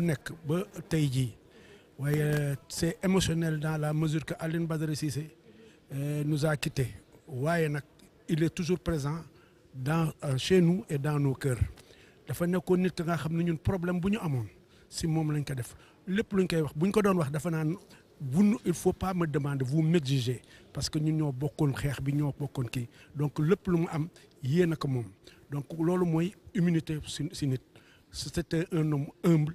nek ba tey jii waaye euh, c'est émotionnel dans la mesure que Aline Badara Cissé euh, nous a quitté waye nak il est toujours présent dans euh, chez nous et dans nos cœurs dafa nekkoon nit nga xamni ñun problème buñu amone si mom lañ ko def lepp luñ koy wax buñ ko doon wax dafa naan vous il faut pas me demander vous me juger parce que ñun ñoo bokkoon xex bi ñoo bokkon ki donc lepp lu mu am yéna ko mom donc lolu moy immunité si si nit c'était un homme humble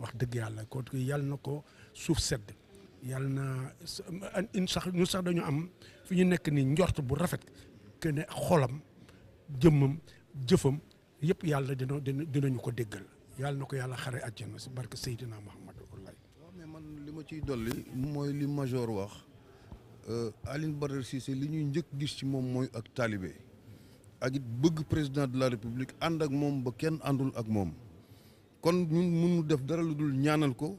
wax dëgg yàlla ko yàlla na ko suuf sedd yàlla na une sax ñu sax dañu am fi ñu nekk nii njort bu rafet que ne xolam jëmmam jëfam yëpp yàlla dina dinañu ko déggal yàlla na ko yàlla xare àjjana si barke Seydina Muhammad wallahi waaw mais man li ma ciy dolli mooy li major wax euh, Alioune Badara Cissé li ñuy njëkk gis ci moom mooy ak taalibe ak it bëgg président de la république ànd ak moom ba kenn àndul ak moom kon ñun mu def dara lu dul ñaanal ko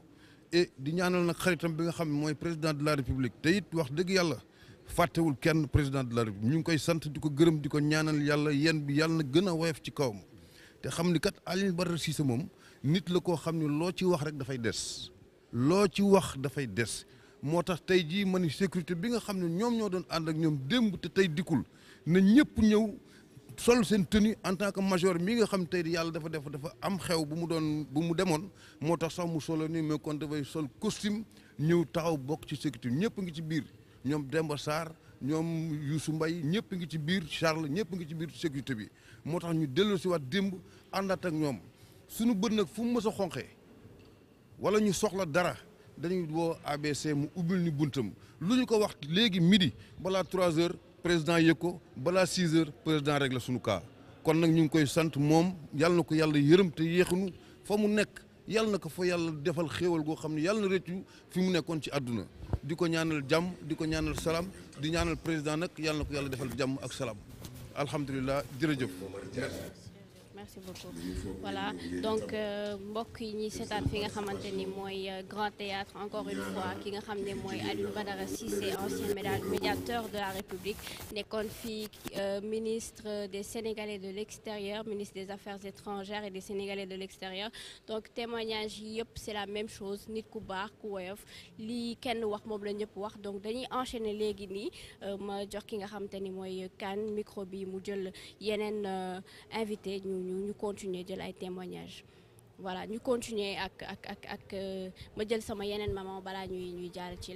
e di ñaanal nag xaritam bi nga xam ne mooy président de la république te it wax dëgg yàlla fàttewul kenn président de la république ñu ngi koy sant di ko gërëm di ko ñaanal yàlla yéen bi yàlla na gën a woyof ci kawam te xam ni kat Alioune Badara Cissé moom nit la koo xam ne loo ci wax rek dafay des loo ci wax dafay des moo tax tey jii ma ni sécurité bi nga xam ne ñoom ñoo doon ànd ak ñoom démb te tey dikkul na ñëpp ñëw. sol seen tenue en tant que major mii nga xam tey yàlla dafa def dafa am xew bu mu doon bu mu demoon moo tax sax mu solo nii mais kon sol costume ñëw taxaw bokk ci bi ñëpp ngi ci biir ñoom Demba Sarr ñoom Youssou mbay ñëpp ngi ci biir Charles ñëpp ngi ci biir sécurité bi moo tax ñu dellu si waat démb àndaat ak ñoom suñu bët nag fu mu mës a xonqee wala ñu soxla dara dañuy woo ABC mu ubbil ni buntam lu ñu ko wax léegi midi balaa trois heures président yëg ko balaa 6 heures président réglé sunu kaa kon nag ñu ngi koy sant moom yàlla na ko yàlla yërëm te yéexunu fa mu nekk yal na ko fa yàlla defal xéewal goo xam ne yàlla na rëccu fi mu nekkoon ci àdduna di ko ñaanal jàmm di ko ñaanal salaam di ñaanal président nag yàlla na ko yàlla defal jàmm ak salaam alhamdulilah jërëjëf. merci beaucoup voilà donc euh, beaucoup yi ñuy seetaan fi nga xamante ni euh, grand théâtre encore une fois ki nga xam ne mooy Badara Cissé ancien médiateur de la République nekkoon fii euh, ministre des Sénégalais de l'extérieur ministre des affaires étrangères et des Sénégalais de l'extérieur donc témoignage yop c'est la même chose nit ku baax Li woyof lii kenn wax mom la ñëpp wax donc dañuy enchaîner légui ni ma jox ki nga xamanteni moy mooy kan micro bi mu jël yenen invité ñu ñu nous continuer de ay témoignages voilà nous continuer ak ak ak ak euh, ma jël sama yeneen maman balaa ñuy ñuy jaar ci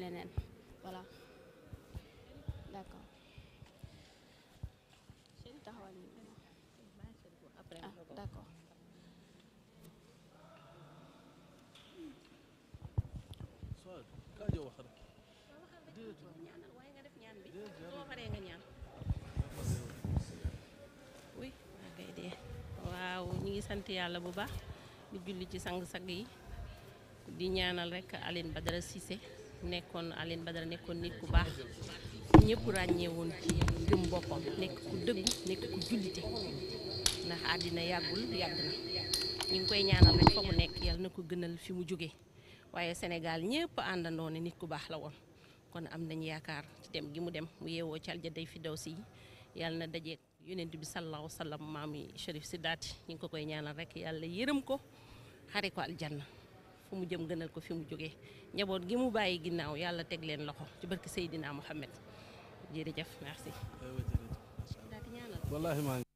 sant yàlla bu baax di julli ci sang-sang yi di ñaanal rek Aline Badara Cissé nekkoon ba dara nekkoon nit ku baax ñëpp ràññee woon ci gëm boppam nekk ku dëggu nekk ku jullite ndax àddina yàggul yàgg na ñu ngi koy ñaanal rek fa mu nekk yàlla na ko gënal fi mu jóge waaye senegal ñëpp àndandoo ne nit ku baax la woon kon am nañu yaakaar ci dem gi mu dem mu yeewoo ci aljaday fi daw yàlla na dajeek yonent bi sallallahu sallam maami Cherif Sidaati ñu ngi ko koy ñaanal rek yàlla yërëm ko xare ko aljanna fu mu jëm gënal ko fi mu jógee njaboot gi mu bàyyi ginnaaw yàlla teg leen loxo ci barke Seydina Mohamed jërëjëf merci. wallaahi maa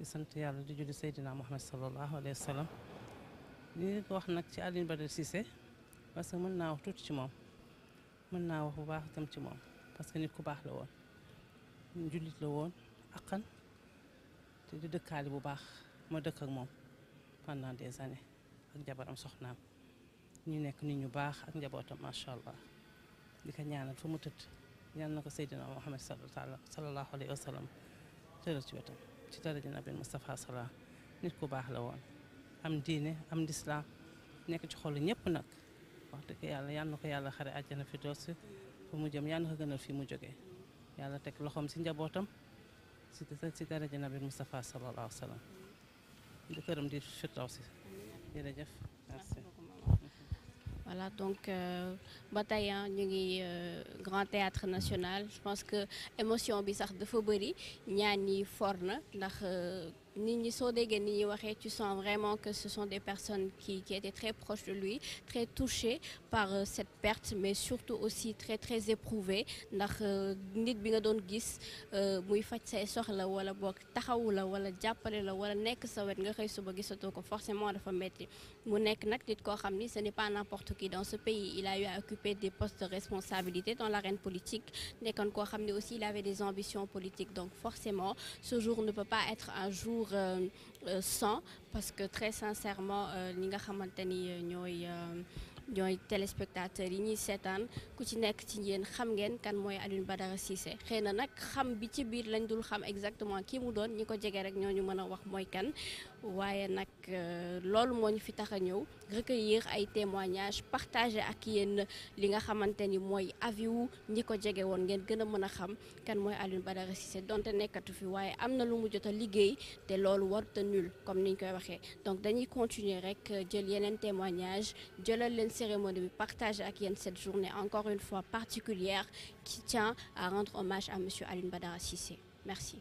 di sant yàlla di julli Seydina Muhammad sallallahu alayhi wa sallam li ko wax nag ci Alioune Badara Cissé parce que mën naa wax tuuti ci moom mën naa wax bu baax itam ci moom parce que nit ku baax la woon jullit la woon aqan te di dëkkaale bu baax ma dëkk ak moom pendant des années ak jabaram soxnaam ñu nekk nit ñu baax ak njabootam macha allah di ko ñaanal fa mu tëdd ñaan na ko Seydina Muhammad sallallahu alayhi wa sallam tëral ci wetam ci daraja nabi Moustapha Sala nit ku baax la woon am diine am lislaam nekk ci xol ñëpp nag wax dëgg yàlla yal ko yàlla xare àjjana fi doos fu mu jëm yal na ko gënal fi mu jógee yàlla teg loxoom si njabootam si si daraja nabi Moustapha sallallahu alayhi wa sallam di këram di firdaw si jërëjëf Voilà, donc euh, bataille ah, euh, Grand Théâtre National je pense que l'émotion bizarre de dafa il y a une na euh, nit ni tu sens vraiment que ce sont des personnes qui étaient très proches de lui très touchées par euh, cette perte mais surtout aussi très très éprouvées euh, nit euh, muy soxla wala wala wala sa nga ko forcément dafa metti mu nit ce n'est pas n'importe qui dans ce pays il a eu à occuper des postes de responsabilité dans l'arène politique aussi il avait des ambitions politiques donc forcément ce jour ne peut pas être un jour euh, sans euh, parce que très sincèrement li euh, nga xamante ñoy euh, ñooy ñooy téléspectateurs yi ñi sétane ku ci nekk ci ñeen xam ngeen kan moy Alioune Badara Cissé xëy nak xam bi ci biir lañ dul xam exactement ki mu doon ñi ko jege rek ñoo ñu mën wax moy kan waaye nak loolu moo ñu fi tax a ñëw recueillir ay témoignages partager ak yéen li nga xamanteni moy mooy avis ñi ko jege woon ngeen gëna mëna a xam kan moy Aline Badara Cissé donte nekkatu fi waaye am lu mu jot liggéey té loolu warut nul comme niñ koy waxé donc dañuy continuer rek euh, jël yenen témoignages jëlal leen cérémonie bi partager ak yéen cette journée encore une fois particulière qui tient à rendre hommage à monsieur Aline Badara Cissé merci.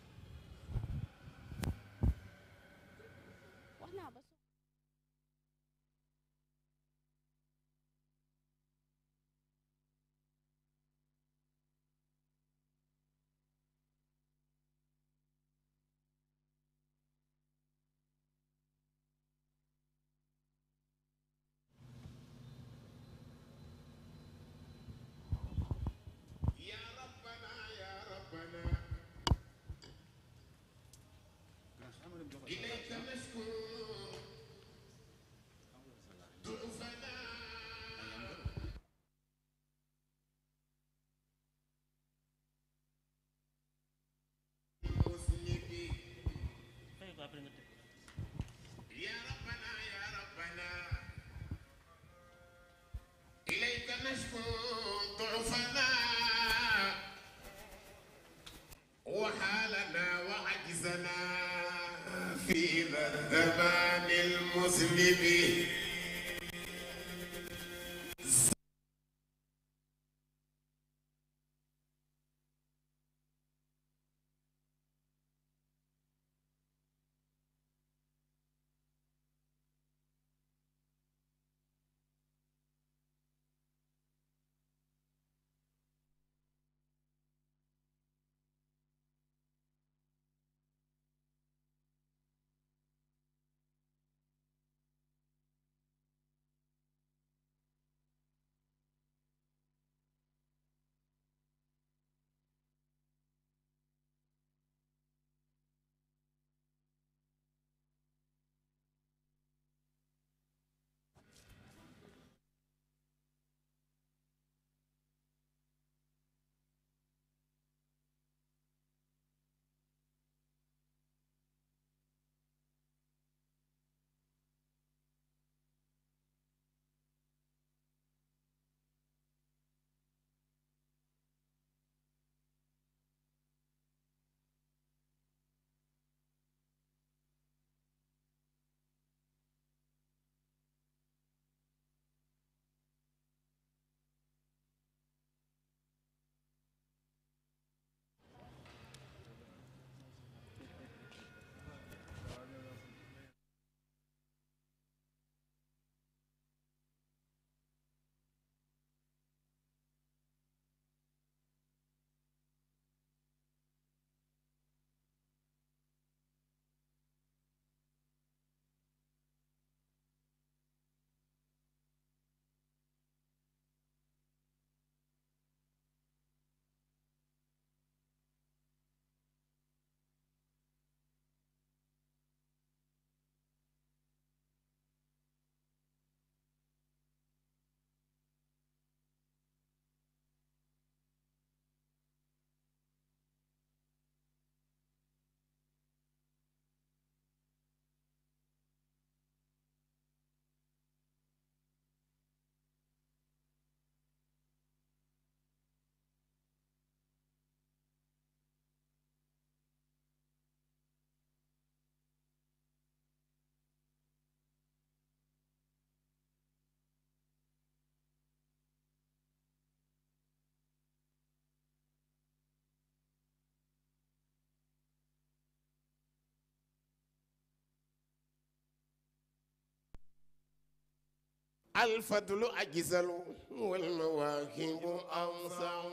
الفضل أجزل والمواهب أوسع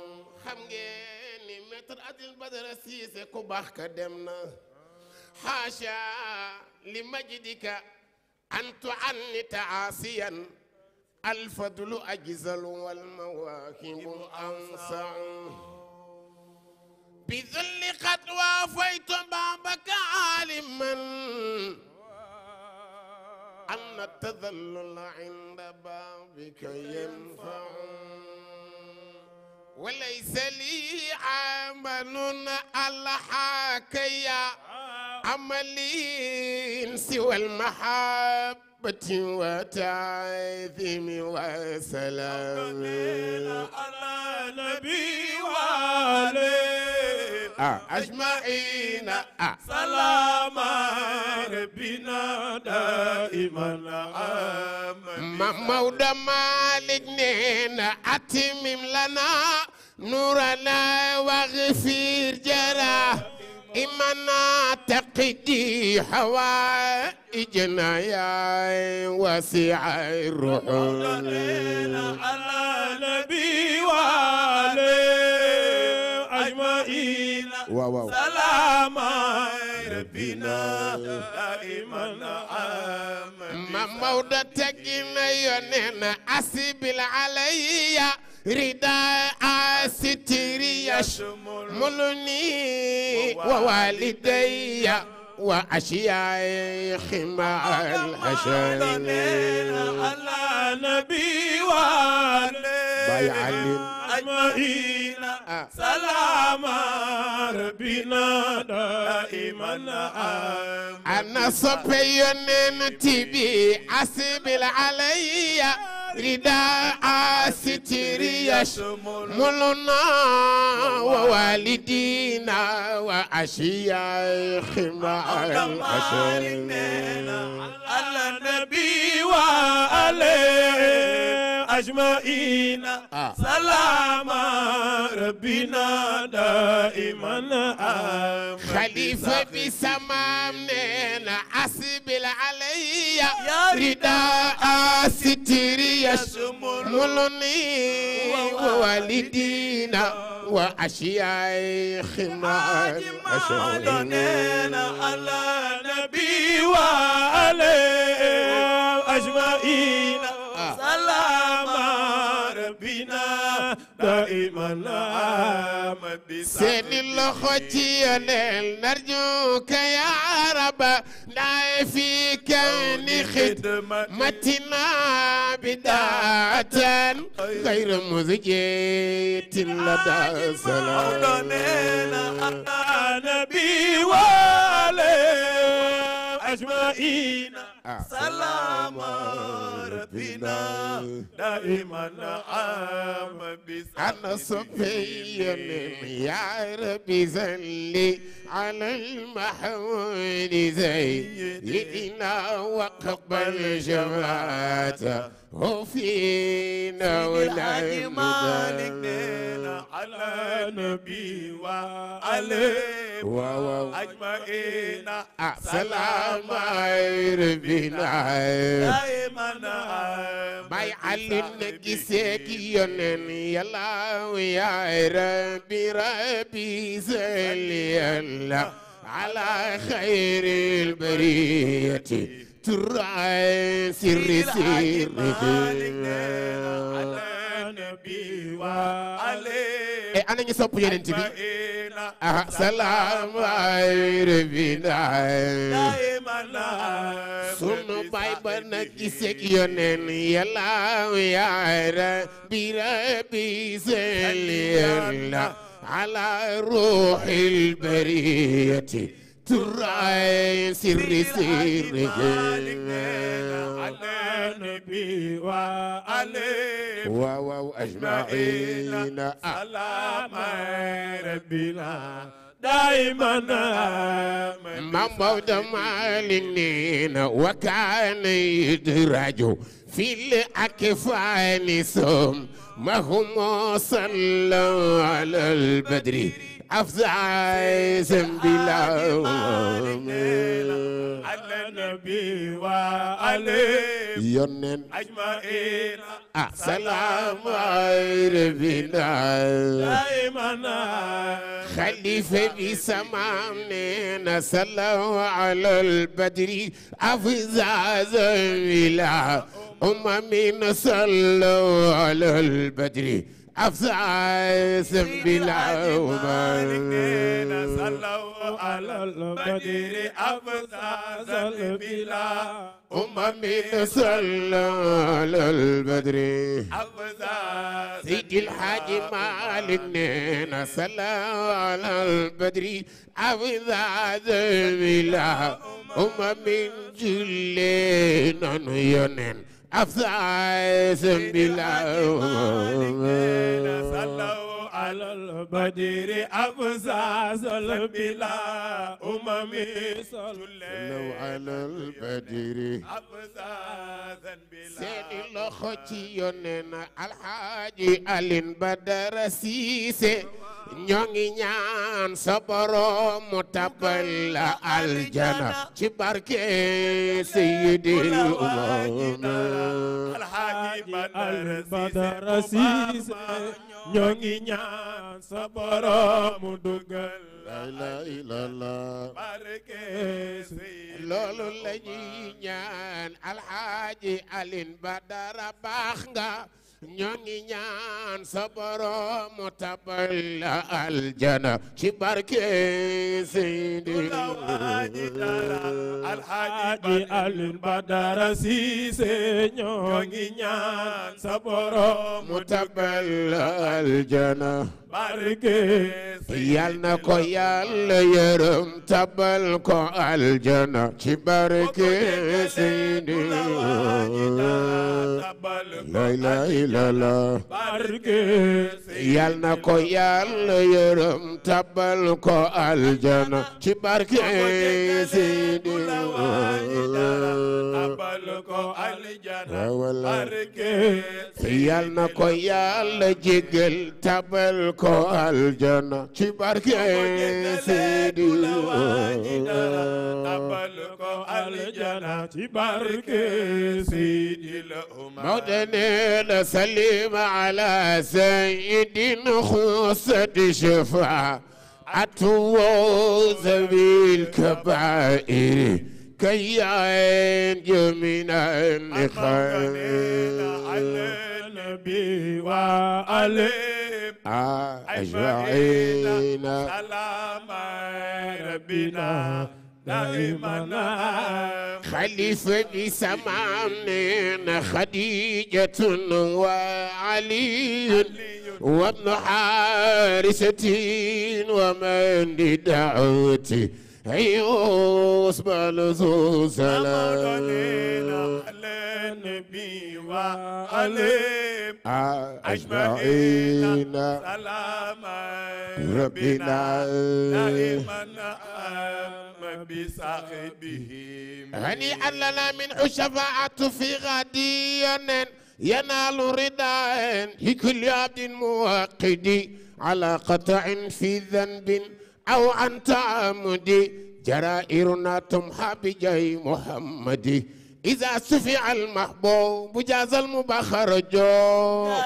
xam ngeen ni maître Adil Badara Cissé ku baax ka dem na xaasha li majdika an tu'annita aasiyan الفضل أجزل والمواهب أوسع بذل قد وافيت بابك عالما أن التذلل عند بابك ينفع وليس لي عمل يا عملي سوى المحبة وتعذيم وسلام على نبي وعليه آه. أجمعين آه. سلام ربنا دائما مولى مالك نينا أتمم لنا نورنا واغفر جرا إمنا تقدي حوائجنا يا واسع الروح على نبي وعلي أجمعين waaw waaw salaama rabbina daiman ma mawda tegina yonen asibil alayya rida asitiriya muluni wa walidayya wa ashiyai khimal ashani ala nabi wa alayhi باي علي أجمعين آه. سلام ربنا دائما أنا صبي تبي أسبل علي رداء ستري شمولنا ووالدينا وأشياخنا الأشياخ على النبي وعليه أجمعين سلام ربنا دائما خليفة سمام نينا أسبل علي رداء ستري يشملني ووالدينا وأشياخ ما أشهدنا على نبي وعليه أجمعين سلام دينا دائما آمن سين اللخوتي نرجوك يا رب داي فيك كون خدمتنا بداة غير مزجيت لدى سلام نبي والي أجمعين سلام ربنا دائما عام نعم أنا صفيا يا ربي زلي على المحمود زيدنا وقبل جماعته وفينا ولا مالكنا على نبي وعلي وأجمعين آه، سلام ربي نعيم يا علي يا يونن يلا ويا ربي ربي سلي الله على خير البرية ترعى سر سر e ana ñu sopp yonent bi salaam ay rebina sunu baay ba na gisek yonen yàlla yaara bira bi seliyalla ala ruuxil bariyati turaay sirri sirri النبي وآله واو أجمعين آه. سلام ربي العالمين دائما من بود مالنين وكان يدرج في الأكفان ما هم صلى على البدر أفزع سنبلا على النبي وعليه يونن أجمعين سلام ربنا دائما خليفة بسمامنا صلوا على البدر أفزع سنبلا أمامنا صلوا على البدر أفزع سبيلا ومالكنا صلوا على البدر أفزع سبيلا أممي صلى على البدر أفزع سيدي الحاج مالكنا صلى على البدر أفزع سبيلا أممي جلنا ينن أفزع سبيلا صلوا على البدر أفزع سبيلا أممي صلوا على البدر أفزع سبيلا سيد الله خطي يوننا الحاج ألين بدر سيسي ñoo ngi ñaan sa mu tabal la aljana ci barke sayyidil umma alhaaji Badara Cissé ñoo ngi ñaan sa mu dugal la ilala barke loolu la ñuy ñaan alhaaji Alin Badara baax nga ñoo ngi ñaan sa borom mu tabal la aljana ci barke Seydina Alxaaji Alioune Badara Cissé ñoo ngi ñaan sa borom mu tabal la aljana barke yal na ko yàlla yërëm tabal ko aljana ci barke Seydina la barke yal na ko yàlla yërëm ci barke Seydina ko yal na ko yàlla jéggal tabal ko aljana ci barke Seydina tabal ko سلم على سيد خصت شفاعة ذوي الكبائر كي يعين من النخيل على النبي وعلى أجمعين سلام ربنا دائما خليفة من خديجة وعلي وابن حارسة ومن لدعوتي عيوس بالذو سلام على النبي وعلي آه، أجمعين سلام ربنا دائما بصاحبهم هنيئا لنا من شفاعة في غادي ينال رداء لكل عبد موقد على قطع في ذنب أو عن تعمد جرائرنا تمحى بجاي محمد إذا سفع المحبوب جاز المبخرج جو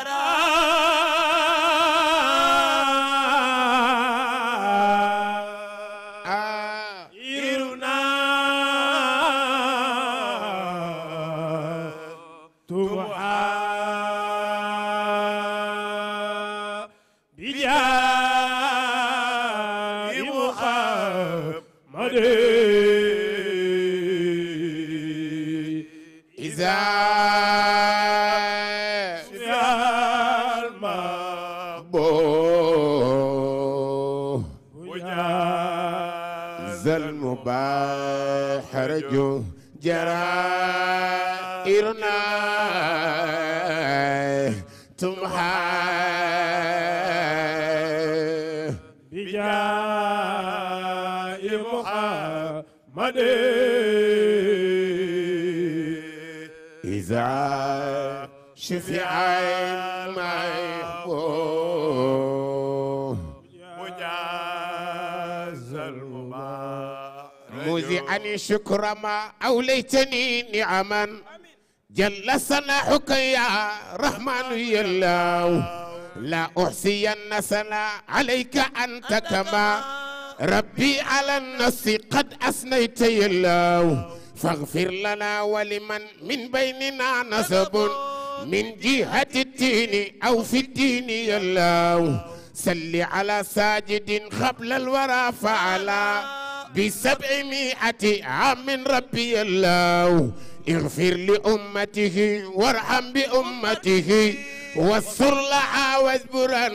شكر ما أوليتني نعما جل صلاحك يا رحمن يا الله لا أحصين سنا عليك أنت كما ربي على النص قد أثنيت يا الله فاغفر لنا ولمن من بيننا نسب من جهة الدين أو في الدين يا الله سل على ساجد قبل الورى فعلا بسبعمائة عام من ربي الله اغفر لأمته وارحم بأمته واستر لها واذبرا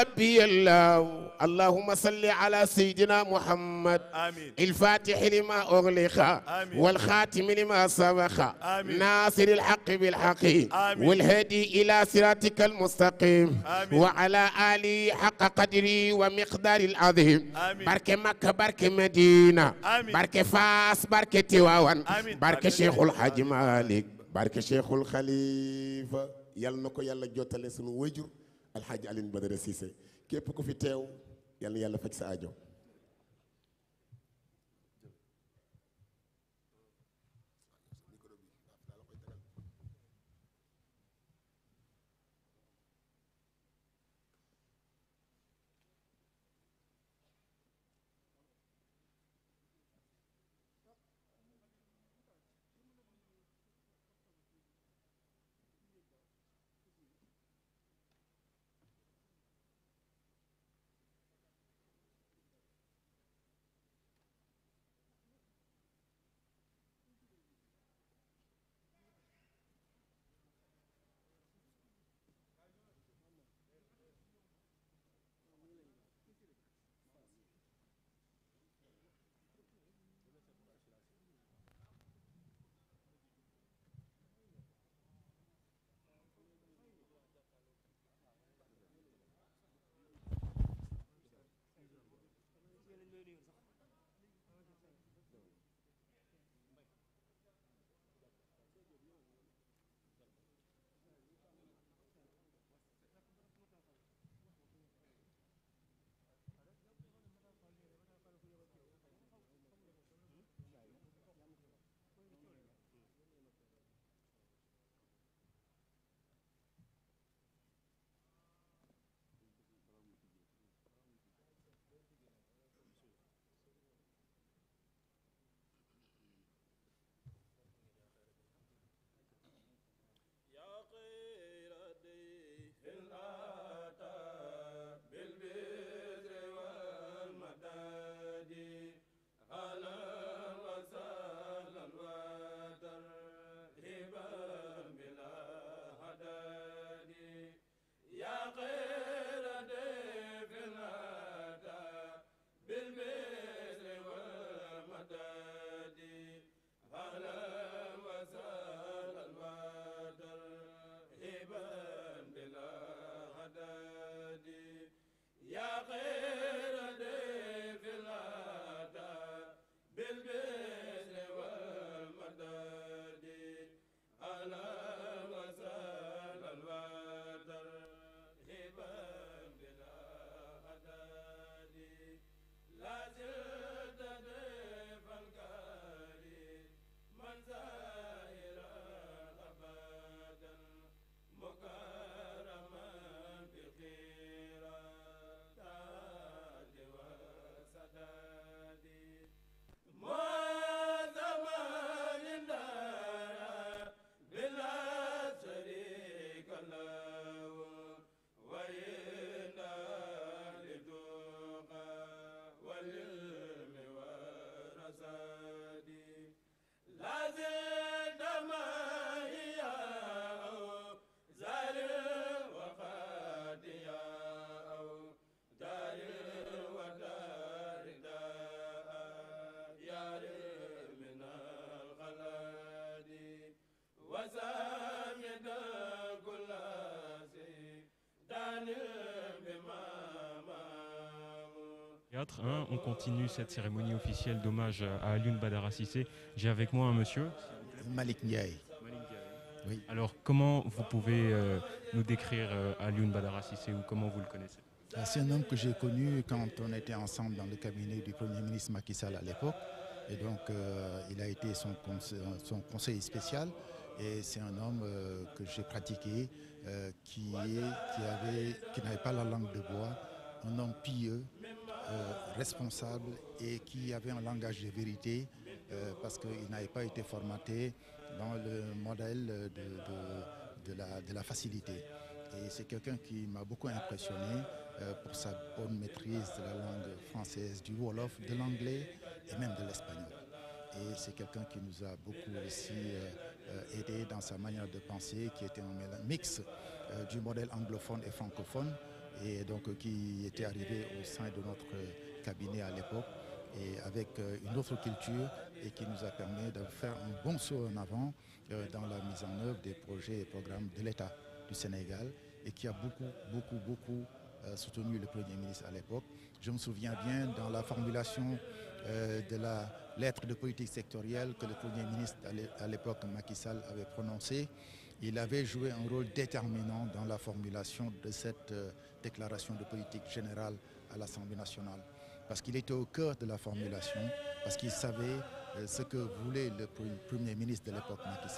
ربي الله اللهم صل على سيدنا محمد آمين الفاتح لما أغلق والخاتم لما سبق ناصر الحق بالحق والهدي إلى صراطك المستقيم آمين وعلى آلي حق قدري ومقدار العظيم آمين. بارك مكة بارك مدينة آمين. بارك فاس بارك تواوان بارك شيخ الحاج مالك بارك شيخ الخليفة yàlla na ko yàlla jottale sunu wajur alxaaji Alioune Badara Cissé képp ku yàlla yàlla faj sa aajo Hein, on continue cette cérémonie officielle d'hommage à Alioune Badara J'ai avec moi un monsieur. Malik Ndiaye. Oui. Alors, comment vous pouvez euh, nous décrire euh, Alioune Badara ou comment vous le connaissez ah, C'est un homme que j'ai connu quand on était ensemble dans le cabinet du Premier ministre Macky Sall à l'époque. Et donc, euh, il a été son, conseiller spécial. Et c'est un homme euh, que j'ai pratiqué, qui, qui n'avait pas la langue de bois, un homme pieux, euh, responsable et qui avait un langage de vérité euh, parce qu'il n'avait pas été formaté dans le modèle de, la, la, facilité. Et c'est quelqu'un qui m'a beaucoup impressionné euh, pour sa bonne maîtrise de la langue française, du Wolof, de l'anglais et même de l'espagnol. Et c'est quelqu'un qui nous a beaucoup aussi aidé dans sa manière de penser, qui était un mix du modèle anglophone et francophone et donc euh, qui était arrivé au sein de notre euh, cabinet à l'époque et avec euh, une autre culture et qui nous a permis de faire un bon saut en avant dans la mise en œuvre des projets et programmes de l'État du Sénégal et qui a beaucoup, beaucoup, beaucoup soutenu le Premier ministre à l'époque. Je me souviens bien dans la formulation de la lettre de politique sectorielle que le Premier ministre à l'époque, Macky Sall, avait prononcée. Il avait joué un rôle déterminant dans la formulation de cette euh, déclaration de politique générale à l'Assemblée nationale, parce qu'il était au cœur de la formulation, parce qu'il savait euh, ce que voulait le Premier ministre de l'époque, Macky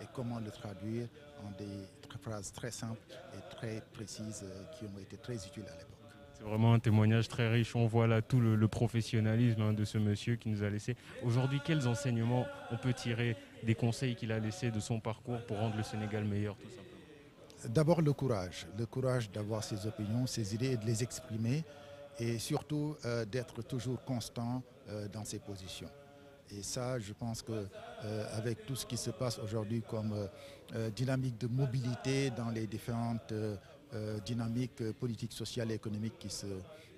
et comment le traduire en des phrases très simples et très précises euh, qui ont été très utiles à l'époque. C'est vraiment un témoignage très riche. On voit là tout le, professionnalisme hein, de ce monsieur qui nous a laissé. Aujourd'hui, quels enseignements on peut tirer des conseils qu'il a laissés de son parcours pour rendre le Sénégal meilleur tout simplement D'abord le courage, le courage d'avoir ses opinions, ses idées et de les exprimer et surtout euh, d'être toujours constant euh, dans ses positions. Et ça, je pense que euh, avec tout ce qui se passe aujourd'hui comme dynamique de mobilité dans les différentes euh, dynamique euh, politique, sociale et économique qui se,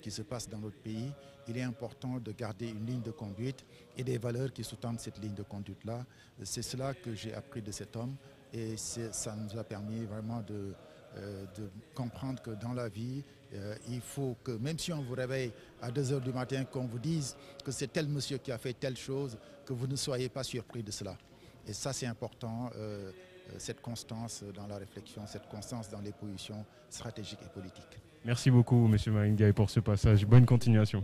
qui se passe dans notre pays, il est important de garder une ligne de conduite et des valeurs qui sous-tendent cette ligne de conduite-là. C'est cela que j'ai appris de cet homme et ça nous a permis vraiment de, euh, de comprendre que dans la vie, il faut que, même si on vous réveille à 2h du matin, qu'on vous dise que c'est tel monsieur qui a fait telle chose, que vous ne soyez pas surpris de cela. Et ça, c'est important. Euh, cette constance dans la réflexion, cette constance dans les positions stratégiques et politiques. Merci beaucoup, M. Maringay, pour ce passage. Bonne continuation.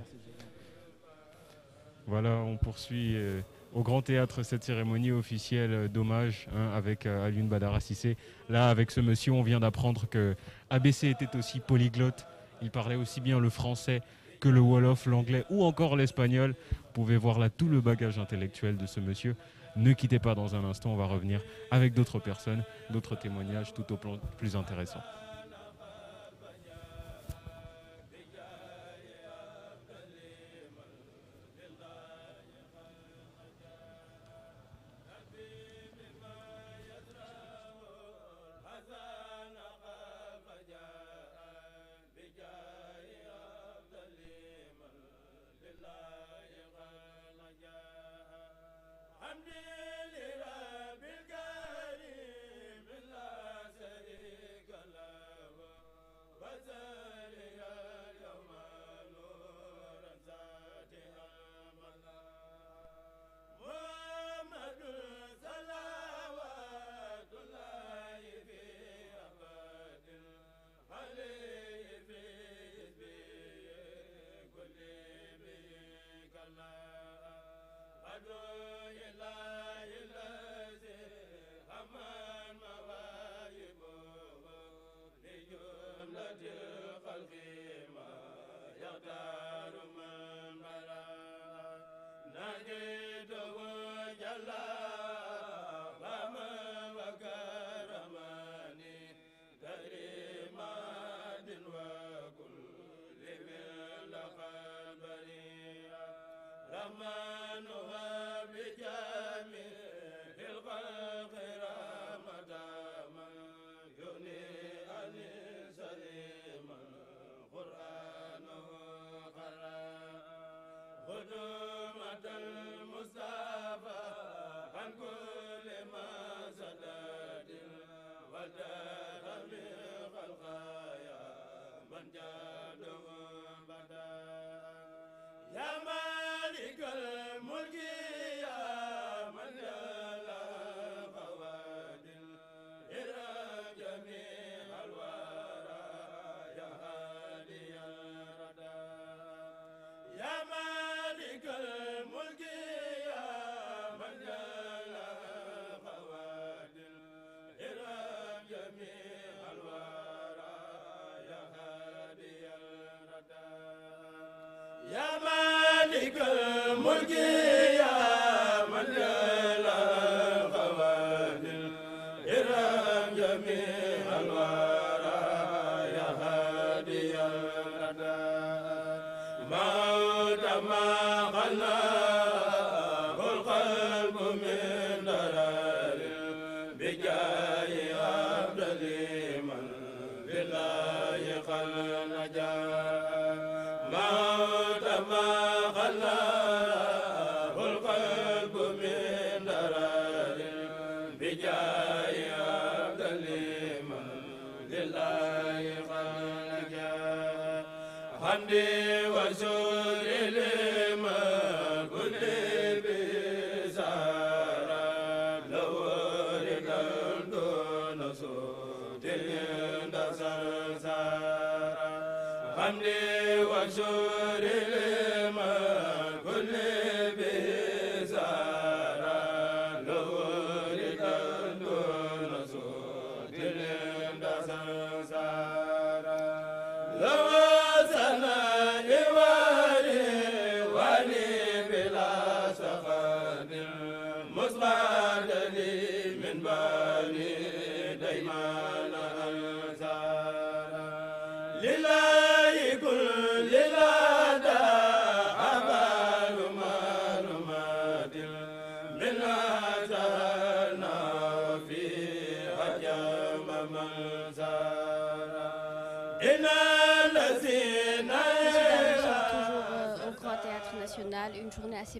Voilà, on poursuit euh, au Grand Théâtre cette cérémonie officielle euh, d'hommage hein, avec Alune Alioune Badara Là, avec ce monsieur, on vient d'apprendre que ABC était aussi polyglotte. Il parlait aussi bien le français que le wolof, l'anglais ou encore l'espagnol. Vous pouvez voir là tout le bagage intellectuel de ce monsieur. Ne quittez pas dans un instant, on va revenir avec d'autres personnes, d'autres témoignages tout au plus intéressants.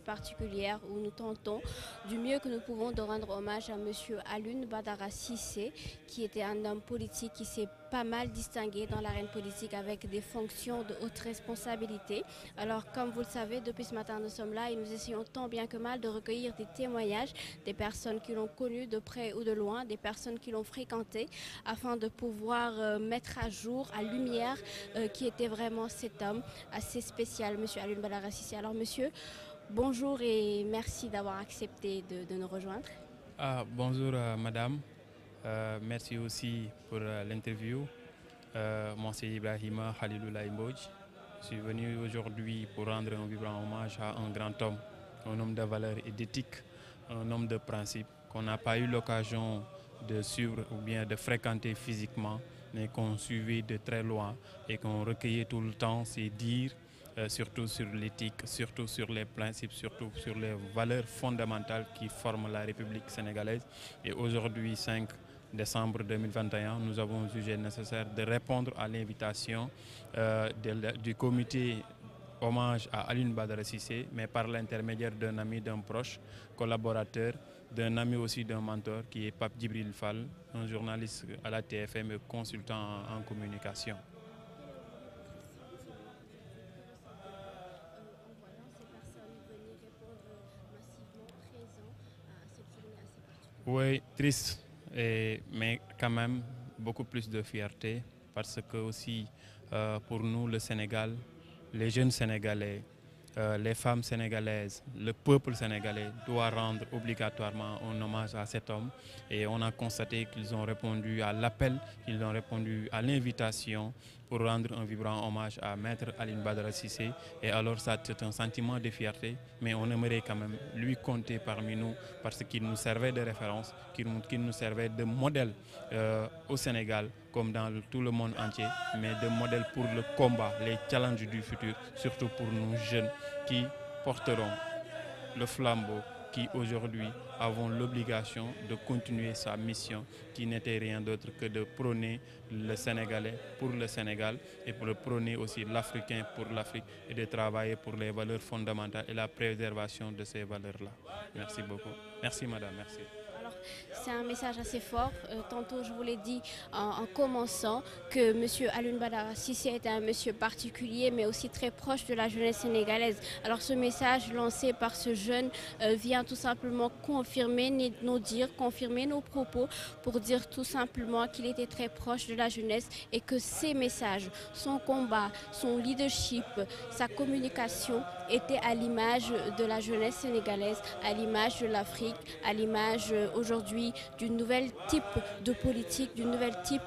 particulière où nous tentons du mieux que nous pouvons de rendre hommage à monsieur Alun Badara Sissé, qui était un homme politique qui s'est pas mal distingué dans l'arène politique avec des fonctions de haute responsabilité. Alors, comme vous le savez, depuis ce matin, nous sommes là et nous essayons tant bien que mal de recueillir des témoignages des personnes qui l'ont connu de près ou de loin, des personnes qui l'ont fréquenté, afin de pouvoir euh, mettre à jour, à lumière, euh, qui était vraiment cet homme assez spécial, Monsieur Alun Badara Sissé. Alors, monsieur, Bonjour et merci d'avoir accepté de, nous rejoindre. Ah, bonjour euh, madame, euh, merci aussi pour euh, l'interview. moi c'est Ibrahima Khalilullah Mboj. Je suis venu aujourd'hui pour rendre un vibrant hommage à un grand homme, un homme de valeur et d'éthique, un homme de principe qu'on n'a pas eu l'occasion de suivre ou bien de fréquenter physiquement, mais qu'on suivait de très loin et qu'on recueillait tout le temps, c'est dire euh, surtout sur l'éthique, surtout sur les principes, surtout sur les valeurs fondamentales qui forment la République sénégalaise. Et aujourd'hui, 5 décembre 2021, nous avons jugé nécessaire de répondre à l'invitation euh, du comité hommage à Aline Badara Sissé, mais par l'intermédiaire d'un ami, d'un proche, collaborateur, d'un ami aussi d'un mentor qui est Pape Djibril Fall, un journaliste à la TFM consultant en communication. Oui, triste, et, mais quand même beaucoup plus de fierté parce que aussi euh, pour nous, le Sénégal, les jeunes Sénégalais, euh, les femmes sénégalaises, le peuple sénégalais doit rendre obligatoirement un hommage à cet homme. Et on a constaté qu'ils ont répondu à l'appel, qu'ils ont répondu à l'invitation pour rendre un vibrant hommage à Maître Aline Badra Sissé. Et alors ça, c'est un sentiment de fierté, mais on aimerait quand même lui compter parmi nous parce qu'il nous servait de référence, qu'il nous servait de modèle euh, au Sénégal comme dans tout le monde entier, mais de modèles pour le combat, les challenges du futur, surtout pour nos jeunes qui porteront le flambeau, qui aujourd'hui avons l'obligation de continuer sa mission qui n'était rien d'autre que de prôner le Sénégalais pour le Sénégal et pour prôner aussi l'Africain pour l'Afrique et de travailler pour les valeurs fondamentales et la préservation de ces valeurs-là. Merci beaucoup. Merci madame, merci c'est un message assez fort. Euh, tantôt, je vous l'ai dit en, commençant que M. Alun Badara Sissi est un monsieur particulier, mais aussi très proche de la jeunesse sénégalaise. Alors, ce message lancé par ce jeune euh, vient tout simplement confirmer nos dires, confirmer nos propos pour dire tout simplement qu'il était très proche de la jeunesse et que ses messages, son combat, son leadership, sa communication était à l'image de la jeunesse sénégalaise, à l'image de l'Afrique, à l'image euh, aujourd'hui d'une nouvelle type de politique, d'une nouvelle type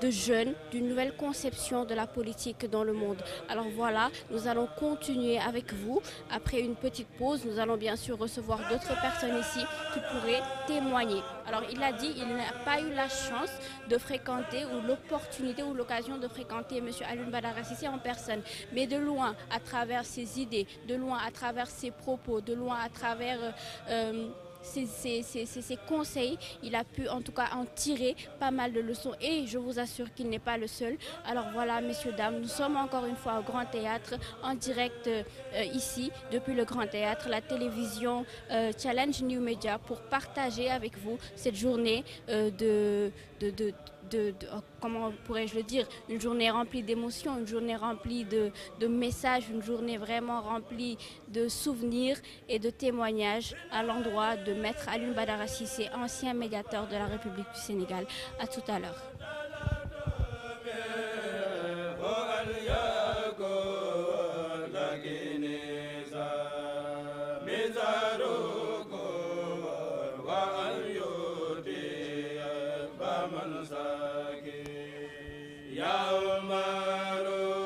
de, jeunes, d'une nouvelle conception de la politique dans le monde. Alors voilà, nous allons continuer avec vous. Après une petite pause, nous allons bien sûr recevoir d'autres personnes ici qui pourraient témoigner. Alors il a dit, il n'a pas eu la chance de fréquenter ou l'opportunité ou l'occasion de fréquenter M. Alun ici en personne, mais de loin, à travers ses idées, de loin à travers ses propos, de loin à travers... Euh, euh, ses, conseils, il a pu en tout cas en tirer pas mal de leçons et je vous assure qu'il n'est pas le seul. Alors voilà, messieurs, dames, nous sommes encore une fois au Grand Théâtre en direct euh, ici depuis le Grand Théâtre, la télévision Challenge New Media pour partager avec vous cette journée de de, oh, comment pourrais-je le dire, une journée remplie d'émotions, une journée remplie de, messages, une journée vraiment remplie de souvenirs et de témoignages à l'endroit de Maître Alun Badara ancien médiateur de la République du Sénégal. À tout à l'heure. man saki ya Umaru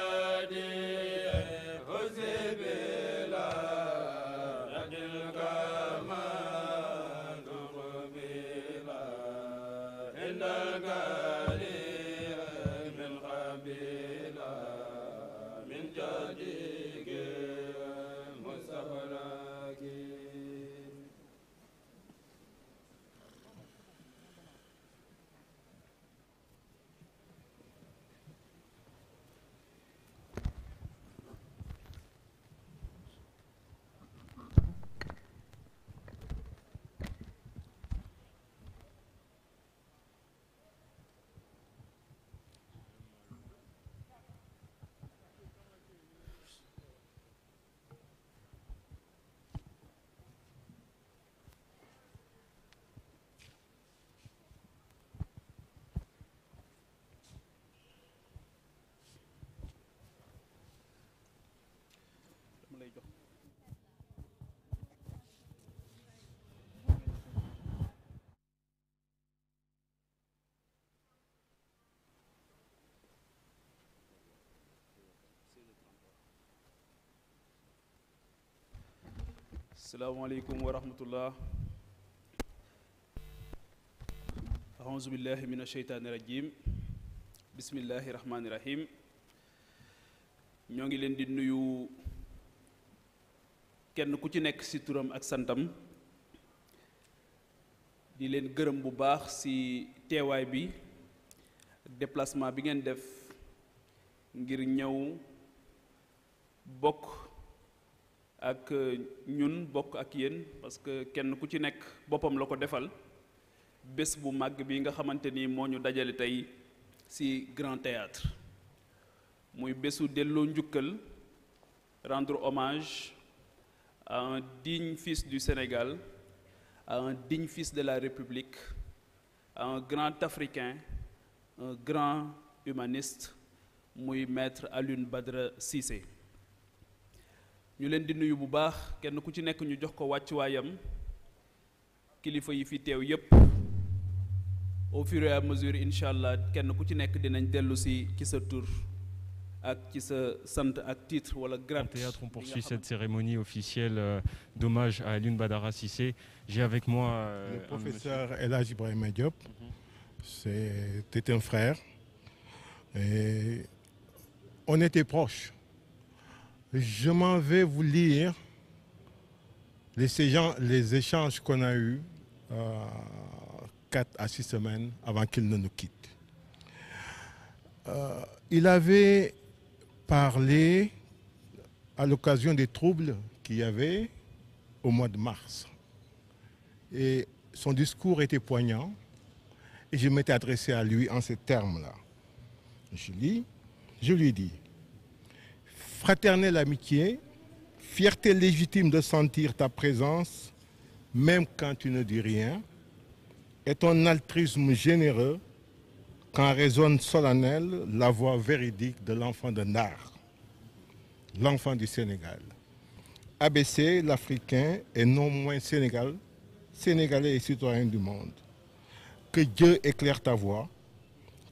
Marico. السلام عليكم ورحمة الله أعوذ بالله من الشيطان الرجيم بسم الله الرحمن الرحيم نيوغي لين دي نيو kenn ku ci nekk si turam ak santam di leen gërëm bu baax ci teewaay bi déplacement bi ngeen def ngir ñëw bokk ak ñun bokk ak yéen parce que kenn ku ci nekk boppam la ko defal bés bu màgg bi nga xamante ni moo ñu dajale tey ci Grand Théâtre muy bésu delloo njukkal rendre hommage à un digne fils du Sénégal, à un digne fils de la République, à un grand Africain, un grand humaniste, Moui maître Alioune Badre Sissé. Nous avons di au fur et à mesure inshallah, nous kenn ku ci que dinañ au théâtre, on poursuit cette cérémonie officielle euh, d'hommage à Alioune Badara Sissé. J'ai avec moi. Euh, le professeur Elhaj Ibrahim Diop. Mhm. C'était un frère. Et on était proches. Je m'en vais vous lire les, les échanges qu'on a eus euh, 4 à 6 semaines avant qu'il ne nous quitte. Euh, il avait Parler à l'occasion des troubles qu'il y avait au mois de mars. Et son discours était poignant et je m'étais adressé à lui en ces termes-là. Je, lui, je lui dis, fraternelle amitié, fierté légitime de sentir ta présence, même quand tu ne dis rien, et ton altruisme généreux quand résonne solennelle la voix véridique de l'enfant de Nar, l'enfant du Sénégal. ABC, l'Africain, et non moins Sénégal, Sénégalais et citoyen du monde. Que Dieu éclaire ta voix,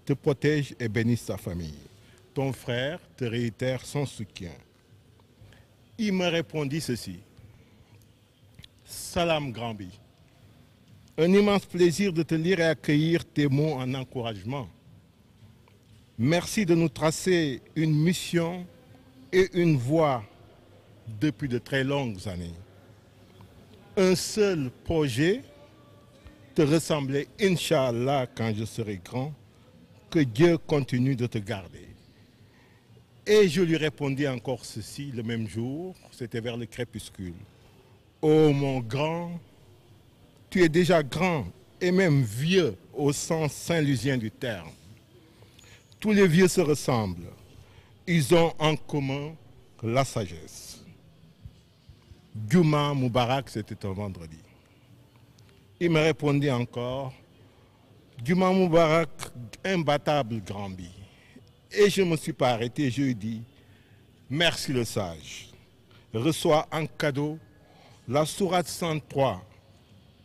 te protège et bénisse ta famille. Ton frère te réitère son soutien. Il me répondit ceci. Salam Grambi un immense plaisir de te lire et accueillir tes mots en encouragement. Merci de nous tracer une mission et une voie depuis de très longues années. Un seul projet te ressemblait, Inch'Allah, quand je serai grand, que Dieu continue de te garder. Et je lui répondis encore ceci le même jour, c'était vers le crépuscule. Ô oh, mon grand, tu es déjà grand et même vieux au sens saint-lusien du terme. Tous les vieux se ressemblent. Ils ont en commun la sagesse. Duma Moubarak, c'était un vendredi. Il me répondit encore, Duma Moubarak, imbattable grandi Et je ne me suis pas arrêté, je lui dis, merci le sage. Reçois en cadeau la sourate 103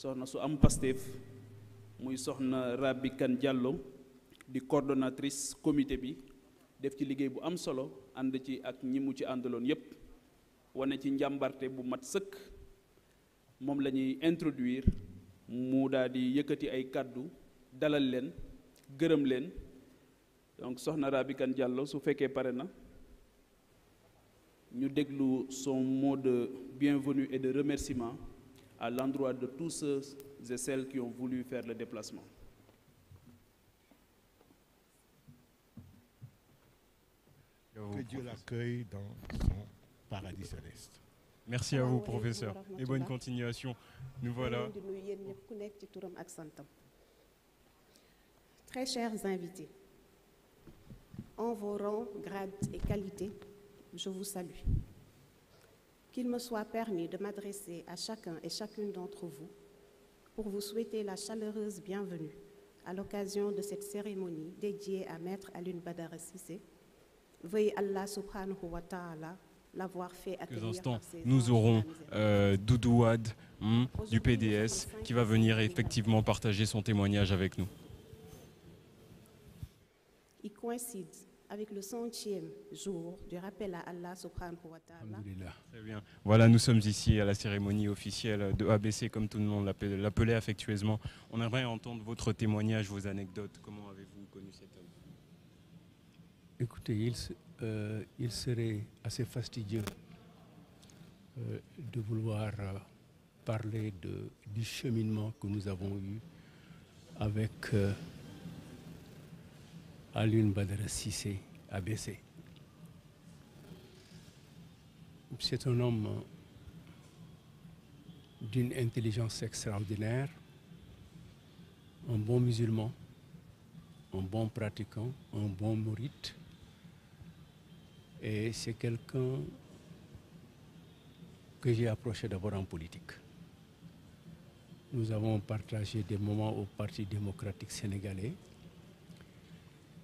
soxna su am Pastef muy soxna Rabi kan Diallo di coordonnatrice comité bi def ci liggéey bu am solo and ci ak ñimu ci andalon yépp wane ci njàmbarte bu mat sëkk moom la ñuy introduire mu daal di yëkkati ay kàddu dalal leen gërëm leen donc soxna Rabi kan Diallo su fekkee pare na ñu déglu son mot de bienvenue et de remerciement à l'endroit de tous ceux et celles qui ont voulu faire le déplacement. Que Dieu l'accueille dans son paradis céleste. Merci à vous, professeur, et bonne continuation. Nous voilà. Très chers invités, en vos rangs, grades et qualités, je vous salue qu'il me soit permis de m'adresser à chacun et chacune d'entre vous pour vous souhaiter la chaleureuse bienvenue à l'occasion de cette cérémonie dédiée à Maître Alun Badar Sissé. Veuillez Allah subhanahu wa ta'ala l'avoir fait instants, nous aurons euh, Doudouad hmm, du PDS qui va venir effectivement partager son témoignage avec nous. Il coïncide avec le centième jour du rappel à Allah subhanahu wa ta'ala. bien. Voilà, nous sommes ici à la cérémonie officielle de ABC, comme tout le monde l'appelait affectueusement. On aimerait entendre votre témoignage, vos anecdotes. Comment avez-vous connu cet homme Écoutez, il, euh, il, serait assez fastidieux euh, de vouloir euh, parler de, du cheminement que nous avons eu avec Alune ABC. C'est un homme d'une intelligence extraordinaire, un bon musulman, un bon pratiquant, un bon maurite. Et c'est quelqu'un que j'ai approché d'abord en politique. Nous avons partagé des moments au Parti démocratique sénégalais,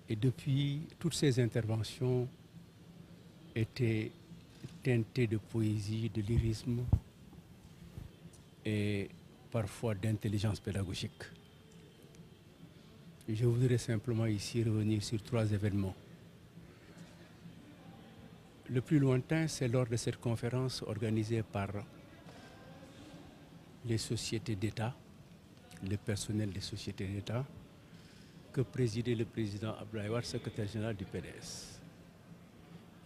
et depuis, toutes ces interventions étaient teintées de poésie, de lyrisme et parfois d'intelligence pédagogique. Je voudrais simplement ici revenir sur trois événements. Le plus lointain, c'est lors de cette conférence organisée par les sociétés d'État, le personnel des sociétés d'État, que présidait le président Abdoulaye secrétaire général du PDS.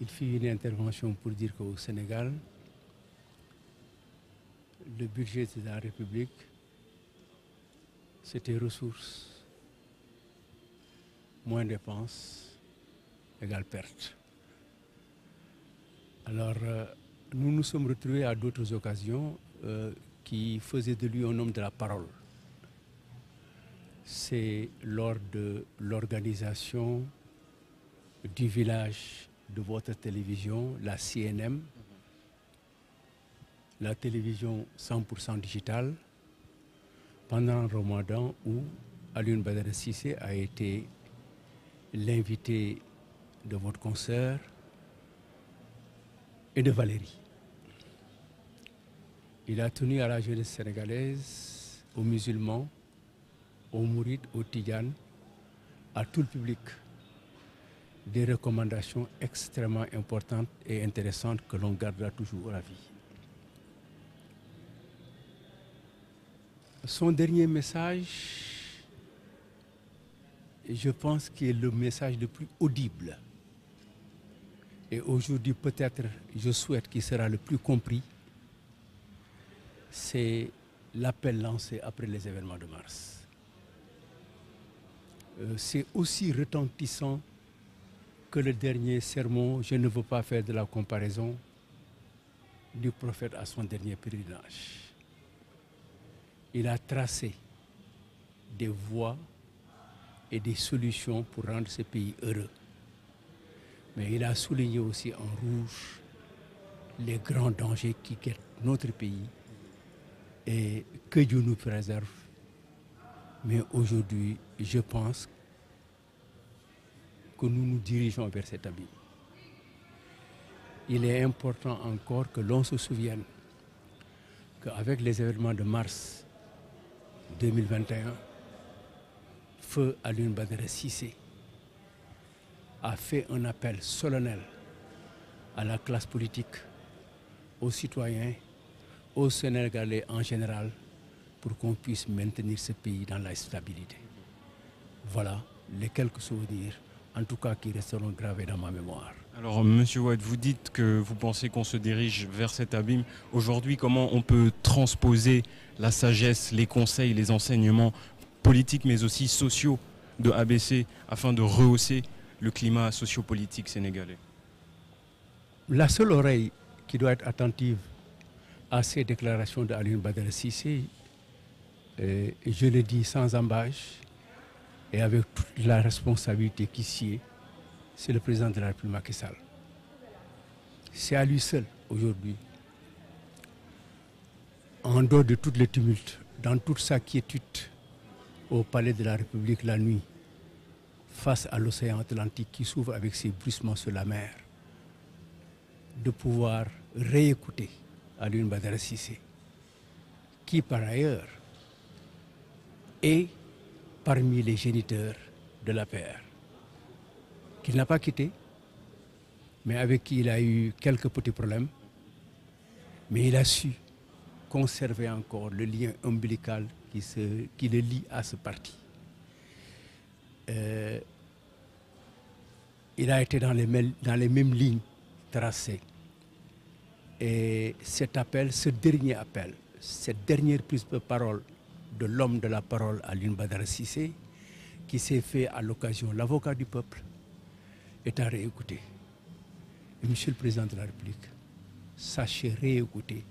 Il fit une intervention pour dire qu'au Sénégal, le budget de la République, c'était ressources, moins dépenses, égale perte. Alors, euh, nous nous sommes retrouvés à d'autres occasions euh, qui faisaient de lui un homme de la parole c'est lors de l'organisation du village de votre télévision, la CNM, la télévision 100% digitale, pendant le ramadan où Alun Badr Sissé a été l'invité de votre concert et de Valérie. Il a tenu à la jeunesse sénégalaise, aux musulmans, au Mourides, au à tout le public, des recommandations extrêmement importantes et intéressantes que l'on gardera toujours à vie. Son dernier message, je pense qu'il est le message le plus audible. Et aujourd'hui, peut-être, je souhaite qu'il sera le plus compris. C'est l'appel lancé après les événements de mars. Euh, c'est aussi retentissant que le dernier sermon, je ne veux pas faire de la comparaison du prophète à son dernier pèlerinage. Il a tracé des voies et des solutions pour rendre ce pays heureux. Mais il a souligné aussi en rouge les grands dangers qui guettent notre pays et que Dieu nous préserve mais aujourd'hui, je pense que nous nous dirigeons vers cet abîme. Il est important encore que l'on se souvienne qu'avec les événements de mars 2021, feu à Alun Badr Sissé a fait un appel solennel à la classe politique, aux citoyens, aux Sénégalais en général, pour qu'on puisse maintenir ce pays dans la stabilité. Voilà les quelques souvenirs, en tout cas qui resteront gravés dans ma mémoire. Alors, Monsieur Wade, vous dites que vous pensez qu'on se dirige vers cet abîme. Aujourd'hui, comment on peut transposer la sagesse, les conseils, les enseignements politiques, mais aussi sociaux de ABC afin de rehausser le climat sociopolitique sénégalais La seule oreille qui doit être attentive à ces déclarations d'Aline Badal c'est je le dis sans embâche et avec toute la responsabilité qui s'y est, c'est le président de la République Macky C'est à lui seul aujourd'hui, en dehors de toutes les tumultes dans toute sa quiétude au palais de la République la nuit, face à l'océan Atlantique qui s'ouvre avec ses bruissements sur la mer, de pouvoir réécouter Alun Badara Sissé, qui par ailleurs et parmi les géniteurs de la paire, qu'il n'a pas quitté, mais avec qui il a eu quelques petits problèmes, mais il a su conserver encore le lien umbilical qui, le lie à ce parti. Euh, il a été dans les, dans les mêmes lignes tracées. Et cet appel, ce dernier appel, cette dernière prise de parole de l'homme de la parole Aline Badara Sissé, qui s'est fait à l'occasion l'avocat du peuple, est à réécouter. Et monsieur le Président de la République, sachez réécouter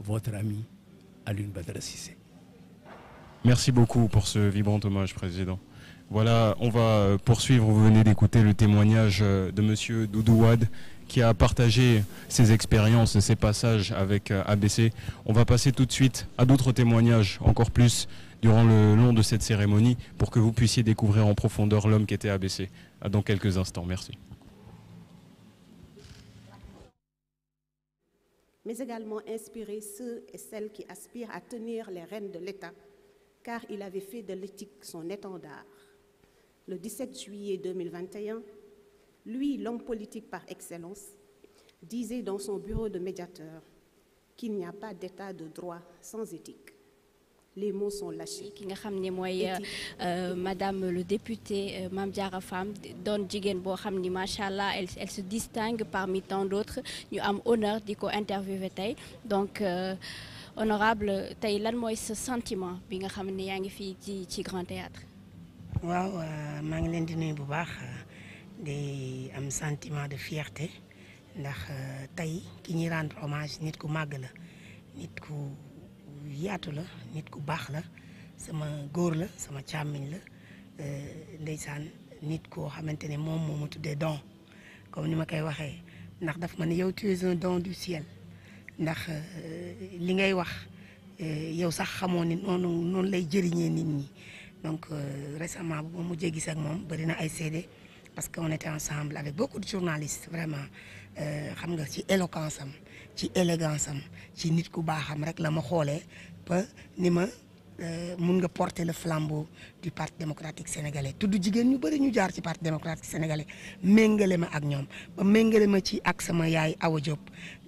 votre ami Aline Badara Sissé. Merci beaucoup pour ce vibrant hommage, Président. Voilà, on va euh, poursuivre. Vous venez d'écouter le témoignage euh, de monsieur Doudouad, qui a partagé ses expériences, ses passages avec euh, ABC. On va passer tout de suite à d'autres témoignages, encore plus durant le long de cette cérémonie, pour que vous puissiez découvrir en profondeur l'homme qui était ABC. Dans quelques instants, merci. Mais également inspirer ceux et celles qui aspirent à tenir les rênes de l'État, car il avait fait de l'éthique son étendard. Le 17 juillet 2021, lui, l'homme politique par excellence, disait dans son bureau de médiateur qu'il n'y a pas d'état de droit sans éthique. Les mots sont lâchés. Euh, madame le député euh, Mamdiarafam Rafam donne Jigen elle se distingue parmi tant d'autres Nous avons honneur d'interviewer interviewer donc euh, honorable tey ce sentiment bi nga Grand Théâtre waaw di am sentiment de fierté ndax euh, tay ki ñi rendre hommage nit ku màgg la nit ku yaatu la nit ku baax la sama góor la sama càmmiñ la euh, ndeysaan nit koo xamante ne moom moo ma tuddee don comme ni ma koy waxee ndax daf ma ne yow tu es un don du ciel ndax euh, li ngay wax yow sax xamoo ni noonu noonu lay jëriñee nit ñi donc récemment bu ma mujjee gis ak moom bari na ay seede parce qu'on était ensemble avec beaucoup de journalistes vraiment euh, xam nga ci éloquence am ci élégance am ci nit ku baaxam rek la ma xoolee ba ni ma euh, nga porter le flambeau du parti démocratique sénégalais tudd jigéen ñu bëri ñu jaar ci parti démocratique sénégalais méngale ma ak ñoom ba méngale ma ci ak sama yaay Awa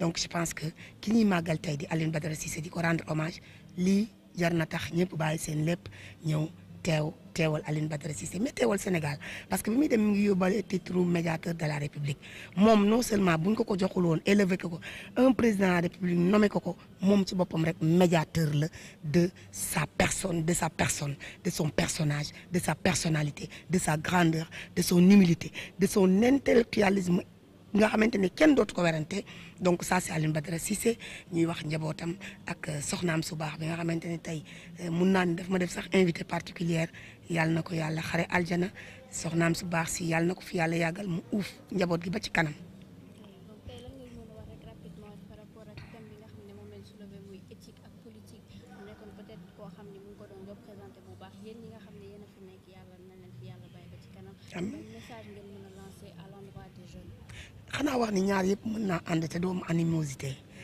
donc je pense que ce ñuy màggal tey di Alioune Badara Cissé di rendre hommage lii jar na tax ñëpp bàyyi seen lépp ñëw teew téwol aline Badara Cissé mais au Sénégal parce que bi dem ngi yobale titre médiateur de la République mom non seulement buñ ko ko joxul won élevé ko un président de la République nommé ko ko mom ci boppam rek médiateur le de sa personne de sa personne de son personnage de sa personnalité de sa grandeur de son humilité de son intellectualisme nga xamante ne kenn dootu ko werante donc ça c'est aline Badara Cissé ñuy wax njabootam ak euh, soxnaam su baax bi nga xamante ne tey euh, mun naa ne ma def sax invité particulière yàlla na ko yàlla xare aljana soxnaam su baax si yàlla na ko fi yàlla yàggal mu uuf njaboot gi ba ci kanam. xanaa wax ni ñaar yëpp mën naa ànd te doomu animosité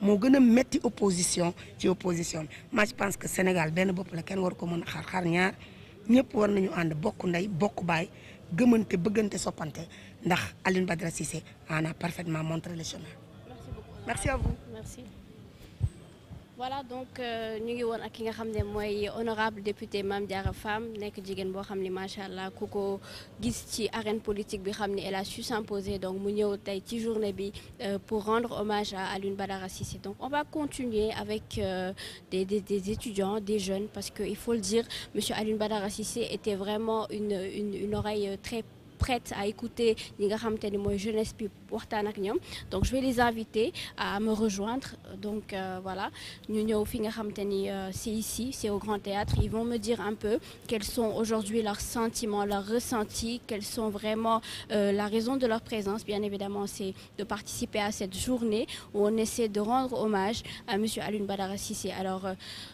moo gën metti opposition ci opposition bi moi je pense que Sénégal ben, bopp la kenn war ko mën a xar xar ñaar ñëpp war nañu ànd bokk ndey bokk baay gëmante bëggante soppante ndax Alioune Badara Cissé en a parfaitement montré le chemin. merci beaucoup merci à vous. merci voilà donc euh, nous avons woon ak honorable député Mam Diarra Fam nekk jigéen boo xam ne arène politique bi elle a su s'imposer donc mu avons tey journée euh, pour rendre hommage à Alun Badara Cissé donc on va continuer avec euh, des des étudiants des jeunes parce qu'il faut le dire M. Alune Badara Cissé était vraiment une une une oreille très prêtes à écouter ñi nga moi ni jeunes jeunesse donc je vais les inviter à me rejoindre donc euh, voilà ñu ñëw euh, c'est ici c'est au Grand Théâtre ils vont me dire un peu quels sont aujourd'hui leurs sentiments leurs ressentis quels sont vraiment euh, la raison de leur présence bien évidemment c'est de participer à cette journée où on essaie de rendre hommage à monsieur Alun Badara alors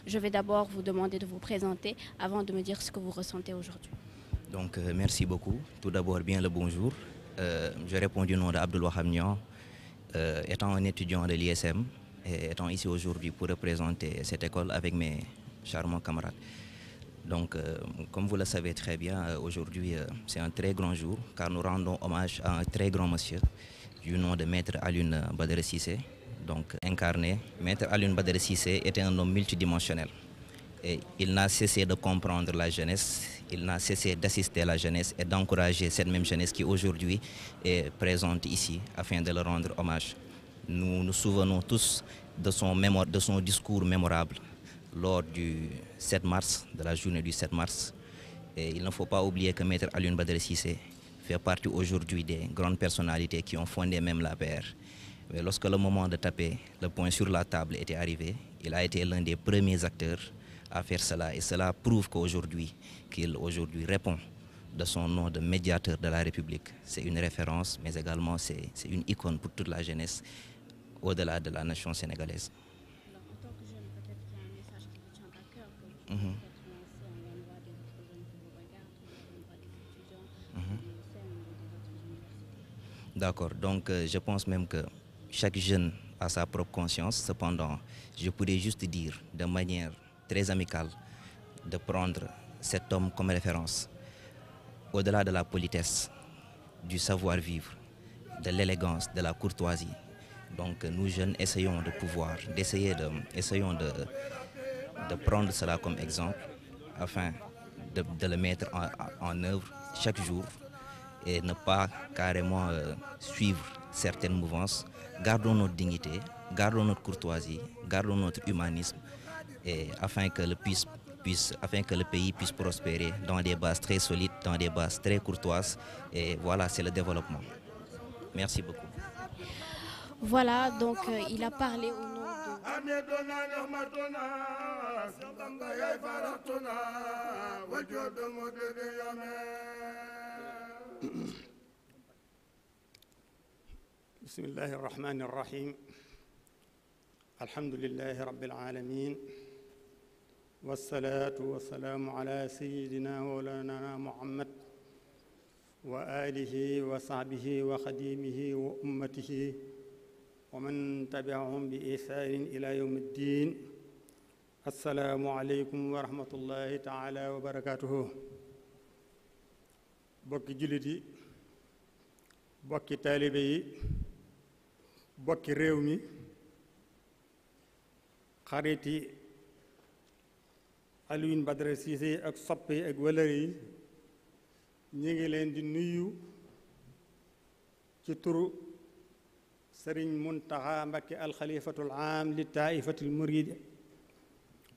je vais d'abord vous demander de vous présenter avant de me dire ce que vous ressentez aujourd'hui euh, merci beaucoup. Tout d'abord, bien le bonjour. Euh, je réponds du nom d'Abdul Hamnian, euh, étant un étudiant de l'ISM et étant ici aujourd'hui pour représenter cette école avec mes charmants camarades. Donc, comme vous le savez très bien, aujourd'hui, c'est un très grand jour car nous rendons hommage à un très grand monsieur du nom de Maître Alun Badr Donc, incarné, Maître Alun Badr Sissé était un homme multidimensionnel. Et il n'a cessé de comprendre la jeunesse, il n'a cessé d'assister à la jeunesse et d'encourager cette même jeunesse qui aujourd'hui est présente ici afin de le rendre hommage. Nous nous souvenons tous de son, discours mémorable lors du 7 mars, de la journée du 7 mars. Et il ne faut pas oublier que Maître Alun Badr fait partie aujourd'hui des grandes personnalités qui ont fondé même la paix Mais lorsque le moment de taper le point sur la table était arrivé, il a été l'un des premiers acteurs à faire cela. Et cela prouve qu'aujourd'hui, qu'il aujourd'hui répond de son nom de médiateur de la République. C'est une référence, mais également c'est une icône pour toute la jeunesse au-delà de la nation sénégalaise. Mhm. D'accord, donc euh, je pense même que chaque jeune a sa propre conscience. Cependant, je pourrais juste dire de manière très amicale de prendre cet homme comme référence. Au-delà de la politesse, du savoir-vivre, de l'élégance, de la courtoisie. Donc nous jeunes essayons de pouvoir, d'essayer de, essayons de, prendre cela comme exemple afin de, le mettre en, œuvre chaque jour et ne pas carrément euh, suivre certaines mouvances. Gardons notre dignité, gardons notre courtoisie, gardons notre humanisme et afin que le puisse afin que le pays puisse prospérer dans des bases très solides, dans des bases très courtoises. Et voilà, c'est le développement. Merci beaucoup. Voilà, donc euh, il a parlé au nom de... والصلاة والسلام على سيدنا ولنا محمد وآله وصحبه وخديمه وأمته ومن تبعهم بإحسان إلى يوم الدين السلام عليكم ورحمة الله تعالى وبركاته بك جلدي بك bokki بك ريومي خريتي alwin badre Cissé ak soppe ak wëlëre ñi ngi leen di nuyu ci turu sëriñ Muntaxa Mbakke al am li taaifatil murid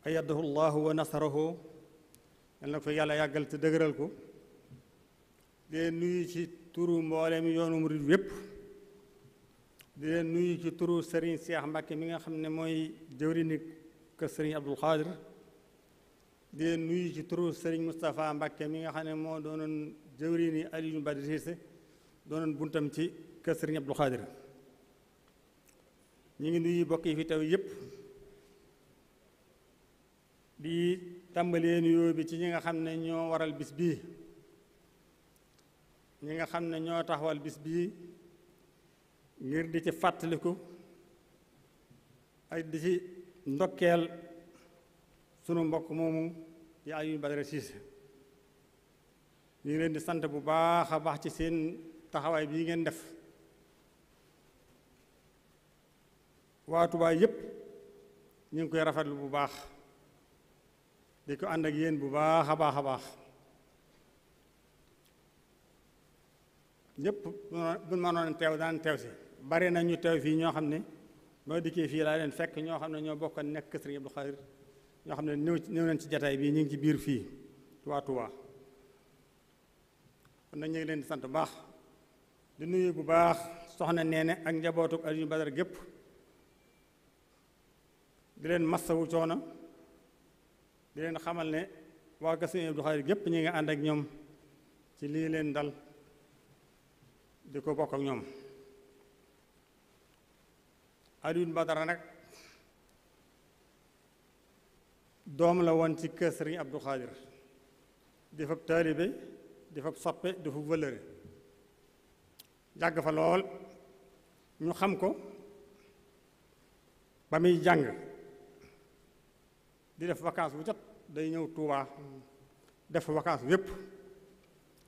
ayadahu allah wa nasarahu yal na ko yàlla yagal te degeural ko di leen nuyu ci turu mboolem yoonu murid wépp di nuyu ci turu sëriñ cheikh mbake mi nga xamne moy mooy ni kër serigne Abdul khadir di leen nuyu ci turu Serigne Moustapha Mbakke mi nga xam ne moo doonoon jëwriñu Alioune Badji Cissé buntam ci kër Serigne Abdou Khadir ñu ngi nuyu bokk yi fi taw yëpp di tàmbalee nuyoo bi ci ñi nga xam ne ñoo waral bis bii ñi nga xam ne ñoo taxawal bis bii ngir di ci fàttaliku ak di ci ndokkeel. sunu mbokk moomu di Alioune Badara Cissé ñu leen di sant bu baax a baax ci seen taxawaay bii ngeen def waa yépp ñu ngi koy rafetlu bu baax di ko ànd ak yéen bu baax a baax a baax ñëpp bu mënoon teew daan teew si bari na ñu teew fii ñoo xam ne boo dikkee fii laa leen fekk ñoo xam ne ñoo bokk nekk Sëriñ Abdou Khadir ñoo xam ne néew néew nañ ci jataay bii ñu ngi ci biir fii Touba Touba kon nag ñu leen di sant bu baax di nuyu bu baax soxna Neene ak njabootu Aliou Badara gépp di leen massawu coono di leen xamal ne waa Kër Sëñ Abdou Khadre gépp ñi nga ànd ak ñoom ci lii leen dal di ko bokk ak ñoom Aliou Badara nag doom la woon ci kër Sëriñ Abdou Khadir di fab taalibe di fab soppe di fab wëllëre yàgg fa lool ñu xam ko ba muy jàng di def vacance bu jot day ñëw Touba def vacance yépp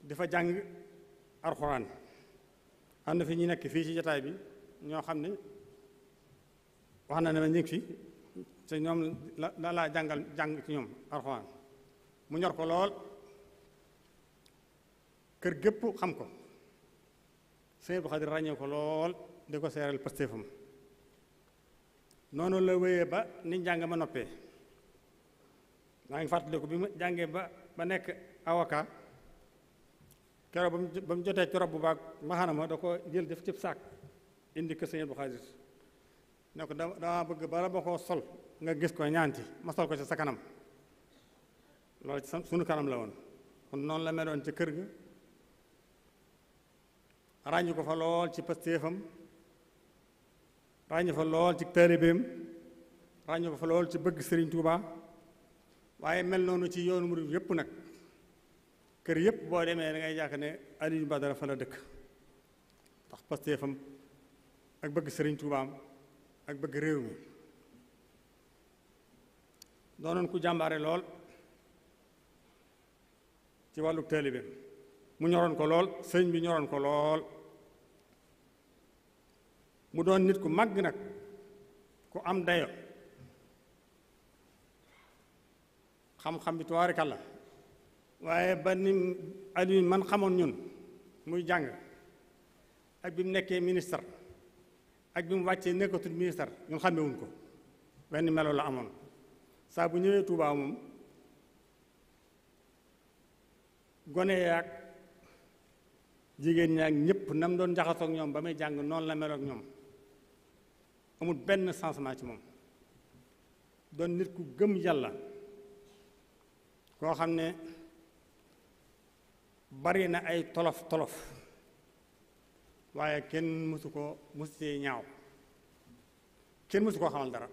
di fa jàng alxuraan am na fi ñu nekk fii ci jataay bi ñoo xam ne wax na ne ma ñu fi te ñom la la jangal jang ci ñom alxuraan mu ñor ko lol kër gépp xam ko sëñ bu xadir ko lol de ko seeral pastéefam noonu la wéyee ba ni jang ma noppé maa ngi fàttaliku bi mu ba ba nek avocat kéro bam mu ba ci rob ba mahanama da ko jël def ci saak indi ko sëñ bu xadir ne da bëgg bala ma koo sol nga gis ko ñaanti ma sol ko ci sa kanam loolu ci sunu kanam la woon kon noonu la meloon ci kër ga ràññi ko fa lool ci pastéefam ràññi fa lool ci taalibeem ràññi ko fa lool ci bëgg Sëriñ Tuuba waaye mel noonu ci yoonu murid yépp nag kër yépp boo demee da ngay jàkk ne Aliou Badara fa la dëkk ndax pastéefam ak bëgg Sëriñ Tuubaam ak bëgg réew mi doonoon ku jàmbaare lool ci wàllu taalibe mu ñoroon ko lool sëñ bi ñoroon ko lool mu doon nit ku màgg nag ku am dayo xam-xam bi la waaye ba ni Aliou man xamoon ñun muy jàng ak bi mu nekkee ministre ak bi mu wàccee nekkatul ministre ñun xamewuñ ko benn melo la amoon saa bu ñëwee Touba moom gone yaag jigéen ñaag ñëpp nam doon jaxasoog ñoom ba muy jàng noonu la meloog ñoom amul benn changement ci moom doon nit ku gëm yàlla koo xam ne bari na ay tolof tolof waaye kenn mësu ko mësu ñaaw kenn mësu koo xamal dara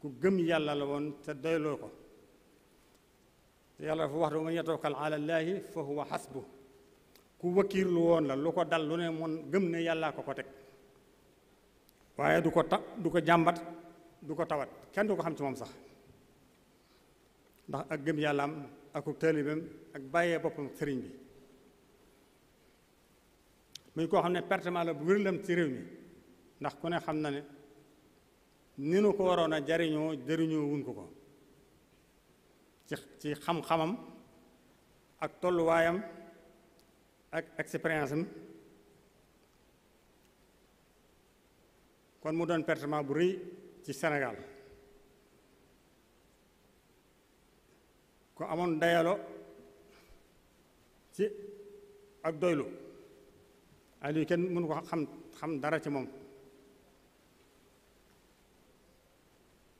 ku gëm yàlla la woon te doyloo ko te yàlla dafa wax ne man yatawakkal ala llaahi fa huwa xasbu ku wakiirlu woon la lu ko dal lu ne moon gëm ne yàllaa ko ko teg waaye du ko ta du ko jàmbat du ko tawat kenn du ko xam ci moom sax ndax ak gëm yàllaam ak taalibeem ak bàyyee boppam sëriñ bi muy koo xam ne pertement la bu wér ci réew mi ndax ku ne xam na ne ni nu ko waroon a jariñoo jariñoo wuñ ko ko ci ci xam-xamam ak tolluwaayam ak expérience kon mu doon pertement bu rëy ci Sénégal ko amoon dayalo ci ak doylu Aliou kenn mënu ko xam xam dara ci moom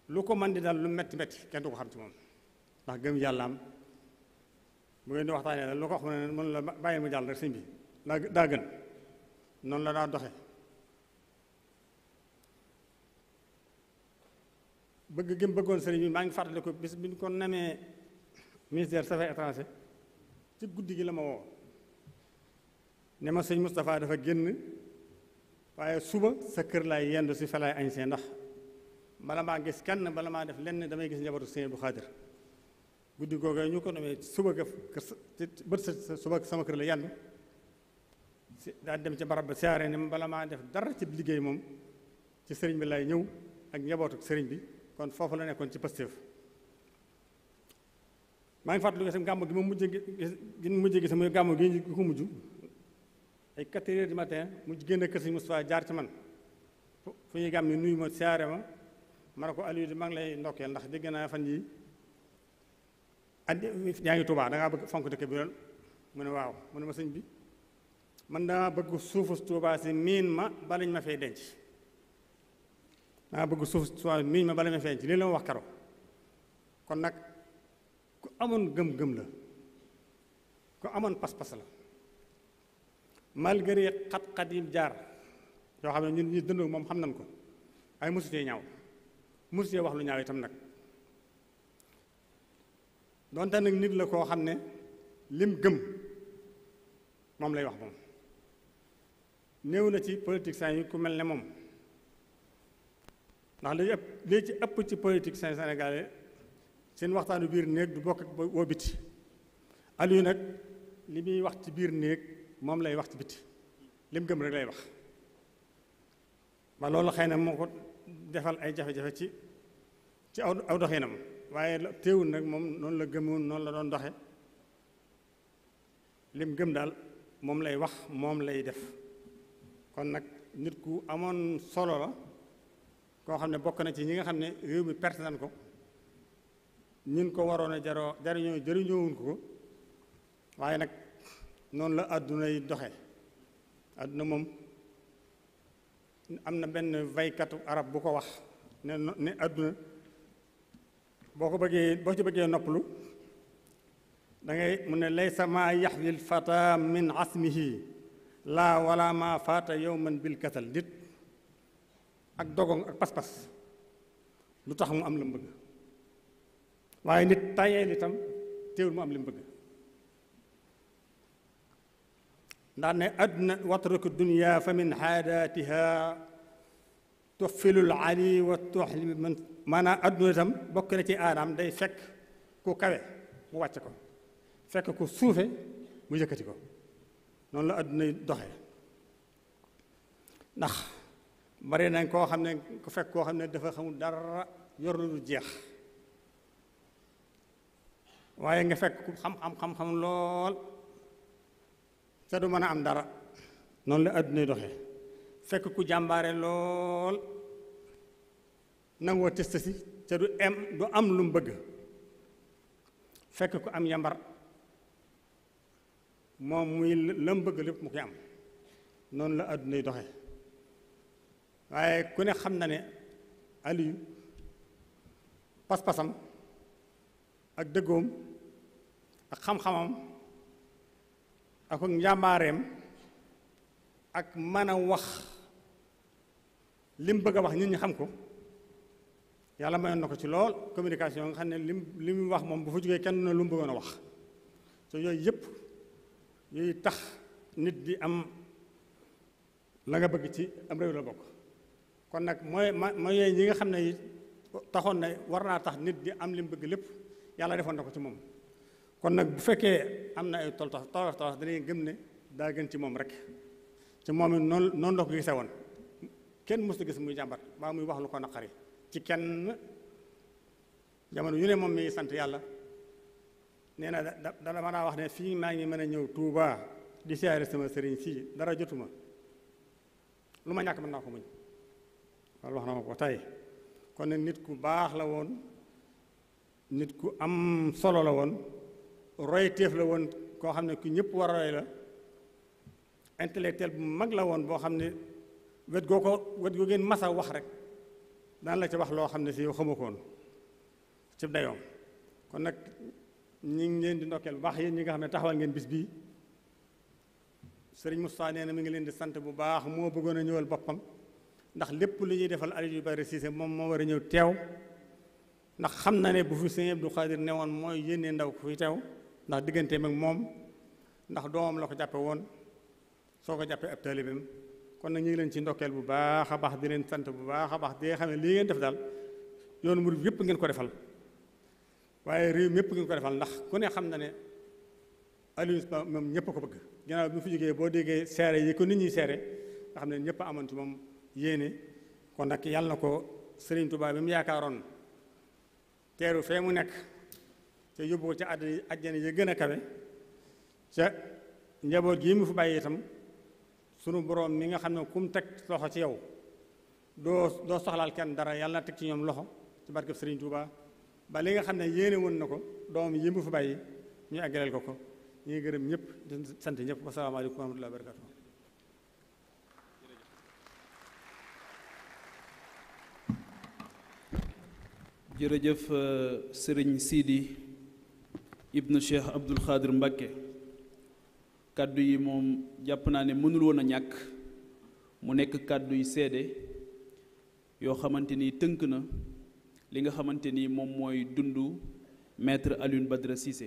lu ko man di daal lu metti metti kenn du ko xam ci moom ndax gëm yàllaam bu ngeen di waxtaanee lu ko wax ne mën la bàyyi mu jàll rek sëñ bi daa gën noonu la daa doxe bëgg gëm bëggoon sëriñ bi maa ngi fàttali ko bis bi ñu ko namee ministère des affaires étrangères ci guddi gi la ma woo ne ma sëñ Moustapha dafa génn waaye suba sa kër laay yendu si fa laay añ see ndax bala maa gis kenn bala maa def lenn damay gis njabootu sëñ bu xaadir guddi googee ñu ko demee suba ga bët sa suba sama kër la yenn daa dem ci barab ba siyaare ni bala maa def dara ci liggéey moom ci sëriñ bi lay ñëw ak njabootu sëriñ bi kon foofu la nekkoon ci Pastef maa ngi fàttaliku sam gàmmu gi ma mujj gi mujj gi sama gàmmu gi ko mujj ay 4 heures du matin mu génn kër sëriñ Moustapha jaar ci man fu ñuy gàmm ni nuyu ma siyaare ma ma ne ko Aliou di mag lay ndokkeel ndax dégg naa fan yi addi yaa ngi Tuubaa da bëgg fonk dëkk bi lool mu ne waaw mu ne ma sëñ bi man dama bëgg suufu Tuubaa si miin ma balañ ma fay denc dama bëgg suufu Tuubaa si miin ma balañ ma fay denc lii la ma wax karo kon nag ku amoon gëm-gëm la ku amoon pas-pas la malgré xat-xat yi jaar yoo xam ne ñu ñi dëndoo moom xam nañ ko ay mosu ñaw mursee wax lu ñaaw itam nag donte nag nit la koo xam ne lim gëm moom lay wax moom néew na ci politiciens yi ku mel ne moom ndax li ëpp li ci ëpp ci politik politiciens sénégalais seen waxtaanu biir néeg du bokk ak woo biti Aliou nag li muy wax ci biir néeg moom lay wax ci biti lim gëm rek lay wax ba loolu xëy na moo ko defal ay jafe-jafe ci ci aw aw doxinam waaye teewul nag moom noonu la gëmoon noonu la doon doxe lim gëm daal moom lay wax moom lay def kon nag nit ku amoon solo la koo xam ne bokk na ci ñi nga xam ne réew bi perte nañ ko ñun ko waroon jaroo jariñoo jëriñoowuñ ko waaye nag noonu la àdduna yi doxe àdduna moom am na benn waykatu arab bu ko wax ne ne àdduna boko beugé bo ci beugé noppalu da ngay mune ne laysa maa yaxwi fata min asmihi la wala ma fata yawman bil kasal nit ak dogong ak pas-pas lutax mu am la mu bëgg waaye nit tayeel itam téewul mu am li mu bëgg ndax ne adna watruk dunya fa min xaadaatiha tuxfilu l ali wa tuxli man maanaam adduna itam bokk na ci aadaam day fekk ku kawe mu wàcc ko fekk ku suufe mu yëkkati ko noonu la adduna doxe ndax bari nañ koo xam ne ku fekk koo xam ne dafa xamul dara yor lu jeex waaye nga fekk ku xam-xam xam-xam lool te du mën a am dara noonu la adduna doxee fekk ku jàmbaare lool nangoo test si te du em du am lu mu bëgg fekk ko am yambar moom muy lam bëgg lépp mu koy am noonu la àdduna yi doxe waaye ku ne xam na ne Aliou pas-pasam ak dëggoom ak xam-xamam ak njàmbaareem ak mën a wax li mu bëgg a wax nit ñi xam ko yàlla mayoon na ko ci lool communication nga xam ne lim li mu wax moom bu fa jógee kenn na lu mu bëggoon a wax te yooyu yëpp yuy tax nit di am la nga bëgg ci am réew la bokk kon nag mooy mooy yooyu ñi nga xam ne yi taxoon na war naa tax nit di am lim bëgg lépp yàlla defoon na ko ci moom kon nag bu fekkee am na ay tol tax tolof tolof dañuy gëm ne daa gën ci moom rek ci moom it noonu noonu la ko gisee woon kenn mësu gis muy jàmbat mbaa muy wax lu ko naqari ci kenn jamono yu ne moom mi sant yàlla nee na da dama daa wax ne fii maa ngi mën a ñëw Touba di siyaare sama sëriñ si dara jotuma lu ma ñàkk mën naa ko muñ wax na ko tey kon nag nit ku baax la woon nit ku am solo la woon roy téef la woon koo xam ne ku ñëpp war a roy la intellectuel bu mag la woon boo xam ne wet goo ko wet goo ngeen masa wax rek daan la ci wax loo xam ne si yow xamu ko woon ci dayoom kon nag ñi ngi leen di ndokkeel bu baax yéen ñi nga xam ne taxawal ngeen bis bii sëriñ Moustapha nee na mi ngi leen di sant bu baax moo bëggoon a ñëwal boppam ndax lépp lu ñuy defal Aliou bari Cissé moom moo war a ñëw teew ndax xam na ne bu fi sëñ Abdou Khadir newoon mooy yénnee ndaw ku fi teew ndax digganteem ak moom ndax doomam la ko jàppe woon soo ko jàppee ab taalibeem kon nag ñu ngi leen ci ndokkeel bu baax a baax di leen sant bu baax a baax di nga xam ne lii ngeen def daal yoonu murid yëpp ngeen ko defal waaye réew mi yëpp ngeen ko defal ndax ku ne xam na ne Aliou Ba moom ñëpp ko bëgg ginnaaw bi mu fi jógee boo déggee seere yi ko nit ñi seere nga xam ne ñëpp amoon ci moom yéene kon nag yàlla na ko Serigne Touba bi mu yaakaaroon teeru fee mu nekk te yóbbu ko ci àddina àjjana yi gën a kawe ca njaboot gii mu fi bàyyi itam. sunu boroom mi nga xam ne ku mu teg loxo ci yow doo doo soxlaal kenn dara yàlla na teg ci ñoom loxo ci barkeb Serigne Touba ba li nga xam ne yéene woon na ko doom yi mu fa bàyyi ñu àggaleel ko ko ñu ngi gërëm ñëpp di sant ñëpp wasalaamaaleykum wa rahmatulah wa barakatu jërëjëf sëriñ Sidi ibnu Cheikh Abdoul Khadir Mbacké kàddu yi moom jàpp naa ne mënul woon a ñàkk mu nekk kàddu yi seede yoo xamante ni tënk na li nga xamante ni moom mooy dund maître Alioune Badara Cissé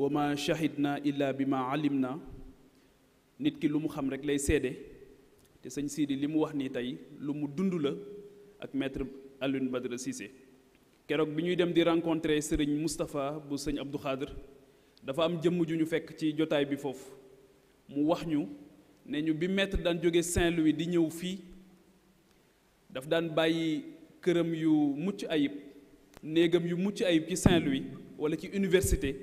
wa ma shahidna illa bi ma alimna nit ki lu mu xam rek lay seede te sëñ Sidi li mu wax nii tey lu mu dund la ak maître Alioune Badara Cissé keroog bi ñuy dem di rencontrer sëriñ Moustapha bu sëñ Abdou Khadr dafa am jëmm ju ñu fekk ci jotaay bi foofu mu wax ñu ne ñu bi maître daan jóge Saint-Louis di ñëw fii daf daan bàyyi këram yu mucc ayib néegam yu mucc ayib ci Saint-Louis walla ci université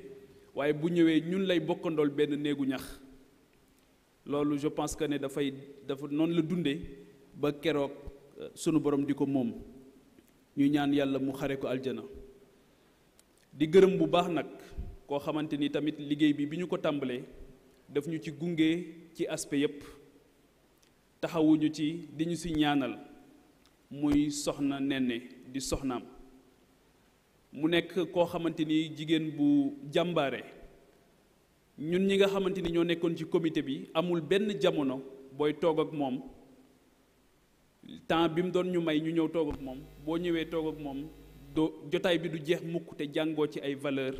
waaye bu ñëwee ñun lay bokkandool benn néegu ñax loolu je pense que ne dafay dafa noonu la dundee ba keroog euh, sunu borom di ko moom ñu ñaan yàlla mu xare ko aljana di gërëm bu baax nag koo xamante ni tamit liggéey bi bi ñu ko tàmbalee daf ñu ci gunge ci aspect yépp taxawuñu ci di ñu si ñaanal muy soxna Néné di soxnaam mu nekk koo xamante ni jigéen bu jàmbaare ñun ñi nga xamante ni ñoo nekkoon ci comité bi amul benn jamono booy toog ak moom temps bi mu doon ñu may ñu ñëw toog ak moom boo ñëwee toog ak moom doo jotaay bi du jeex mukk te jàngoo ci ay valeur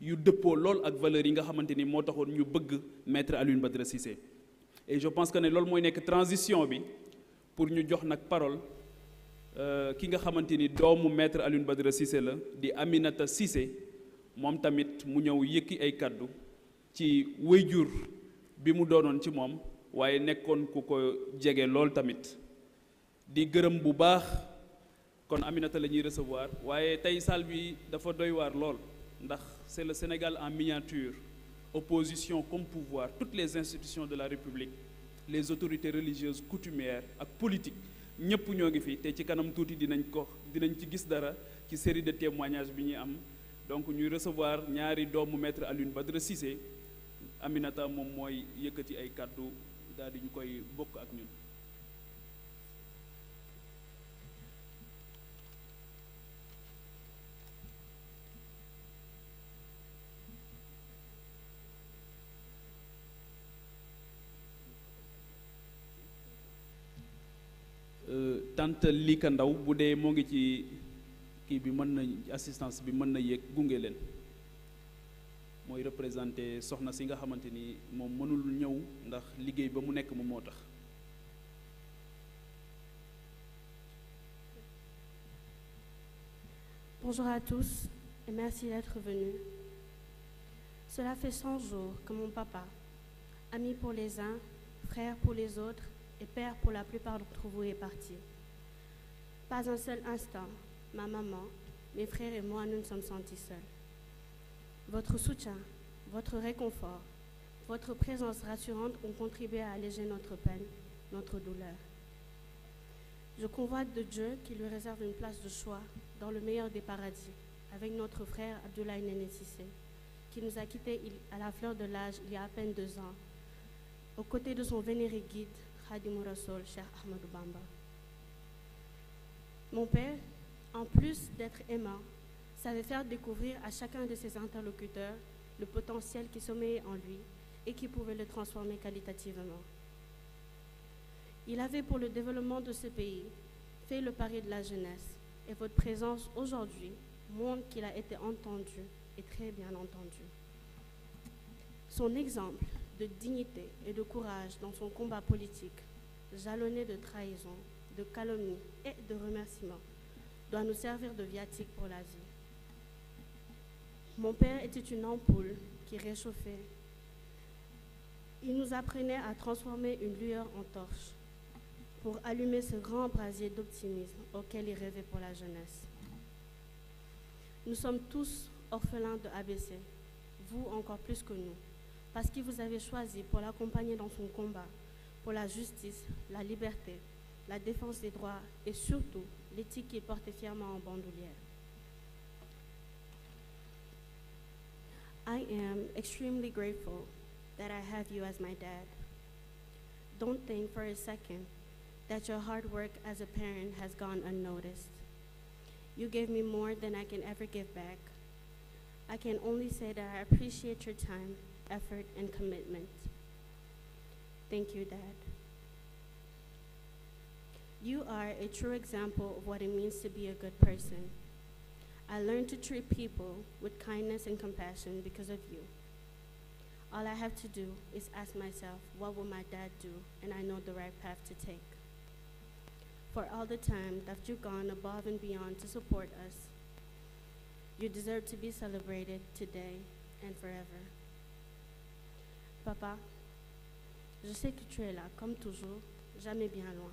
yu dëppoo lool ak valeur yi nga xamante ni moo taxoon ñu bëgg maître Alioune Badara Cissé et je pense que ne loolu mooy nekk transition bi pour ñu jox nag parole euh, ki nga xamante ni doomu maître Alioune Badara Cissé la di Aminata Cissé moom tamit mu ñëw yëkk ay kàddu ci wéyjur bi mu doonoon ci moom waaye nekkoon ku ko jege lool tamit di gërëm bu baax kon Aminata la ñuy recevoir waaye tey salle bi dafa doy waar lool. c'est le Sénégal en miniature opposition comme pouvoir toutes les institutions de la République les autorités religieuses coutumières politiques. politique nous, ñoo série de témoignages donc ñuy recevoir maître Aminata moom tante Lika Ndaw Boudé, dee ngi ci ki bi mën na assistance bi mën na yéeg gungé len moy représenter soxna si nga xamanteni mom mënul ñew ndax liggéey ba mu nekk mu motax Bonjour à tous et merci d'être venus. Cela fait 100 jours que mon papa, ami pour les uns, frère pour les autres et père pour la plupart d'entre vous, est parti. Pas un seul instant, ma maman, mes frères et moi, nous nous sommes sentis seuls. Votre soutien, votre réconfort, votre présence rassurante ont contribué à alléger notre peine, notre douleur. Je convoite de Dieu qui lui réserve une place de choix dans le meilleur des paradis, avec notre frère Abdoulaye Nenetissé, qui nous a quittés à la fleur de l'âge il y a à peine deux ans, aux côtés de son vénéré guide, Khadim Rasoul, cher Ahmed Bamba. Mon père, en plus d'être aimant, savait faire découvrir à chacun de ses interlocuteurs le potentiel qui sommeillait en lui et qui pouvait le transformer qualitativement. Il avait pour le développement de ce pays fait le pari de la jeunesse et votre présence aujourd'hui montre qu'il a été entendu et très bien entendu. Son exemple de dignité et de courage dans son combat politique, jalonné de trahison, de calomnie et de remerciement doit nous servir de viatique pour la vie. Mon père était une ampoule qui réchauffait. Il nous apprenait à transformer une lueur en torche pour allumer ce grand brasier d'optimisme auquel il rêvait pour la jeunesse. Nous sommes tous orphelins de ABC, vous encore plus que nous, parce qu'il vous avez choisi pour l'accompagner dans son combat pour la justice, la liberté, la défense des droits et surtout l'éthique qu'il portait fièrement en bandoulière. I am extremely grateful that I have you as my dad. Don't think for a second that your hard work as a parent has gone unnoticed. You gave me more than I can ever give back. I can only say that I appreciate your time, effort, and commitment. Thank you, Dad. You are a true example of what it means to be a good person. I learned to treat people with kindness and compassion because of you. All I have to do is ask myself, what will my dad do? And I know the right path to take. For all the time that you've gone above and beyond to support us, you deserve to be celebrated today and forever. Papa, je sais que tu es là, comme toujours, jamais bien loin.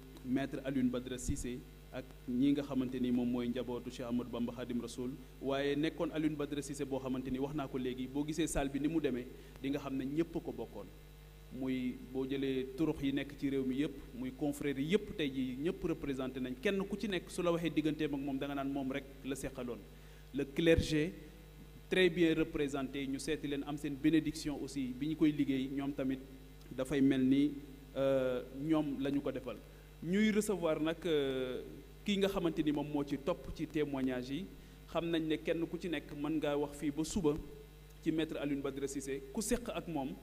maître Alioune Badara Cissé ak ñi nga xamante ni moom mooy njabootu Cheikh Amadou Bamba Khadim Rasoul waaye nekkoon Alioune Badara Cissé boo xamante ni wax naa ko léegi boo gisee salle bi ni mu demee di xam ne ñépp ko bokkoon muy boo jëlee turux yi nekk ci réew mi yépp muy confrères yi yépp tey jii ñépp représenté nañ kenn ku ci nekk su la waxee digganteem ak moom da nga moom rek la seqaloon le clergé très bien représenté ñu seeti leen am seen bénédiction aussi bi ñu koy ñoom tamit dafay mel ni euh, ñoom la ko defal ñuy recevoir nag euh, kii nga xamante ni moom moo ci topp ci témoignage yi xam nañ ne kenn ku ci nekk mën ngaa wax fii ba suba ci maître Alioune Badara Cissé ku seq ak moom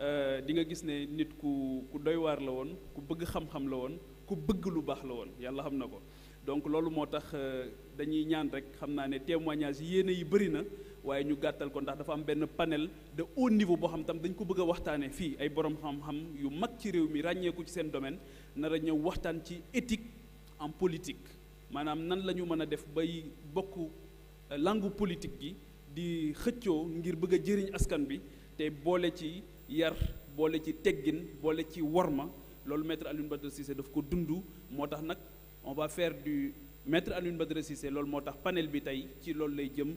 euh, di nga gis ne nit ku ku doy waar la woon ku bëgg xam-xam la woon ku bëgg lu baax la woon yàlla xam na ko donc loolu moo tax euh, dañuy ñaan rek xam naa ne témoignage yéene yi bëri na waaye ñu gàttal ko ndax dafa am benn panel de haut niveau boo xam tam dañ ko bëgg waxtaane fii ay borom xam-xam yu mag ci réew mi ràññeeku ci seen domaine nar a ñëw waxtaan ci éthique en politique maanaam nan la ñu mën a def bay bokk euh, langue politique gi di xëccoo ngir bëgg a jëriñ askan bi te boole ci yar boole ci teggin boole ci worma loolu maître Alioune Badara Cissé daf ko dund moo tax nag on ba faire du maître Alioune Badara Cissé loolu moo tax panel bi tey ci loolu lay jëm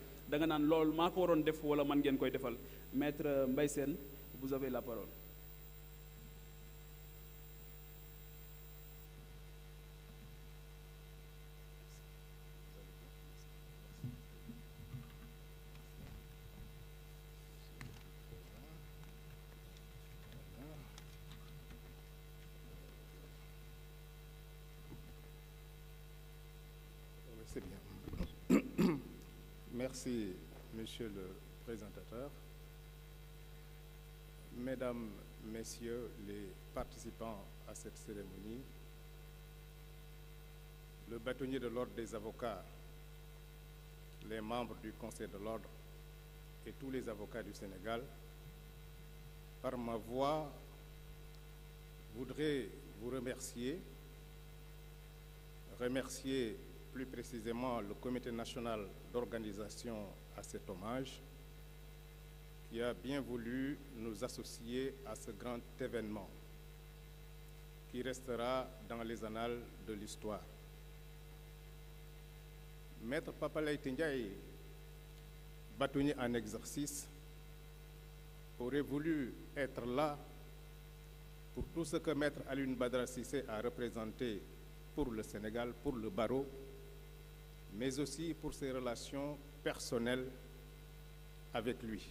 da nga naan loolu maa ko waroon def wala man ngeen koy defal maître Mbaye vous avez la parole Merci, Monsieur le présentateur. Mesdames, Messieurs les participants à cette cérémonie, le bâtonnier de l'Ordre des avocats, les membres du Conseil de l'Ordre et tous les avocats du Sénégal, par ma voix, voudrais vous remercier, remercier plus précisément le Comité national d'organisation à cet hommage qui a bien voulu nous associer à ce grand événement qui restera dans les annales de l'histoire. Maître Papalay Ndiaye, bâtonnier en exercice, aurait voulu être là pour tout ce que Maître Alun Badra a représenté pour le Sénégal, pour le barreau, mais aussi pour ses relations personnelles avec lui.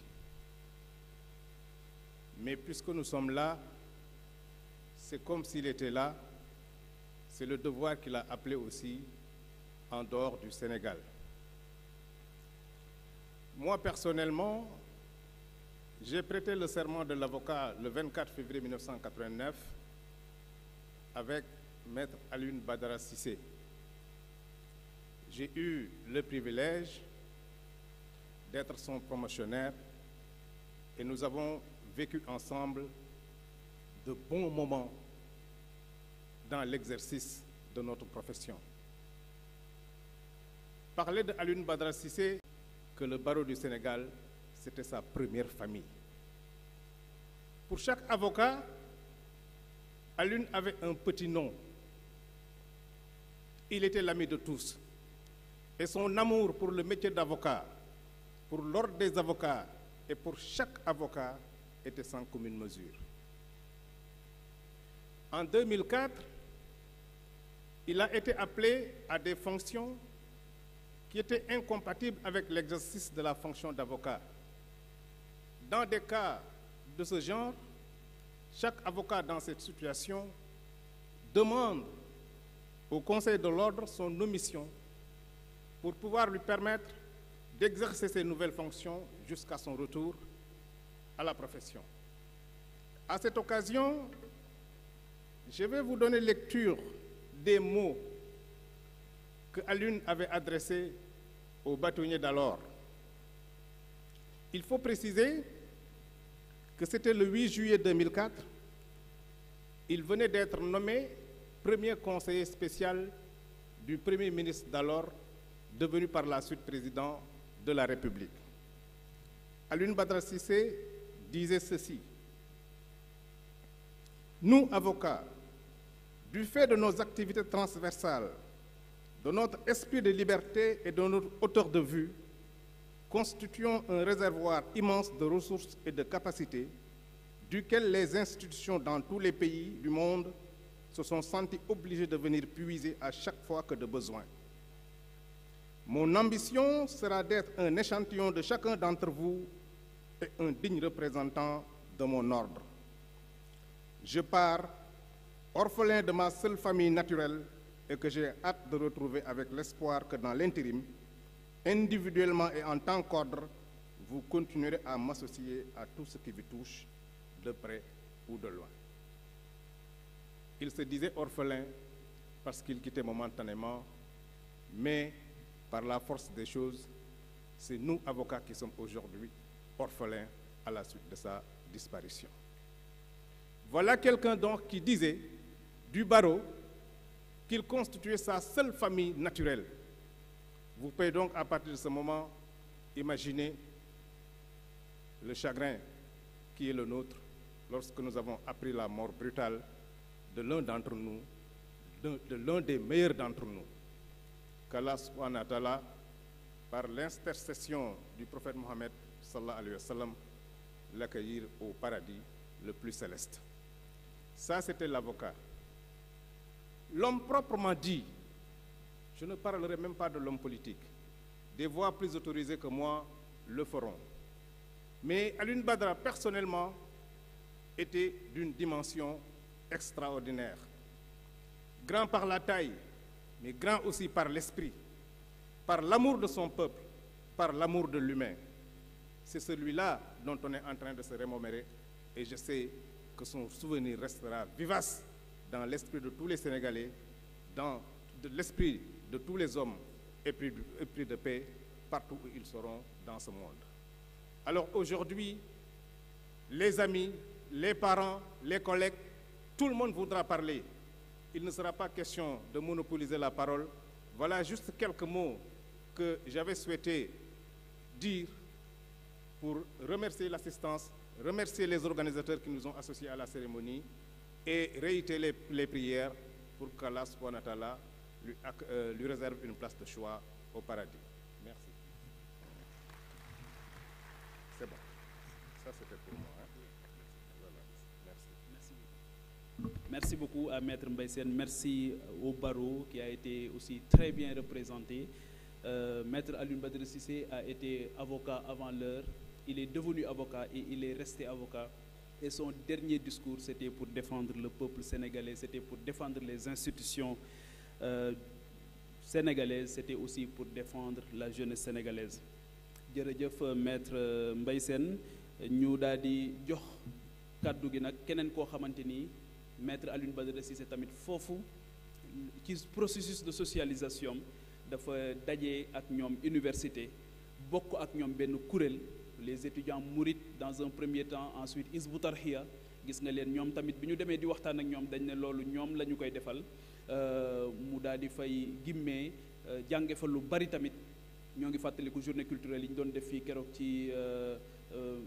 Mais puisque nous sommes là, c'est comme s'il était là, c'est le devoir qu'il a appelé aussi en dehors du Sénégal. Moi, personnellement, j'ai prêté le serment de l'avocat le 24 février 1989 avec Maître Alune Badara Sissé j'ai eu le privilège d'être son promotionnaire et nous avons vécu ensemble de bons moments dans l'exercice de notre profession. Parler de Alun que le barreau du Sénégal, c'était sa première famille. Pour chaque avocat, Alun avait un petit nom. Il était l'ami de tous et son amour pour le métier d'avocat, pour l'ordre des avocats et pour chaque avocat était sans commune mesure. En 2004, il a été appelé à des fonctions qui étaient incompatibles avec l'exercice de la fonction d'avocat. Dans des cas de ce genre, chaque avocat dans cette situation demande au Conseil de l'ordre son omission pour pouvoir lui permettre d'exercer ses nouvelles fonctions jusqu'à son retour à la profession. À cette occasion, je vais vous donner lecture des mots que Alune avait adressés au bâtonnier d'alors. Il faut préciser que c'était le 8 juillet 2004. Il venait d'être nommé premier conseiller spécial du premier ministre d'alors, devenu par la suite président de la République. Alun Badra disait ceci Nous, avocats, du fait de nos activités transversales, de notre esprit de liberté et de notre hauteur de vue, constituons un réservoir immense de ressources et de capacités duquel les institutions dans tous les pays du monde se sont senties obligées de venir puiser à chaque fois que de besoin. Mon ambition sera d'être un échantillon de chacun d'entre vous et un digne représentant de mon ordre. Je pars orphelin de ma seule famille naturelle et que j'ai hâte de retrouver avec l'espoir que dans l'intérim, individuellement et en tant qu'ordre, vous continuerez à m'associer à tout ce qui vous touche, de près ou de loin. Il se disait orphelin parce qu'il quittait momentanément, mais par la force des choses, c'est nous, avocats, qui sommes aujourd'hui orphelins à la suite de sa disparition. Voilà quelqu'un donc qui disait du barreau qu'il constituait sa seule famille naturelle. Vous pouvez donc à partir de ce moment imaginer le chagrin qui est le nôtre lorsque nous avons appris la mort brutale de l'un d'entre nous, de, de l'un des meilleurs d'entre nous qu'Allah subhanahu wa par l'intercession du prophète Mohammed sallallahu alayhi wa sallam, l'accueillir au paradis le plus céleste. Ça, c'était l'avocat. L'homme proprement dit, je ne parlerai même pas de l'homme politique. Des voix plus autorisées que moi le feront. Mais Alun Badra, personnellement, était d'une dimension extraordinaire. Grand par la taille, mais grand aussi par l'esprit, par l'amour de son peuple, par l'amour de l'humain. C'est celui-là dont on est en train de se remémorer et je sais que son souvenir restera vivace dans l'esprit de tous les Sénégalais, dans l'esprit de tous les hommes et puis de paix partout où ils seront dans ce monde. Alors aujourd'hui, les amis, les parents, les collègues, tout le monde voudra parler il ne sera pas question de monopoliser la parole. Voilà juste quelques mots que j'avais souhaité dire pour remercier l'assistance, remercier les organisateurs qui nous ont associés à la cérémonie et réitérer les, prières pour qu'Allah lui, euh, lui réserve une place de choix au paradis. Merci. C'est bon. Ça, c'était pour moi. Merci beaucoup à Maître Mbaïsen, merci au barreau qui a été aussi très bien représenté. Euh, maître Alun a été avocat avant l'heure, il est devenu avocat et il est resté avocat. Et son dernier discours, c'était pour défendre le peuple sénégalais, c'était pour défendre les institutions euh, sénégalaises, c'était aussi pour défendre la jeunesse sénégalaise. Euh, maître maître Alioune Badara c'est tamit processus de socialisation dafa à ak université ak les étudiants mourides dans un premier temps ensuite sont tarhiya gis nga len ñom tamit biñu Ils di ak dañ euh, mu fay euh, fa lu bari tamit journée culturelle ñu def euh,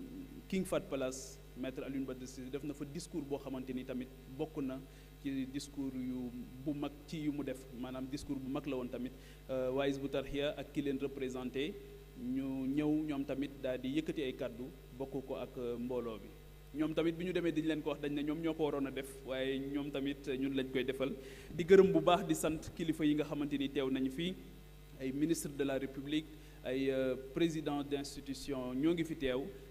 King Fat Palace maître Alioune ba Cissé def na fa discours boo xamante ni tamit bokk na ci discours yu bu mag ci yu mu def maanaam discours bu mag la woon tamit euh, waa Hizbut Tarqiyyah ak ki leen représenté ñu ñëw ñoom tamit daal di yëkkati ay kàddu bokk ko ak euh, mbooloo bi ñoom tamit bi ñu demee dañu leen ko wax dañ ne ñoom ñoo ko waroon a def waaye ñoom tamit ñun lañ koy defal di gërëm bu baax di sant kilifa yi nga xamante ni teew nañu fii ay ministre de la république ay euh, président d'institution ñoo ngi fi teew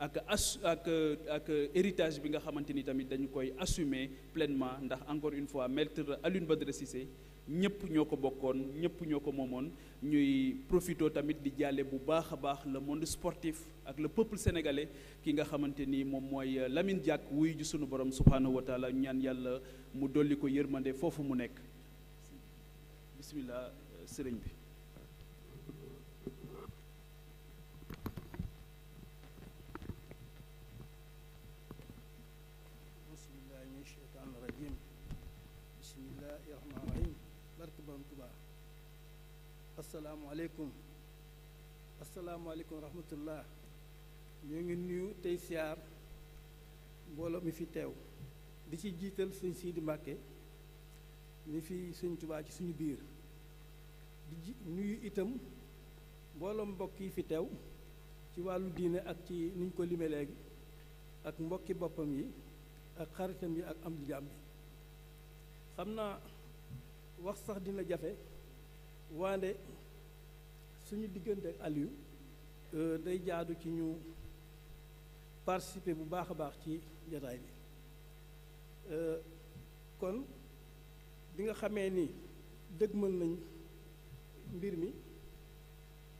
ak ak ak héritage bi nga xamante tamit dañu koy assumer pleinement ndax encore une fois maître Alioune Badara Cissé ñëpp ñoko bokkon bokkoon ñoko ñoo ñuy profito tamit di jàlle bu baakha a baax le monde sportif ak le peuple sénégalais ki nga xamanteni mom moy mooy Lamine Diack wuy ju sunu borom subhanahu wa taala ñaan yalla mu dolli ko yërmande mu nek bismillah serigne bi asalaamualeykum asalaamualeykum wa rahmatullah ñoo ngi nuyu tey siyaar mbooloo mi fi teew di ci jiital suñ Sidi Mbàkke mi fi suñ Tubaa ci suñu biir di nuyu itam mbooloo mbokk yi fi teew ci wàllu diine ak ci niñ ko lime léegi ak mbokki boppam yi ak xaritam yi ak am di jàmm xam naa wax sax dina jafe waande suñu diggante ak Aliou euh, day jaadu ci ñu participer bu baax a baax ci jataay bi euh, kon bi nga xamee ni mën nañ mbir mi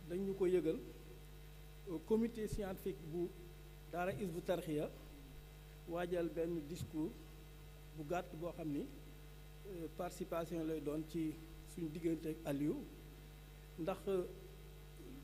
dañ ko yëgal euh, comité scientifique bu daara Hizbut Tarqiyyah waajal benn discours bu gàtt boo xam ni participation lay doon ci suñu diggante ak Aliou ndax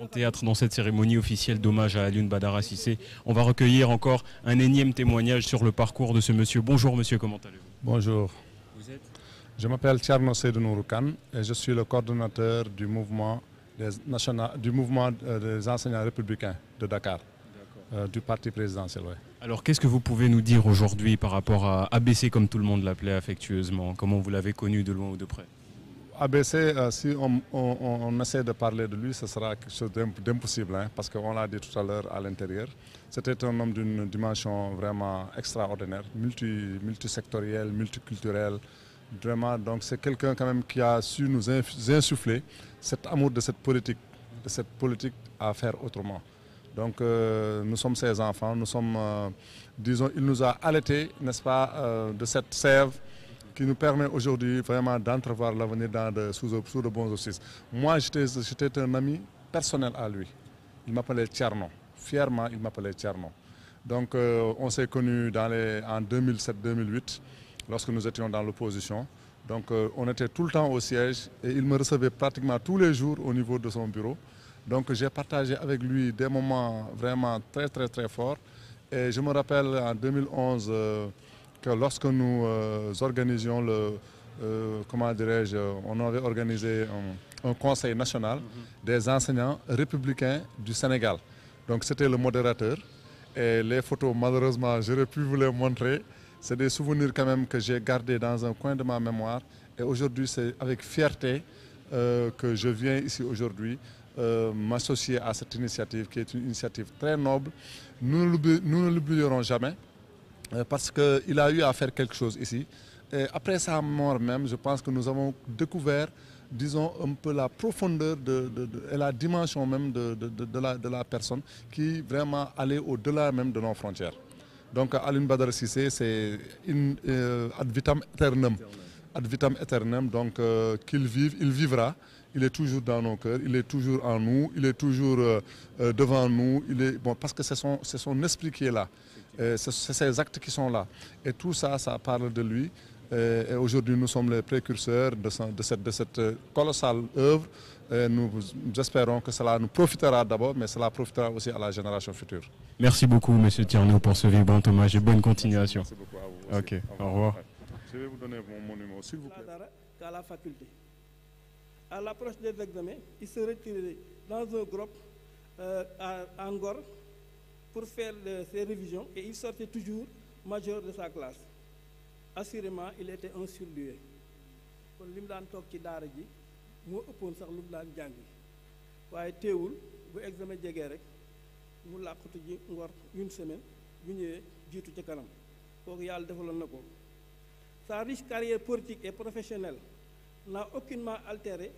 En théâtre, dans cette cérémonie officielle d'hommage à Alioune Badara Sissé, on va recueillir encore un énième témoignage sur le parcours de ce monsieur. Bonjour monsieur, comment allez-vous Bonjour. Je m'appelle Tcherno Seydounourou et je suis le coordonnateur du mouvement des, du mouvement euh, des enseignants républicains de Dakar. Euh, du parti présidentiel. Alors qu'est-ce que vous pouvez nous dire aujourd'hui par rapport à ABC comme tout le monde l'appelait affectueusement Comment vous l'avez connu de loin ou de près ABC, euh, si on, on, essaie de parler de lui, ce sera quelque chose d'impossible, hein, parce qu'on l'a dit tout à l'heure à l'intérieur. C'était un homme d'une dimension vraiment extraordinaire, multi, multisectorielle, multiculturelle. Vraiment, donc c'est quelqu'un quand même qui a su nous insuffler cet amour de cette politique, de cette politique à faire autrement. Donc euh, nous sommes ses enfants, nous sommes, euh, disons, il nous a allaités, n'est-ce pas, de cette sève qui nous permet aujourd'hui vraiment d'entrevoir l'avenir sous, sous, de bons auspices. Moi, j'étais un ami personnel à lui. Il m'appelait Tcherno. Fièrement, il m'appelait Tcherno. Donc, euh, on s'est connus dans en 2007-2008, lorsque nous étions dans l'opposition. Donc, euh, on était tout le temps au siège et il me recevait pratiquement tous les jours au niveau de son bureau. Donc, j'ai partagé avec lui des moments vraiment très, très, très forts. Et je me rappelle en 2011 que lorsque nous euh, organisions le, euh, comment dirais-je, euh, on avait organisé un, conseil national mhm. des enseignants républicains du Sénégal. Donc c'était le modérateur. Et les photos, malheureusement, j'aurais pu vous les montrer. C'est des souvenirs quand même que j'ai gardés dans un coin de ma mémoire. Et aujourd'hui, c'est avec fierté que je viens ici aujourd'hui m'associer à cette initiative qui est une initiative très noble. nous ne l'oublierons jamais. Euh, parce qu'il a eu à faire quelque chose ici. Et après sa mort même, je pense que nous avons découvert, disons, un peu la profondeur de, et la dimension même de, la, personne qui vraiment allait au-delà même de nos frontières. Donc Aline Badar Sissé, c'est euh, ad vitam aeternum. Ad vitam donc euh, qu'il vive, il vivra. Il est toujours dans nos cœurs, il est toujours en nous, il est toujours devant nous. Il est, bon, parce que c'est son esprit qui est là. Euh, c'est ces actes qui sont là. Et tout ça, ça parle de lui. Euh, et aujourd'hui, nous sommes les précurseurs de, cette, euh, colossale œuvre. nous espérons que cela nous profitera d'abord, mais cela profitera aussi à la génération future. Merci beaucoup, Monsieur Tierno, pour ce vibrant hommage et bonne continuation. Merci beaucoup à vous. Ok, au revoir. Je vais vous donner mon, numéro, s'il vous À l'approche des examens, il se dans un groupe à Angor pour faire ses révisions et il sortait toujours majeur de sa classe assurément il était un surdué kon li mu daan toog ci daara ji de ëppoon sax lu mu daan jàngi waaye bu examen jegee rek mu làqatu ji ngor une semaine bu ñëwee jiitu ci kanam kooku yàlla defaloon sa riche carrière politique et professionnelle n'a aucunement altéré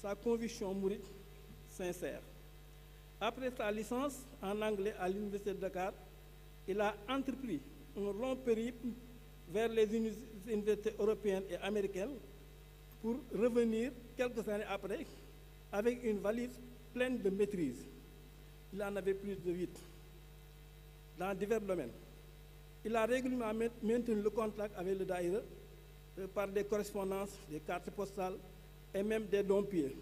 sa conviction mouride sincère après sa licence en anglais à l'Université de Dakar, il a entrepris un long périple vers les universités européennes et américaines pour revenir quelques années après avec une valise pleine de maîtrise. Il en avait plus de 8 dans divers domaines. Il a régulièrement maintenu le contact avec le Daïre euh, par des correspondances, des cartes postales et même des dons-pieds.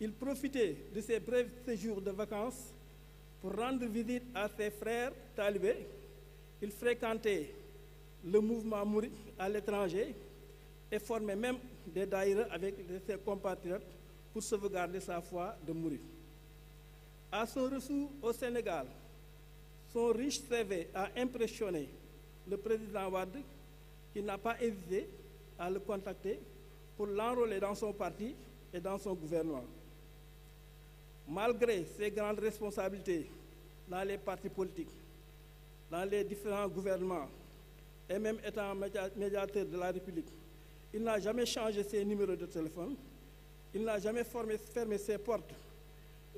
Il profitait de ses brefs séjours de vacances pour rendre visite à ses frères talibés. Il fréquentait le mouvement Mouri à l'étranger et formait même des daïres avec ses compatriotes pour sauvegarder sa foi de Mouri. À son retour au Sénégal, son riche CV a impressionné le président Wade qui n'a pas hésité à le contacter pour l'enrôler dans son parti et dans son gouvernement. Malgré ses grandes responsabilités dans les partis politiques, dans les différents gouvernements et même étant médiateur de la République, il n'a jamais changé ses numéros de téléphone, il n'a jamais fermé ses portes,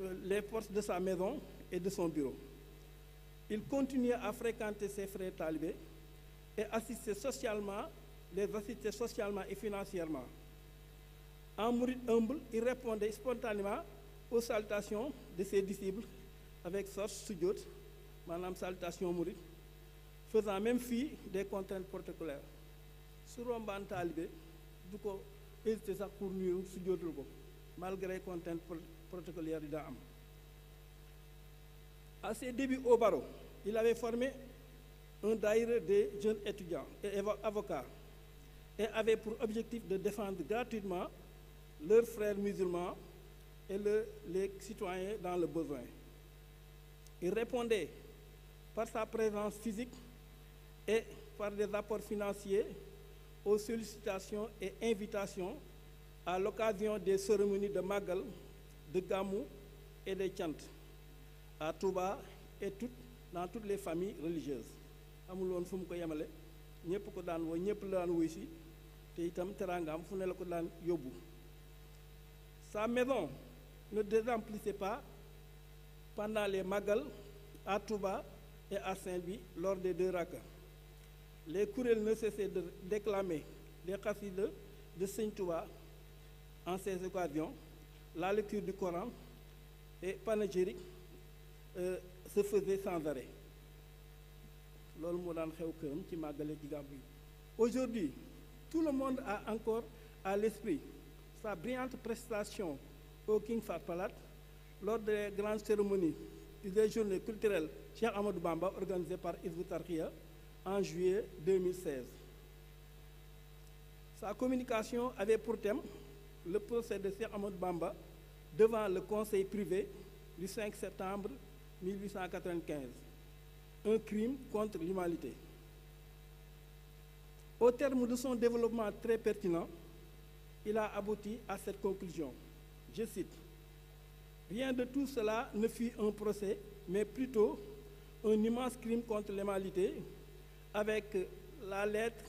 euh, les portes de sa maison et de son bureau. Il continuait à fréquenter ses frères talibés et assister socialement, les assister socialement et financièrement. En mourant humble, il répondait spontanément aux salutations de ses disciples avec Sors Sujot, Madame Salutation Mourit, faisant même fi des contraintes protocolaires. Sur un banc talibé, il était sax pour nuyu su malgré ko malgré contraintes protocolaires de à ses débuts au barreau il avait formé un daïre de jeunes étudiants et avocats et avait pour objectif de défendre gratuitement leurs frères musulmans et les citoyens dans le besoin. Il répondait par sa présence physique et par des apports financiers aux sollicitations et invitations à l'occasion des cérémonies de Magal, de Gamou et de Chant à Touba et dans toutes les familles religieuses. sa maison ne désemplissait pas pendant les Magal à Touba et à Saint-Louis lors des deux rakas. Les courriels ne cessaient de déclamer des chassides de Saint Touba en ces occasions. La lecture du Coran et panégyrique euh, se faisait sans arrêt. Aujourd'hui, tout le monde a encore à l'esprit sa brillante prestation au King Fat lors des grandes cérémonies du des journées culturelles Cheikh Amadou Bamba organisées par Hizbut Tarkia en juillet 2016. Sa communication avait pour thème le procès de Cheikh Amadou Bamba devant le conseil privé du 5 septembre 1895, un crime contre l'humanité. Au terme de son développement très pertinent, il a abouti à cette conclusion. Je cite, Rien de tout cela ne fut un procès, mais plutôt un immense crime contre l'humanité, avec la lettre,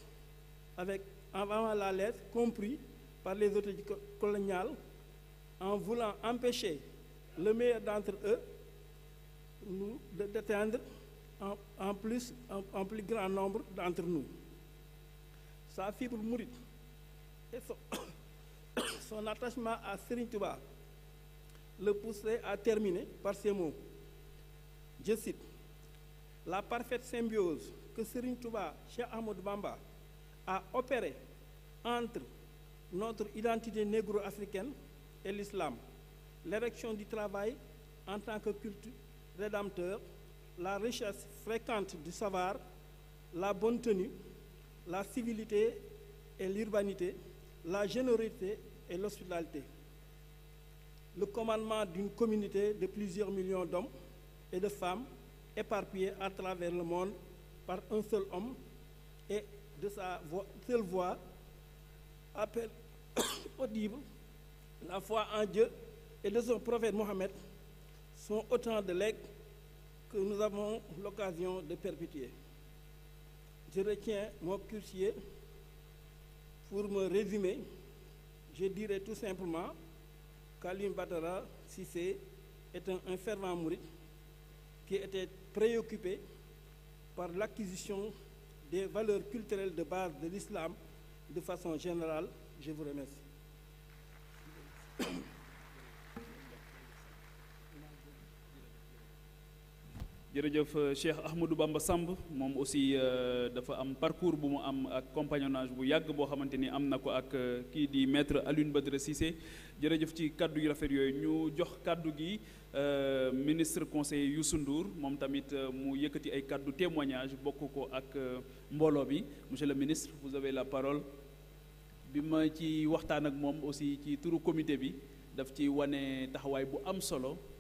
avec, avant la lettre, compris par les autorités coloniales, en voulant empêcher le meilleur d'entre eux nous d'atteindre en, plus, en, plus grand nombre d'entre nous. Sa fibre mourit. et son attachement à Serigne Touba le pousserait à terminer par ces mots. Je cite La parfaite symbiose que Serigne Touba, chez Ahmed Bamba, a opérée entre notre identité négro-africaine et l'islam, l'érection du travail en tant que culte rédempteur, la richesse fréquente du savoir, la bonne tenue, la civilité et l'urbanité, la générosité et l'hospitalité, le commandement d'une communauté de plusieurs millions d'hommes et de femmes éparpillés à travers le monde par un seul homme et de sa voix, seule voix appelle audible la foi en Dieu et de son prophète Mohammed sont autant de legs que nous avons l'occasion de perpétuer. Je retiens mon cursier pour me résumer je dirais tout simplement qu'Alim Batara Sissé est un, fervent mouride qui était préoccupé par l'acquisition des valeurs culturelles de base de l'islam de façon générale. Je vous remercie. jërëjëf euh, Cheikh Ahmadou Bamba Samb moom aussi euh, dafa am parcours bu mu am ak compagnonnage bu yàgg boo xamante ni am na ko ak euh, kii di maître Alioune badre Cissé jërëjëf ci kàddu yu rafet yooyu ñu jox kaddu gi ministre conseiller Youssou Ndour moom tamit mu yëkkati ay kaddu témoignage bokk ko ak mbooloo bi monsieur le ministre vous avez la parole bi ma ci waxtaan ak moom aussi ci turu comité bi daf ci wane taxawaay bu am solo.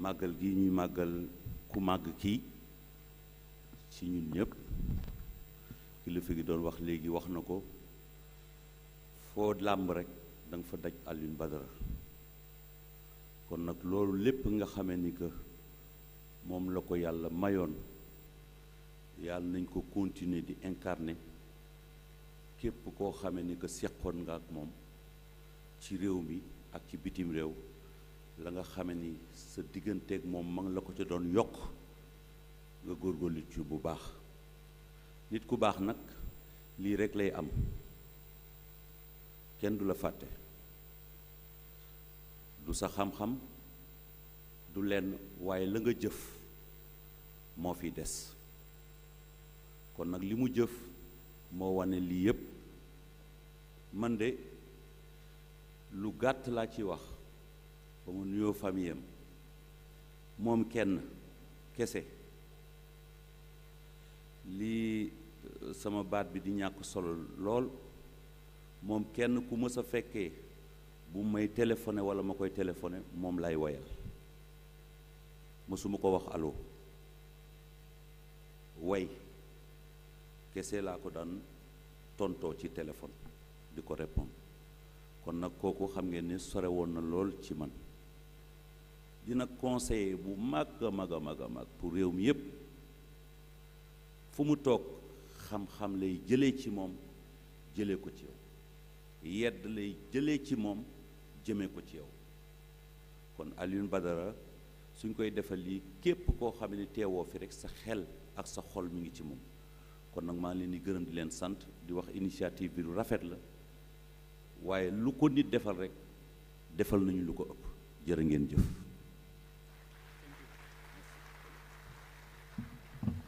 màggal gi ñuy màggal ku màgg kii ci ñun ñëpp kilifa gi doon wax léegi wax na ko foo làmb rekk danga fa daj Alioune Badara kon nag loolu lépp nga xamee ni que moom la ko yàlla mayoon yàlla nañ ko continuer di incarner képp koo xame ni que seqoon nga ak moom ci réew mi ak ci bitim réew la nga xamé ni sa digënté ak mom mang la ko ci doon yok nga gorgolu ci bu baax nit ku baax nak li rek lay am kenn du la du sa xam-xam du len waye la nga jëf mo fi dess kon nak limu jëf mo wane li yépp man de lu gatt la ci wax ba mu nuyoo famille moom kenn kese lii euh, sama baat bi di ñàkk solo lool moom kenn ku mësa a fekkee bu may téléphoné walla ma koy téléphoné moom laay woyal mësuma ko wax aloo way kese laa ko daan tontoo ci téléphone di ko répondre kon nag kooku xam ngeen ni sore woon na lool ci man dina conseiller bu mag a mag a mag a mag pour réew mi yépp fu mu toog xam-xam lay jëlee ci moom jëlee ko ci yow yedd jëlee ci moom jëmee ko ci yow kon Alioune Badara suñ koy defal lii képp koo xam ne teewoo fi rek sa xel ak sa xol mi ngi ci moom kon nag maa ngi leen di gërëm di leen sant di wax initiative bi lu rafet la waaye lu ko nit defal rek defal nañu lu ko ëpp jërë ngeen jëf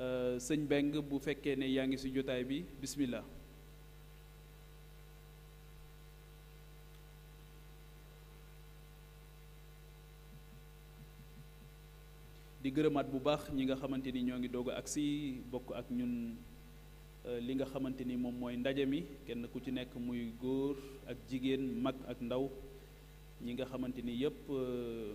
Euh, sëñ Beng bu fekkee ne yaa ngi ci jotaay bi bismillah di gërëmaat bu baax ñi nga xamante ni ñoo ngi doog ak si bokk ak ñun euh, li nga xamante ni moom mooy ndaje mi kenn ku ci nekk muy góor ak jigéen mag ak ndaw ñi nga xamante ni yépp euh,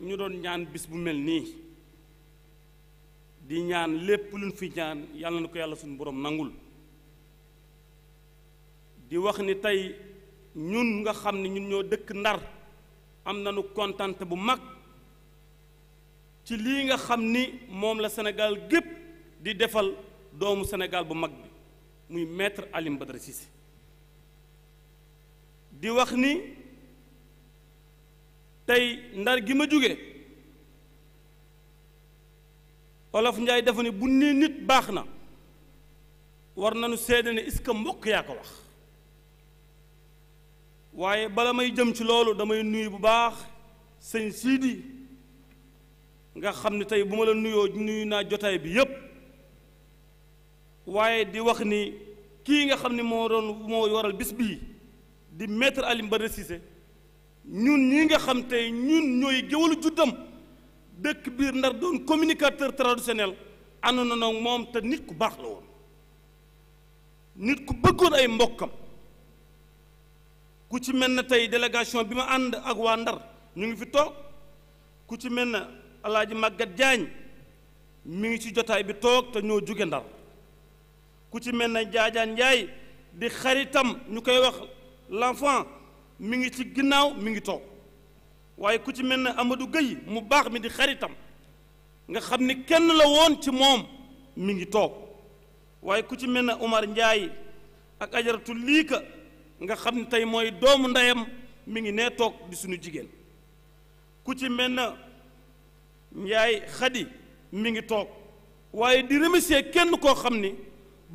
ñu doon ñaan bis bu mel di ñaan lépp luñ fi ñaan yàlla na ko suñu borom nangul di wax ni tey ñun nga xam ne ñun ñoo dëkk ndar am nañu contente bu mag ci lii nga xam ni moom la Sénégal gépp di defal doomu Sénégal bu mag bi muy maître alim Badara di wax ni tey ndar gi ma jóge olof njaay dafa ne bu ne nit baax na war nañu seede ne est mbokk yaa ko wax waaye bala may jëm ci loolu damay nuyu bu baax sëñ siidi nga xam ne tey bu ma la nuyoo nuyu naa jotaay bi yépp waaye di wax ni kii nga xam ne moo doon moo waral bis bii di maître Alioune Badara ñun ñi nga xam tey ñun ñooy géwalu juddam dëkk biir ndar doon communicateur traditionnel ànd na nag moom te nit ku baax la woon nit ku bëggoon ay mbokkam ku ci mel na tey délégation bi ma ànd ak waa ndar ñu ngi fi toog ku ci mel na alaaji màggat jaañ mu ngi ci jotaay bi toog te ñoo jóge ndar ku ci mel na jaajaan njaay di xaritam ñu koy wax l'enfant mi ngi ci ginnaaw mi ngi toog waaye ku ci mel ne Amadou Gueye mu baax mi di xaritam nga xam ni kenn la woon ci moom mi ngi toog waaye ku ci mel ne Omar Ndiaye ak ajaratu ka nga xam ni tey mooy doomu ndeyam mi ngi ne toog di suñu jigéen ku ci mel ne Ndiaye Khady mi ngi toog waaye di remercier kenn koo xam ni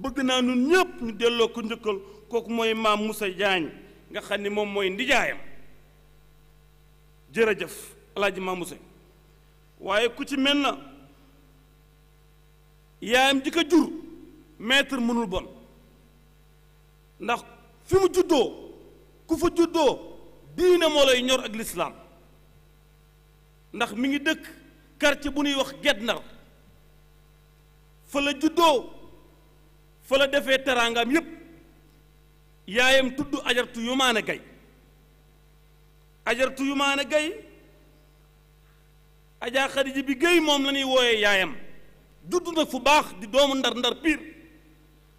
bëgg naa ñun ñëpp ñu delloo ko njëkkal kooku mooy maam Moussa Diagne nga xam ne moom mooy ndijaayam jërëjëf alaaji mamuse waye ku ci melna yaayam jika jur maître mënul bon ndax fi mu juddoo ku fa juddo diina mo lay ñor ak l'islam ndax mi ngi dëkk quartier bu ñuy wax gednar fa la juddo fa la defé terangam yépp yaayam tudd ajartu yumaane gay ajartu yumaane gay ajaa xadija bi géy moom la ñuy wooyee yaayam judd na fu baax di doomu ndar ndar piir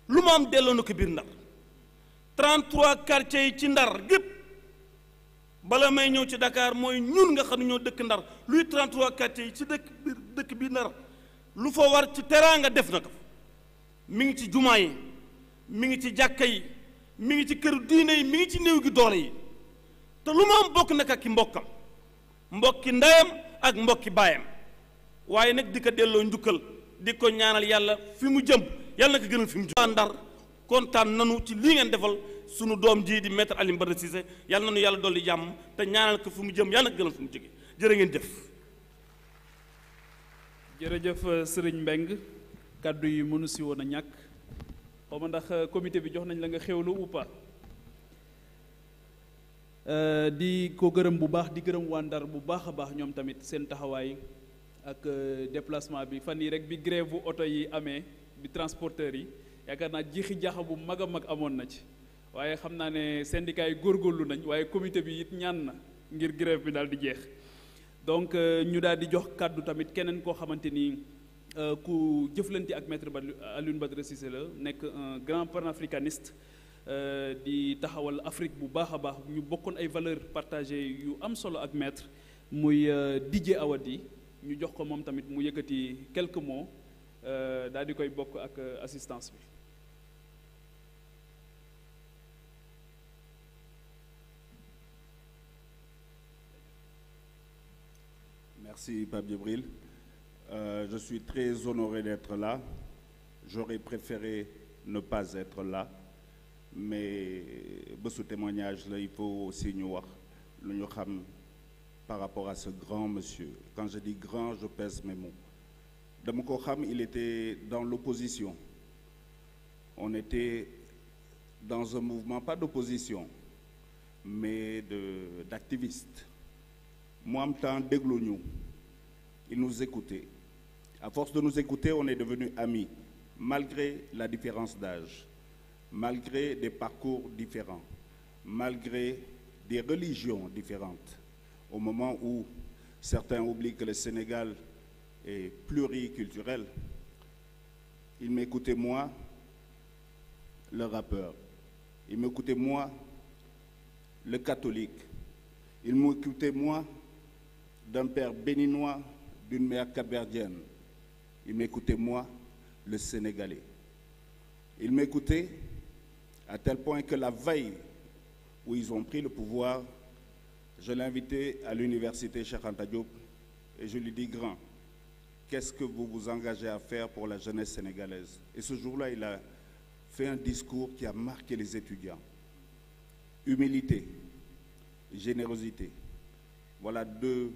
lu mu am delloo na ko biir ndar 33 quartiers yi ci ndar gépp bala may ñëw ci dakaar mooy ñun nga xam ne ñoo dëkk ndar luy 33 quartiers yi ci dëkk biir dëkk bi ndar lu fa war ci teraanga def na ko mi ngi ci jumaa yi mu ngi ci jàkka yi mi ngi ci këru diine yi mi ngi ci néew gi doole yi te lu mu am bokk nag ak i mbokkam mbokki ndeyam ak mbokki baayam waaye nag di ko delloo njukkal di ko ñaanal yàlla fi mu jëm yàlla na ko gënal fi mu jëm ndar kontaan nanu ci lii ngeen defal sunu doom jii di maître Alioune Badara Cissé yàlla nanu yàlla dolli jàmm te ñaanal ko fi mu jëm yàlla na ko gënal fi mu jóge jërë ngeen jëf jërëjëf sëriñ Mbeng kàddu yi mënu si woon a ñàkk xawma ndax euh, comité bi jox nañ la nga xewlu ou pas euh, di ko gërëm bu baax di gërëm wandar bu baax a baax ñoom tamit seen taxawaay ak euh, déplacement bi fan yi rek bi grève bu yi amee bi transporteur yi yaakaar naa jiixi jaxa bu mag a mag amoon na ci waaye xam naa ne syndicat yi góorgóorlu nañ waaye comité bi it ñaan na ngir grève bi daal di jeex donc ñu daal di jox kàddu tamit keneen koo xamante nii Euh, ku jëflante ak maître Alioune Badara Cissé la nekk un grand panafricaniste euh, di taxawal Afrique bu baax baax ñu bokkon ay valeurs partagées yu am solo ak maître muy euh, DJ Awadi ñu jox ko mom tamit mu yëkëti quelques mots euh dal di koy bokk ak assistance bi. Merci Pape Djibril. Euh, je suis très honoré d'être là. J'aurais préféré ne pas être là. Mais ce témoignage, il faut aussi nous par rapport à ce grand monsieur. Quand je dis grand, je pèse mes mots. Damokoham, il était dans l'opposition. On était dans un mouvement, pas d'opposition, mais d'activistes. Moi, en il nous écoutait. À force de nous écouter, on est devenus amis, malgré la différence d'âge, malgré des parcours différents, malgré des religions différentes. Au moment où certains oublient que le Sénégal est pluriculturel, ils m'écoutait moi, le rappeur. Ils m'écoutaient, moi, le catholique. Ils m'écoutait moi, d'un père béninois, d'une mère caberdienne il m'écoutait moi, le Sénégalais. Il m'écoutait à tel point que la veille où ils ont pris le pouvoir, je l'ai invité à l'université Cheikh Diop et je lui dis grand, qu'est-ce que vous vous engagez à faire pour la jeunesse sénégalaise Et ce jour-là, il a fait un discours qui a marqué les étudiants. Humilité, générosité. Voilà deux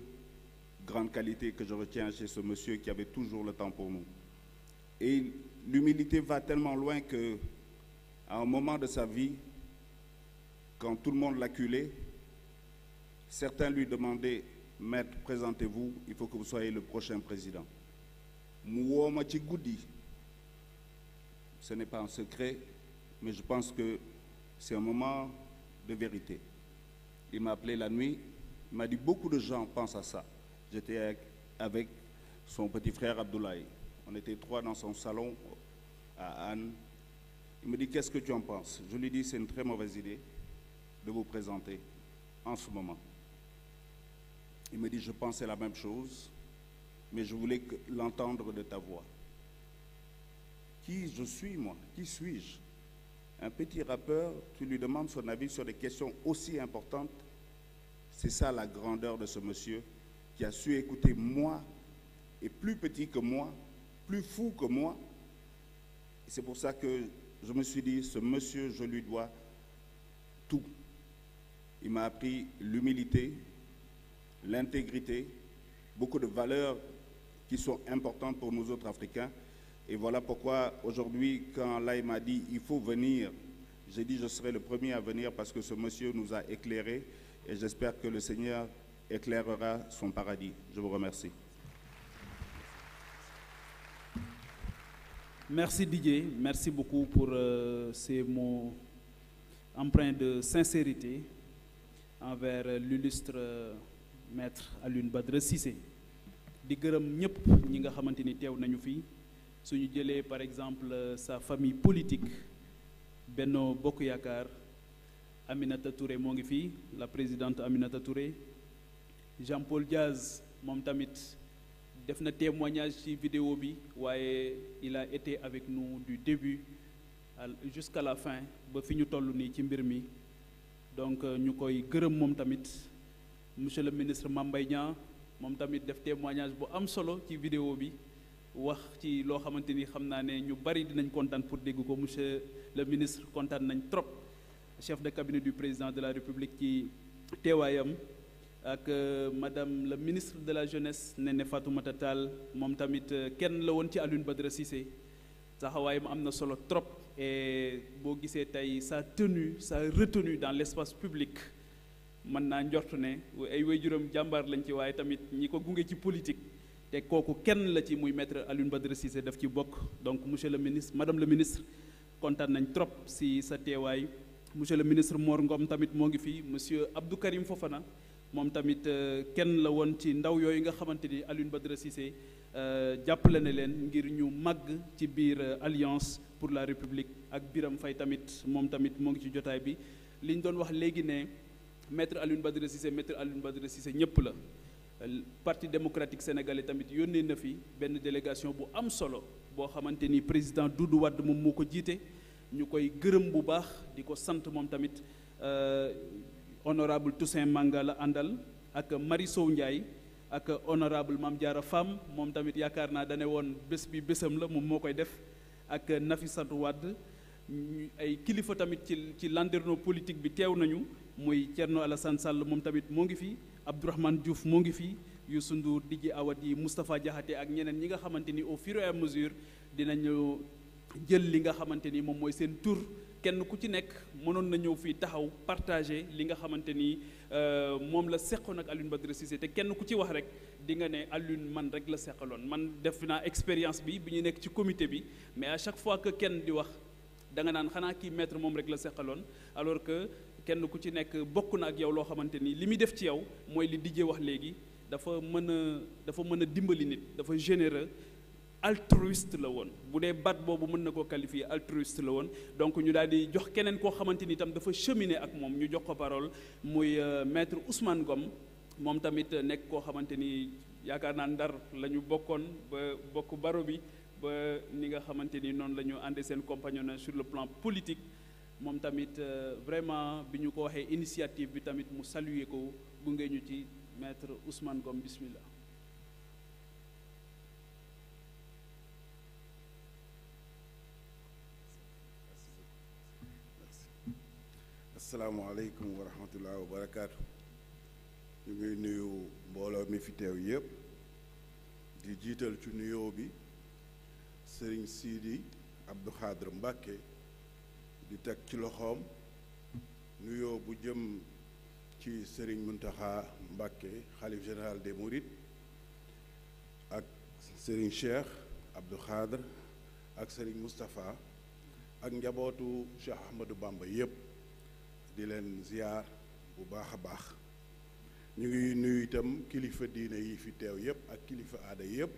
grande qualité que je retiens chez ce monsieur qui avait toujours le temps pour nous. Et l'humilité va tellement loin que, à un moment de sa vie, quand tout le monde l'acculait, certains lui demandaient Maître, présentez-vous, il faut que vous soyez le prochain président. Goudi, ce n'est pas un secret, mais je pense que c'est un moment de vérité. Il m'a appelé la nuit, il m'a dit beaucoup de gens pensent à ça. J'étais avec son petit frère Abdoulaye. On était trois dans son salon à Anne. Il me dit Qu'est-ce que tu en penses Je lui dis C'est une très mauvaise idée de vous présenter en ce moment. Il me dit Je pensais la même chose, mais je voulais l'entendre de ta voix. Qui je suis, moi Qui suis-je Un petit rappeur, tu lui demandes son avis sur des questions aussi importantes. C'est ça la grandeur de ce monsieur qui a su écouter moi, et plus petit que moi, plus fou que moi. C'est pour ça que je me suis dit, ce monsieur, je lui dois tout. Il m'a appris l'humilité, l'intégrité, beaucoup de valeurs qui sont importantes pour nous autres Africains. Et voilà pourquoi aujourd'hui, quand là, il m'a dit, il faut venir, j'ai dit, je serai le premier à venir parce que ce monsieur nous a éclairés et j'espère que le Seigneur éclairera son paradis. Je vous remercie. Merci Didier, merci beaucoup pour euh, ces mots empreints de sincérité envers euh, l'illustre euh, maître Alun Badara Cissé di gërëm ñëpp ñi nga par exemple sa famille politique Benno Bokuyakar Aminata Touré mongifi la présidente Aminata Touré Jean Paul Diaz moom tamit fait na témoignage ci vidéo bi il a été avec nous du début jusqu'à la fin ba fi ñu toll nii ci mbir mi donc euh, ñu koy gërëm tamit monsieur le ministre Mame mon Niang a tamit def témoignage bu am solo ci vidéo bi wax ci loo xamante ni ne ñu bari dinañ contane pour dégg ko monsieur le ministre contane nañ trop chef de cabinet du président de la république ci téwayam ak euh, madame le ministre de la jeunesse Nene Fatoumata Tall mom tamit euh, kenn la won ci Cissé am amna solo trop et bo sa tenue sa retenue dans l'espace public man ay lañ ci tamit ci politique la donc monsieur le ministre madame le ministre trop si sa monsieur le ministre Mor Ngom Fofana mom tamit euh, kenn la won ci ndaw yoy nga xamanteni ni Alioune Badara Cissé euh, jàppale na len ngir ñu mag ci biir euh, alliance pour la république ak Biram Fay tamit mom tamit mo ngi ci jotay bi liñ doon wax légui né maître Alioune Badara Cissé maître Alioune Badara Cissé ñepp la. parti démocratique sénégalais tamit Yonne na fi benn délégation bu am solo bo xamanteni président Doudou Wade mom moko jité ñukoy gëreum bu baax diko sant moom tamit. honorable Toussaint Manga la àndal ak Marie Sow Ndiaye ak honorable Mame Diarra Fam moom tamit yaakaar naa dane woon bés bi bésam la moom moo koy def ak Nafissatou Wade ay kilifa tamit ci ci landerneau politique bi teew nañu muy Thierno Alassane Sall moom tamit moo ngi fi Abdourahmane Diouf moo ngi fi Youssou Ndour Dji Awadi Moustapha Diakhaté ak ñeneen ñi nga xamante ni au fur et à mesure dinañu jël li nga xamante ni moom mooy seen tur kenn ku ci nekk mënoon na ñëw fii taxaw partager li nga xamante ni euh, moom la seqoon ak Alioune Badara Cissé te kenn ku ci wax rek di nga ne Alioune man rek la seqaloon man def naa expérience bi bi ñu nekk ci comité bi mais à chaque fois que kenn di wax da nga naan xanaa kii maître moom rek la seqaloon alors que kenn ku ci nekk bokk na ak yow loo xamante ni li muy def ci yow mooy li dijjee wax léegi dafa mën dafa mën dimbali nit dafa généreux altruiste la woon bu dee bat bobu mën na koo qualifier altruiste la woon donc ñu daldi jox kenen ko xamanteni tam itam dafa cheminer ak mom ñu jox ko parole muy euh, maître Ousmane Gom. mom tamit nek ko xamanteni ni na ndar lañu ñu ba bokku baro bi ba ni nga xamanteni non lañu andé sen compagnon sur le plan politique mom tamit euh, vraiment biñu ko waxé initiative bi tamit mu saluer ko gunge ñu ci maître Ousmane Gom, bismillah asalaamaaleykum wa rahmatulah wa barakaatu ñu ngi nuyu mbooloo mi fi teew yëpp di jiital ci nuyoo bi sëriñ Sidi Abdou Khadre Mbacke di teg ci loxoom nuyoo bu jëm ci sëriñ Mountakha Mbacke xalif général des Mourides ak sëriñ Cheikh Abdou Khadre ak sëriñ Moustapha ak njabootu Cheikh Ahmadou Bamba yëpp. di leen ziar bu baax a baax ñu ngi nuyu itam kilifa diine yi fi teew yëpp ak kilifa aada yëpp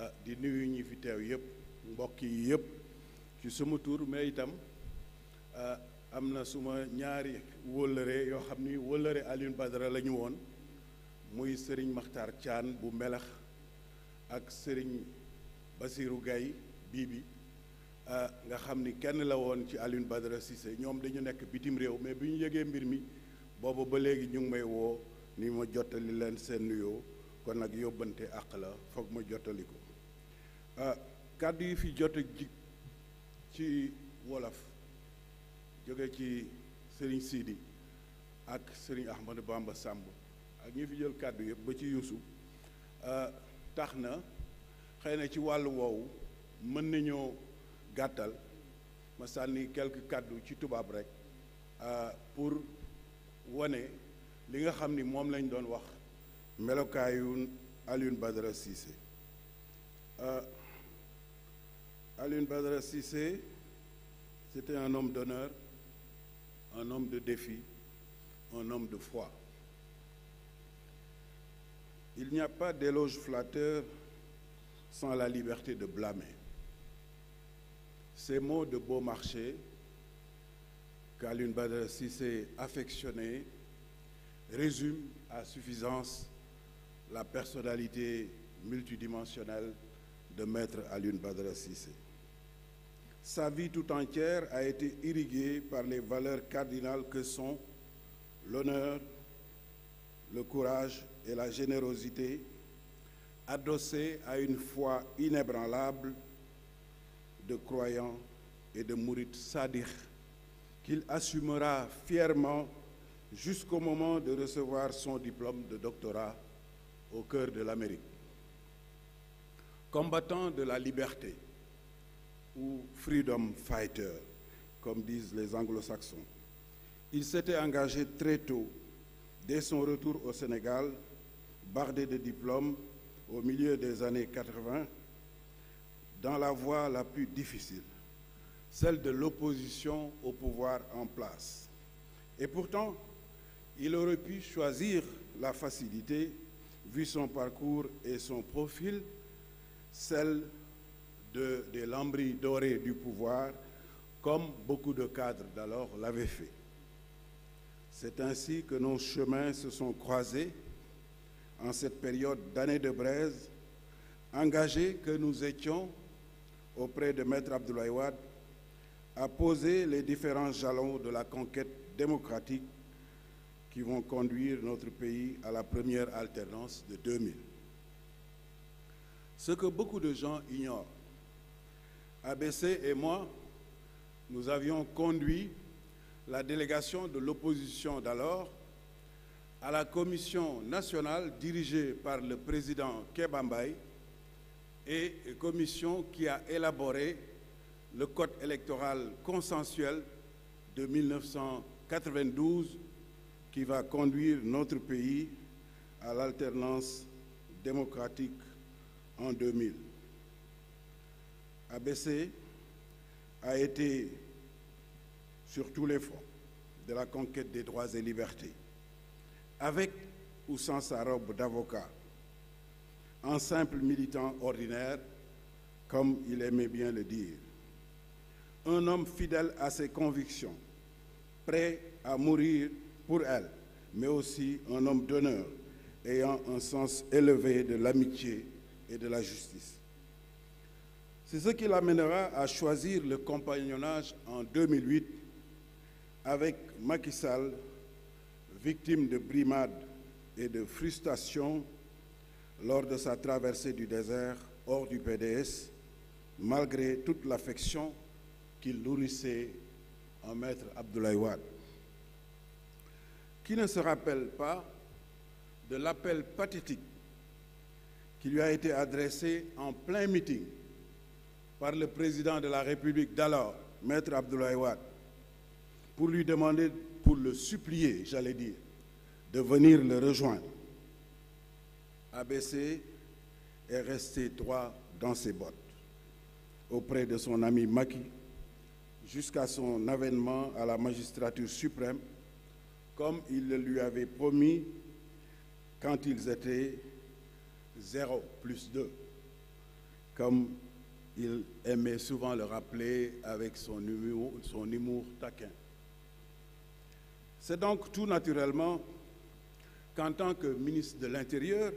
ah, di nuyu ñu fi teew yëpp mbokk yi yëpp ci suma tur mais itam ah, am na suma ñaari wóllëre yoo xam ni wóllëre Alioune Badara la woon muy sëriñ Makhtar Thian bu melax ak sëriñ basiiru gay bii bi Euh, nga xam ni kenn la woon ci Alioune Badara ñoom dañu nekk bitim réew mais bi ñu jegee mbir mi booba ba léegi ñu ngi may woo ni ma jottali leen seen nuyoo kon nag yóbbante àq la foog ma jottali ko euh, kàddu yi fi jot a jig ci wolof jóge ci Serigne Sidi ak Serigne Ahmadou Bamba Samb ak ñi fi jël kàddu yëpp ba ci Yuusu euh, tax na xëy na ci wàll woowu mën nañoo. Je ma sànni quelques cadeaux ci rek euh, pour wane li nga xam ni moom lañ doon wax melokaayu Alioune Badara Cissé euh, Alioune Badara c'était un homme d'honneur un homme de défi un homme de foi il n'y a pas d'éloge flatteur sans la liberté de blâmer ces mots de beau marché qu'Alun Badr Sissé affectionné résument à suffisance la personnalité multidimensionnelle de Maître Alun Badr Sa vie tout entière a été irriguée par les valeurs cardinales que sont l'honneur, le courage et la générosité, adossées à une foi inébranlable de croyants et de Mourit Sadir, qu'il assumera fièrement jusqu'au moment de recevoir son diplôme de doctorat au cœur de l'Amérique. Combattant de la liberté ou freedom fighter, comme disent les anglo-saxons, il s'était engagé très tôt, dès son retour au Sénégal, bardé de diplômes au milieu des années 80 dans la voie la plus difficile, celle de l'opposition au pouvoir en place. Et pourtant, il aurait pu choisir la facilité, vu son parcours et son profil, celle de, des lambris dorés du pouvoir, comme beaucoup de cadres d'alors l'avaient fait. C'est ainsi que nos chemins se sont croisés en cette période d'année de braise, engagés que nous étions auprès de Maître Abdoulaye Wade a posé les différents jalons de la conquête démocratique qui vont conduire notre pays à la première alternance de 2000. Ce que beaucoup de gens ignorent, ABC et moi, nous avions conduit la délégation de l'opposition d'alors à la commission nationale dirigée par le président Kebambaye et commission qui a élaboré le code électoral consensuel de 1992 qui va conduire notre pays à l'alternance démocratique en 2000. ABC a été sur tous les fronts de la conquête des droits et libertés, avec ou sans sa robe d'avocat, un simple militant ordinaire, comme il aimait bien le dire. Un homme fidèle à ses convictions, prêt à mourir pour elle, mais aussi un homme d'honneur, ayant un sens élevé de l'amitié et de la justice. C'est ce qui l'amènera à choisir le compagnonnage en 2008 avec Macky Sall, victime de brimades et de frustrations lors de sa traversée du désert hors du PDS, malgré toute l'affection qu'il nourrissait en maître Abdoulaye Qui ne se rappelle pas de l'appel pathétique qui lui a été adressé en plein meeting par le président de la République d'alors, maître Abdoulaye pour lui demander, pour le supplier, j'allais dire, de venir le rejoindre abaissé et resté droit dans ses bottes, auprès de son ami Maki, jusqu'à son avènement à la magistrature suprême, comme il le lui avait promis quand ils étaient 0 plus 2, comme il aimait souvent le rappeler avec son son humour taquin. C'est donc tout naturellement qu'en tant que ministre de l'Intérieur,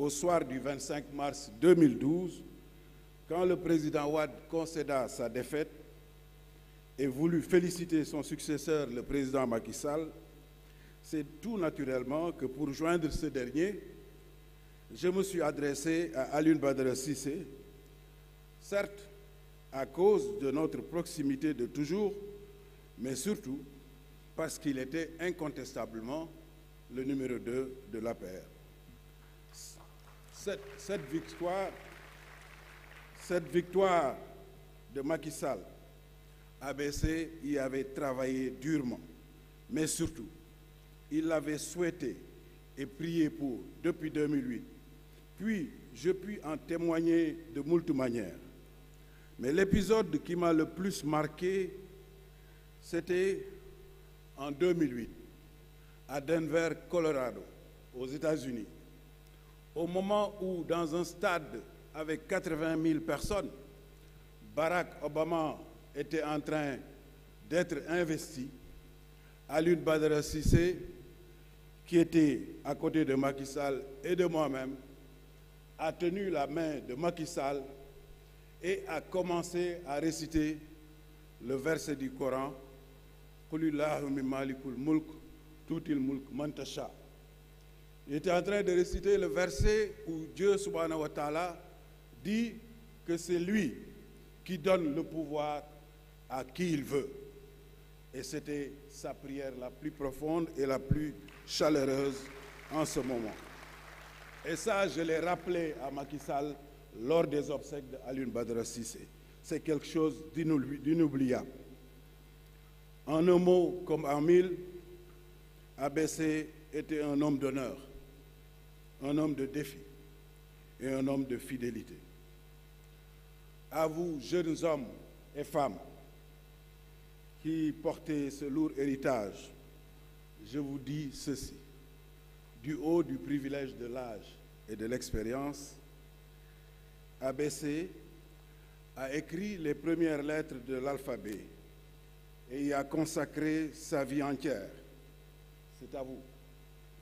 au soir du 25 mars 2012, quand le président Ouad concéda sa défaite et voulut féliciter son successeur, le président Macky Sall, c'est tout naturellement que pour joindre ce dernier, je me suis adressé à Alun Badr Sissé, certes à cause de notre proximité de toujours, mais surtout parce qu'il était incontestablement le numéro 2 de la paire. Cette, victoire, cette victoire de Macky Sall, ABC y avait travaillé durement, mais surtout, il l'avait souhaité et prié pour depuis 2008. Puis, je puis en témoigner de moult manières. Mais l'épisode qui m'a le plus marqué, c'était en 2008, à Denver, Colorado, aux États-Unis au moment où, dans un stade avec 80 000 personnes, Barack Obama était en train d'être investi, Alun Badr Sissé, qui était à côté de Macky Sall et de moi-même, a tenu la main de Macky Sall et a commencé à réciter le verset du Coran, malikul mulk, mantasha. Il était en train de réciter le verset où Dieu subhanahu wa ta'ala dit que c'est lui qui donne le pouvoir à qui il veut. Et c'était sa prière la plus profonde et la plus chaleureuse en ce moment. Et ça, je l'ai rappelé à Macky lors des obsèques d'Alun Badra Sissé. C'est quelque chose d'inoubliable. En un mot comme en mille, ABC était un homme d'honneur un homme de défi et un homme de fidélité. À vous, jeunes hommes et femmes, qui portez ce lourd héritage, je vous dis ceci. Du haut du privilège de l'âge et de l'expérience, ABC a écrit les premières lettres de l'alphabet et y a consacré sa vie entière. C'est à vous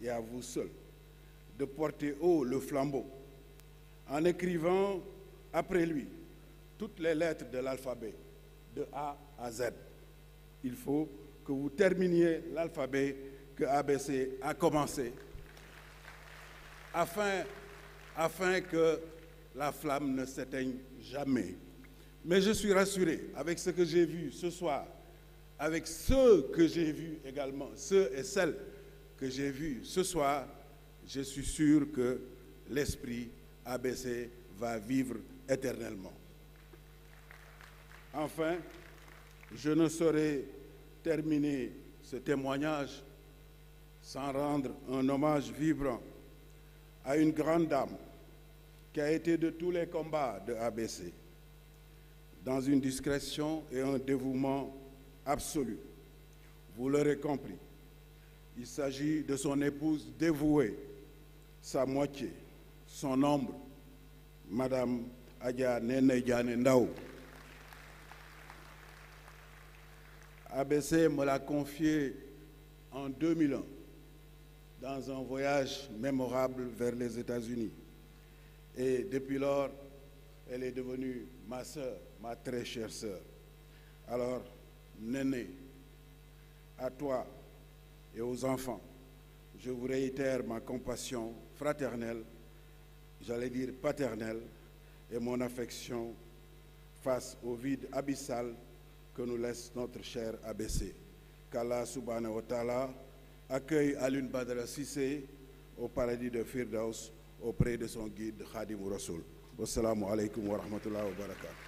et à vous seuls de porter haut le flambeau en écrivant après lui toutes les lettres de l'alphabet, de A à Z. Il faut que vous terminiez l'alphabet que ABC a commencé afin, afin que la flamme ne s'éteigne jamais. Mais je suis rassuré avec ce que j'ai vu ce soir, avec ceux que j'ai vus également, ceux et celles que j'ai vus ce soir, je suis sûr que l'esprit ABC va vivre éternellement. Enfin, je ne saurais terminer ce témoignage sans rendre un hommage vibrant à une grande dame qui a été de tous les combats de ABC, dans une discrétion et un dévouement absolu. Vous l'aurez compris, il s'agit de son épouse dévouée, sa moitié, son ombre, Madame Adja Nene Ndao. ABC me l'a confiée en 2001 dans un voyage mémorable vers les États-Unis. Et depuis lors, elle est devenue ma sœur, ma très chère sœur. Alors, Néné, à toi et aux enfants, je vous réitère ma compassion fraternelle, j'allais dire paternelle, et mon affection face au vide abyssal que nous laisse notre cher ABC. Qu'Allah subhanahu wa ta'ala accueille Alun Badra Sissé au paradis de Firdaus auprès de son guide Khadim Rasoul. Wassalamu alaikum wa rahmatullahi wa barakatuh.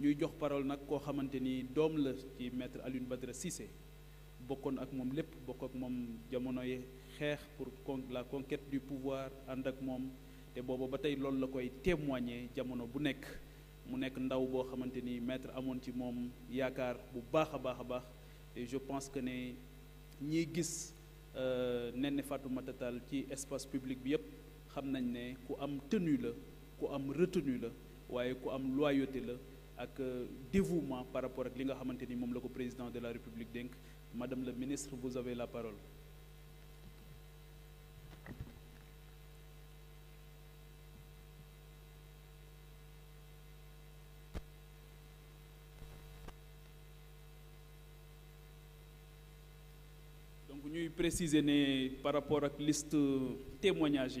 ñuy jox parole nak ko xamante ni doom la ci maître Alioune Badara Cissé bokkoon ak moom lépp bokk ak moom jamono yi xeex pour con la conquête du pouvoir ànd ak moom te booba ba tey loolu la koy témoigner jamono bu nekk mu nekk ndaw boo xamante ni maître amoon ci moom yaakaar bu baax a baax a baax et je pense que ne ñiy gis euh, Néné fatou matatal ci espace public bi yépp xam nañ ne ku am tenue la ku am retenue la waaye ku am loyauté la avec euh, dévouement par rapport à ce que le président de la république madame la ministre vous avez la parole. donc nous précisons par rapport à la liste euh, témoignage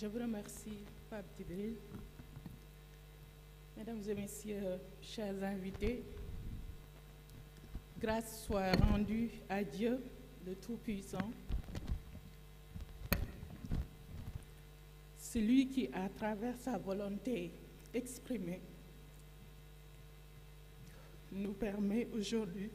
Je vous remercie, Pape Tibril. Mesdames et messieurs, chers invités, grâce soit rendue à Dieu, le Tout-Puissant, celui qui, à travers sa volonté exprimée, nous permet aujourd'hui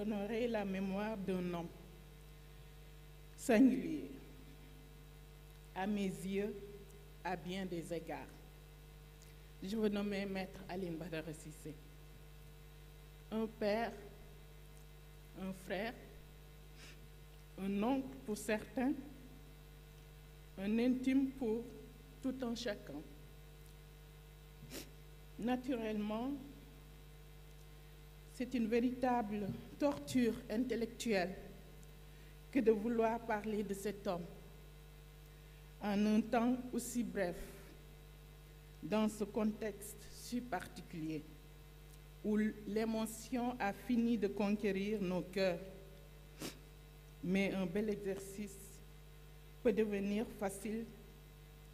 Honorer la mémoire d'un homme singulier, à mes yeux, à bien des égards. Je veux nommer Maître Aline Badara Un père, un frère, un oncle pour certains, un intime pour tout un chacun. Naturellement, c'est une véritable torture intellectuelle que de vouloir parler de cet homme en un temps aussi bref, dans ce contexte si particulier, où l'émotion a fini de conquérir nos cœurs. Mais un bel exercice peut devenir facile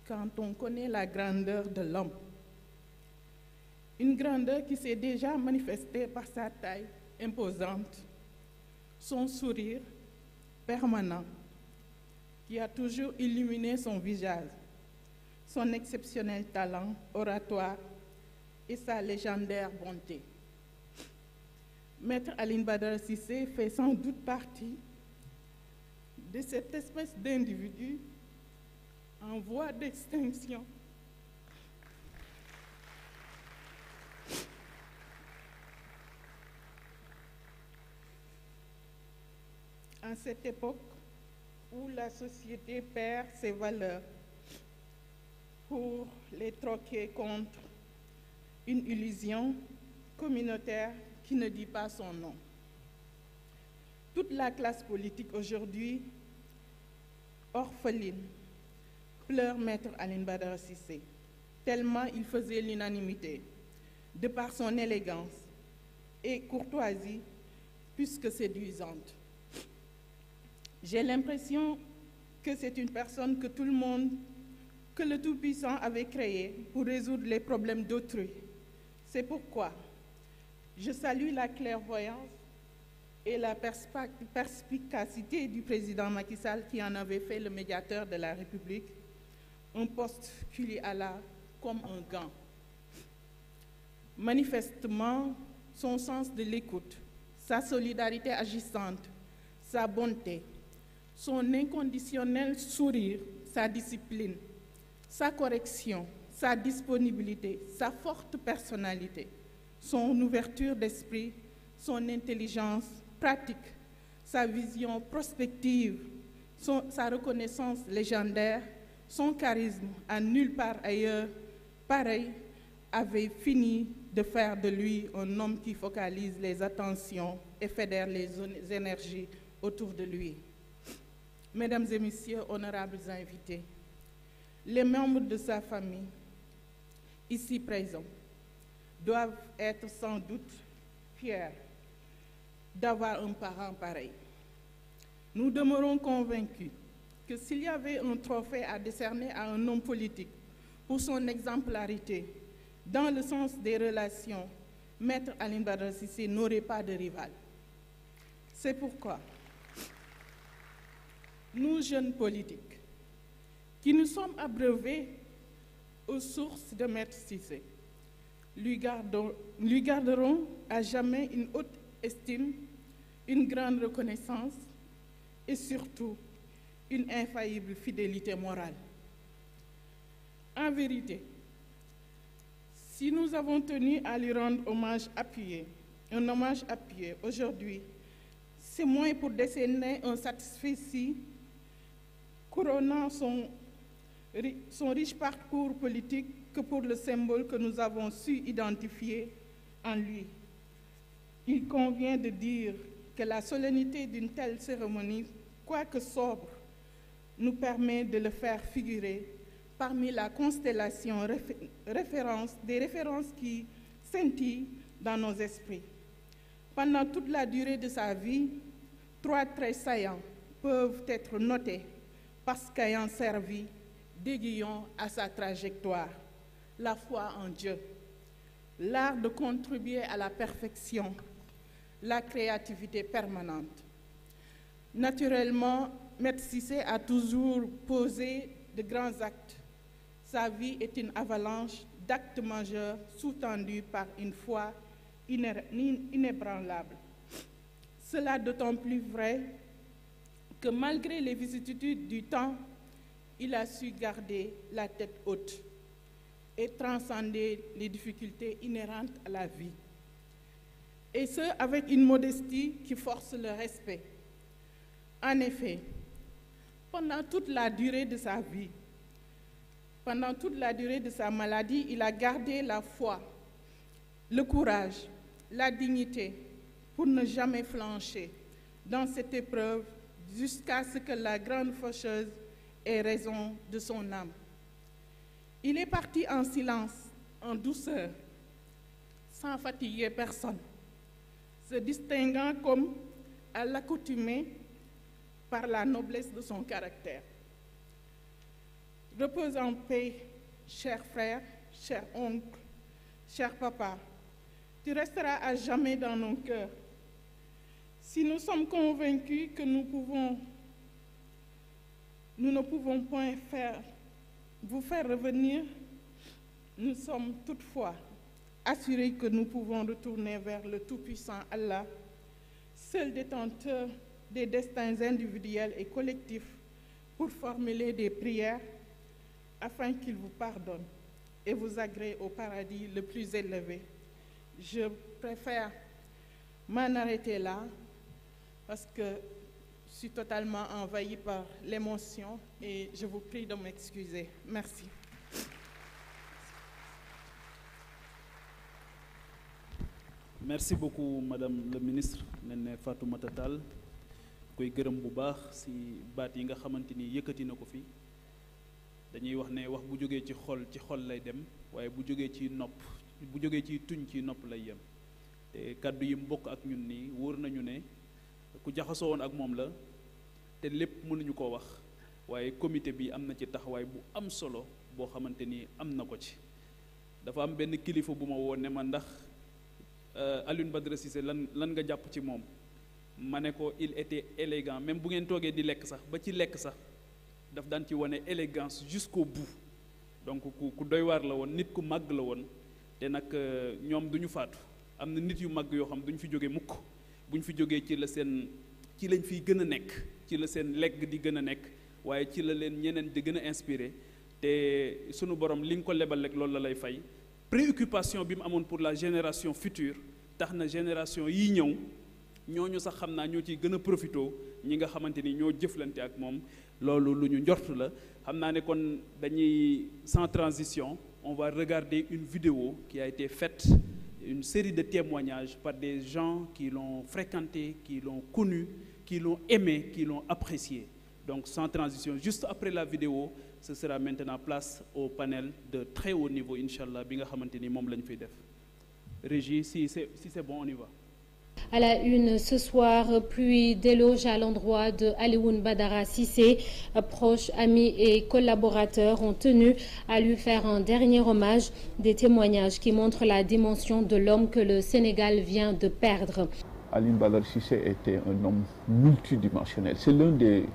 quand on connaît la grandeur de l'homme. Une grandeur qui s'est déjà manifestée par sa taille imposante, son sourire permanent qui a toujours illuminé son visage, son exceptionnel talent oratoire et sa légendaire bonté. Maître Aline Badar Sissé fait sans doute partie de cette espèce d'individu en voie d'extinction en cette époque où la société perd ses valeurs pour les troquer contre une illusion communautaire qui ne dit pas son nom. Toute la classe politique aujourd'hui, orpheline, pleure maître Aline Badara tellement il faisait l'unanimité, de par son élégance et courtoisie, puisque séduisante. J'ai l'impression que c'est une personne que tout le monde, que le Tout-Puissant avait créée pour résoudre les problèmes d'autrui. C'est pourquoi je salue la clairvoyance et la perspicacité du président Macky Sall qui en avait fait le médiateur de la République, un poste qu'il a là comme un gant. Manifestement, son sens de l'écoute, sa solidarité agissante, sa bonté, son inconditionnel sourire, sa discipline, sa correction, sa disponibilité, sa forte personnalité, son ouverture d'esprit, son intelligence pratique, sa vision prospective, sa reconnaissance légendaire, son charisme à nulle part ailleurs, pareil, avait fini de faire de lui un homme qui focalise les attentions et fédère les énergies autour de lui. Mesdames et Messieurs, honorables invités, les membres de sa famille, ici présents, doivent être sans doute fiers d'avoir un parent pareil. Nous demeurons convaincus que s'il y avait un trophée à décerner à un homme politique pour son exemplarité dans le sens des relations, Maître Aline Badrassissé n'aurait pas de rival. C'est pourquoi nous jeunes politiques, qui nous sommes abreuvés aux sources de Maître Cissé, lui, garderons à jamais une haute estime, une grande reconnaissance et surtout une infaillible fidélité morale. En vérité, si nous avons tenu à lui rendre hommage appuyé, un hommage appuyé aujourd'hui, c'est moins pour décerner un satisfait couronnant son, riche parcours politique que pour le symbole que nous avons su identifier en lui. Il convient de dire que la solennité d'une telle cérémonie, quoique sobre, nous permet de le faire figurer parmi la constellation des références qui scintillent dans nos esprits. Pendant toute la durée de sa vie, trois traits saillants peuvent être notés parce qu'ayant servi, d'aiguillon à sa trajectoire, la foi en Dieu, l'art de contribuer à la perfection, la créativité permanente. Naturellement, Maître Cissé a toujours posé de grands actes. Sa vie est une avalanche d'actes majeurs sous-tendus par une foi inébranlable. Cela d'autant plus vrai que malgré les vicissitudes du temps, il a su garder la tête haute et transcender les difficultés inhérentes à la vie. Et ce, avec une modestie qui force le respect. En effet, pendant toute la durée de sa vie, pendant toute la durée de sa maladie, il a gardé la foi, le courage, la dignité pour ne jamais flancher dans cette épreuve jusqu'à ce que la grande faucheuse ait raison de son âme. Il est parti en silence, en douceur, sans fatiguer personne, se distinguant comme à l'accoutumée par la noblesse de son caractère. Repose en paix, cher frère, cher oncle, cher papa. Tu resteras à jamais dans nos cœurs si nous sommes convaincus que nous pouvons, ne pouvons point vous faire revenir, nous sommes toutefois assurés que nous pouvons retourner vers le Tout-Puissant Allah, seul détenteur des destins individuels et collectifs, pour formuler des prières afin qu'il vous pardonne et vous agrée au paradis le plus élevé. Je préfère m'en arrêter là parce que je suis totalement envahie par l'émotion et je vous prie de m'excuser. Merci. merci beaucoup madame le ministre Néné Fatoumata Tall koy gërëm bu baax ci baat yi nga xamante ni yëkkati na ko fi dañuy wax ne wax bu jógee ci xol ci xol lay dem waaye bu jógee ci nopp bu jógee ci tuñ ci nopp lay yem te kàddu yi mbokk ak ñun ni wóor nañu ne ku jaxasoo woon ak moom la te lépp mënuñu koo wax waaye comité bi am na ci taxawaay bu am solo boo xamante ni am na ko ci dafa am benn kilifa bu ma woon ne ma ndax euh, Alioune Badara Cissé lan lan nga jàpp ci moom ma ne ko il été élégant même bu ngeen toogee di lekk sax ba ci lekk sax daf daan ci wane élégance jusqu'au bout donc ku ku doywaar la woon nit ku màgg la woon te nag euh, ñoom duñu ñu faatu am na nit yu màgg yoo xam du ñu fi jóge mukk buñ fi jógee ci la seen ci lañ fiy gën a nekk ci la seen legg di gën a nekk waaye ci la leen ñeneen di gën a inspiré te sunu borom liñ ko lebal rek loolu la lay fay préoccupation bi mu amoon pour la génération future tax na génération yi ñëw ñooñu sax xam naa ñoo ciy gën a profité ñi nga xamante ni ñoo jëflante ak moom loolu lu ñu njort la xam naa ne kon dañuy sans transition on va regarder une vidéo qui a été faite une série de témoignages par des gens qui l'ont fréquenté, qui l'ont connu, qui l'ont aimé, qui l'ont apprécié. Donc sans transition, juste après la vidéo, ce sera maintenant place au panel de très haut niveau, Inch'Allah, Régie, si c'est si bon, on y va. À la une ce soir, pluie déloge à l'endroit de Alioune Badara Sissé. Proches, amis et collaborateurs ont tenu à lui faire un dernier hommage. Des témoignages qui montrent la dimension de l'homme que le Sénégal vient de perdre. Alioune Badara Sissé était un homme multidimensionnel. C'est l'un des,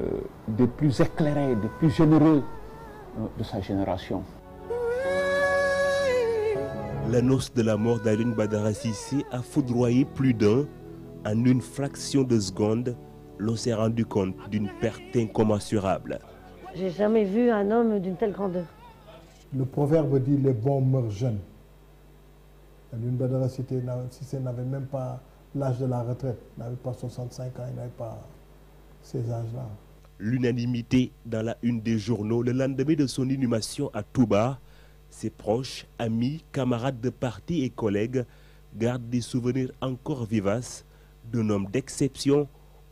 euh, plus éclairés, des plus généreux euh, de sa génération. L'annonce de la mort d'Alun Badara a foudroyé plus d'un. En une fraction de seconde, l'on s'est rendu compte d'une perte incommensurable. J'ai jamais vu un homme d'une telle grandeur. Le proverbe dit les bons meurent jeunes. Alun Badara n'avait même pas l'âge de la retraite, il n'avait pas 65 ans, il n'avait pas ces âges-là. L'unanimité dans la une des journaux le lendemain de son inhumation à Touba, ses proches, amis, camarades de parti et collègues gardent des souvenirs encore vivaces d'un homme d'exception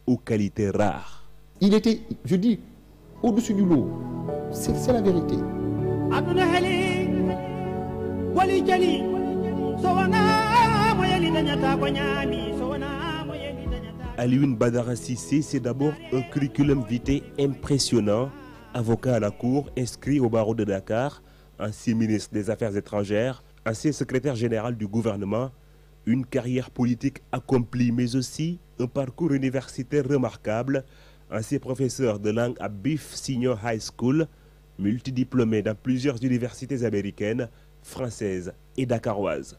aux qualités rares. Il était, je dis, au-dessus du lot. C'est la vérité. Alioune Badara Sissé, c'est d'abord un curriculum vitae impressionnant. Avocat à la cour, inscrit au barreau de Dakar, ancien ministre des Affaires étrangères, ancien secrétaire général du gouvernement, une carrière politique accomplie, mais aussi un parcours universitaire remarquable, ancien professeur de langue à Biff Senior High School, multidiplômé dans plusieurs universités américaines, françaises et dakaroises.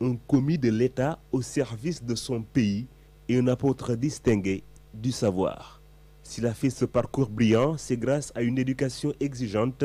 Un commis de l'État au service de son pays et un apôtre distingué du savoir. S'il a fait ce parcours brillant, c'est grâce à une éducation exigeante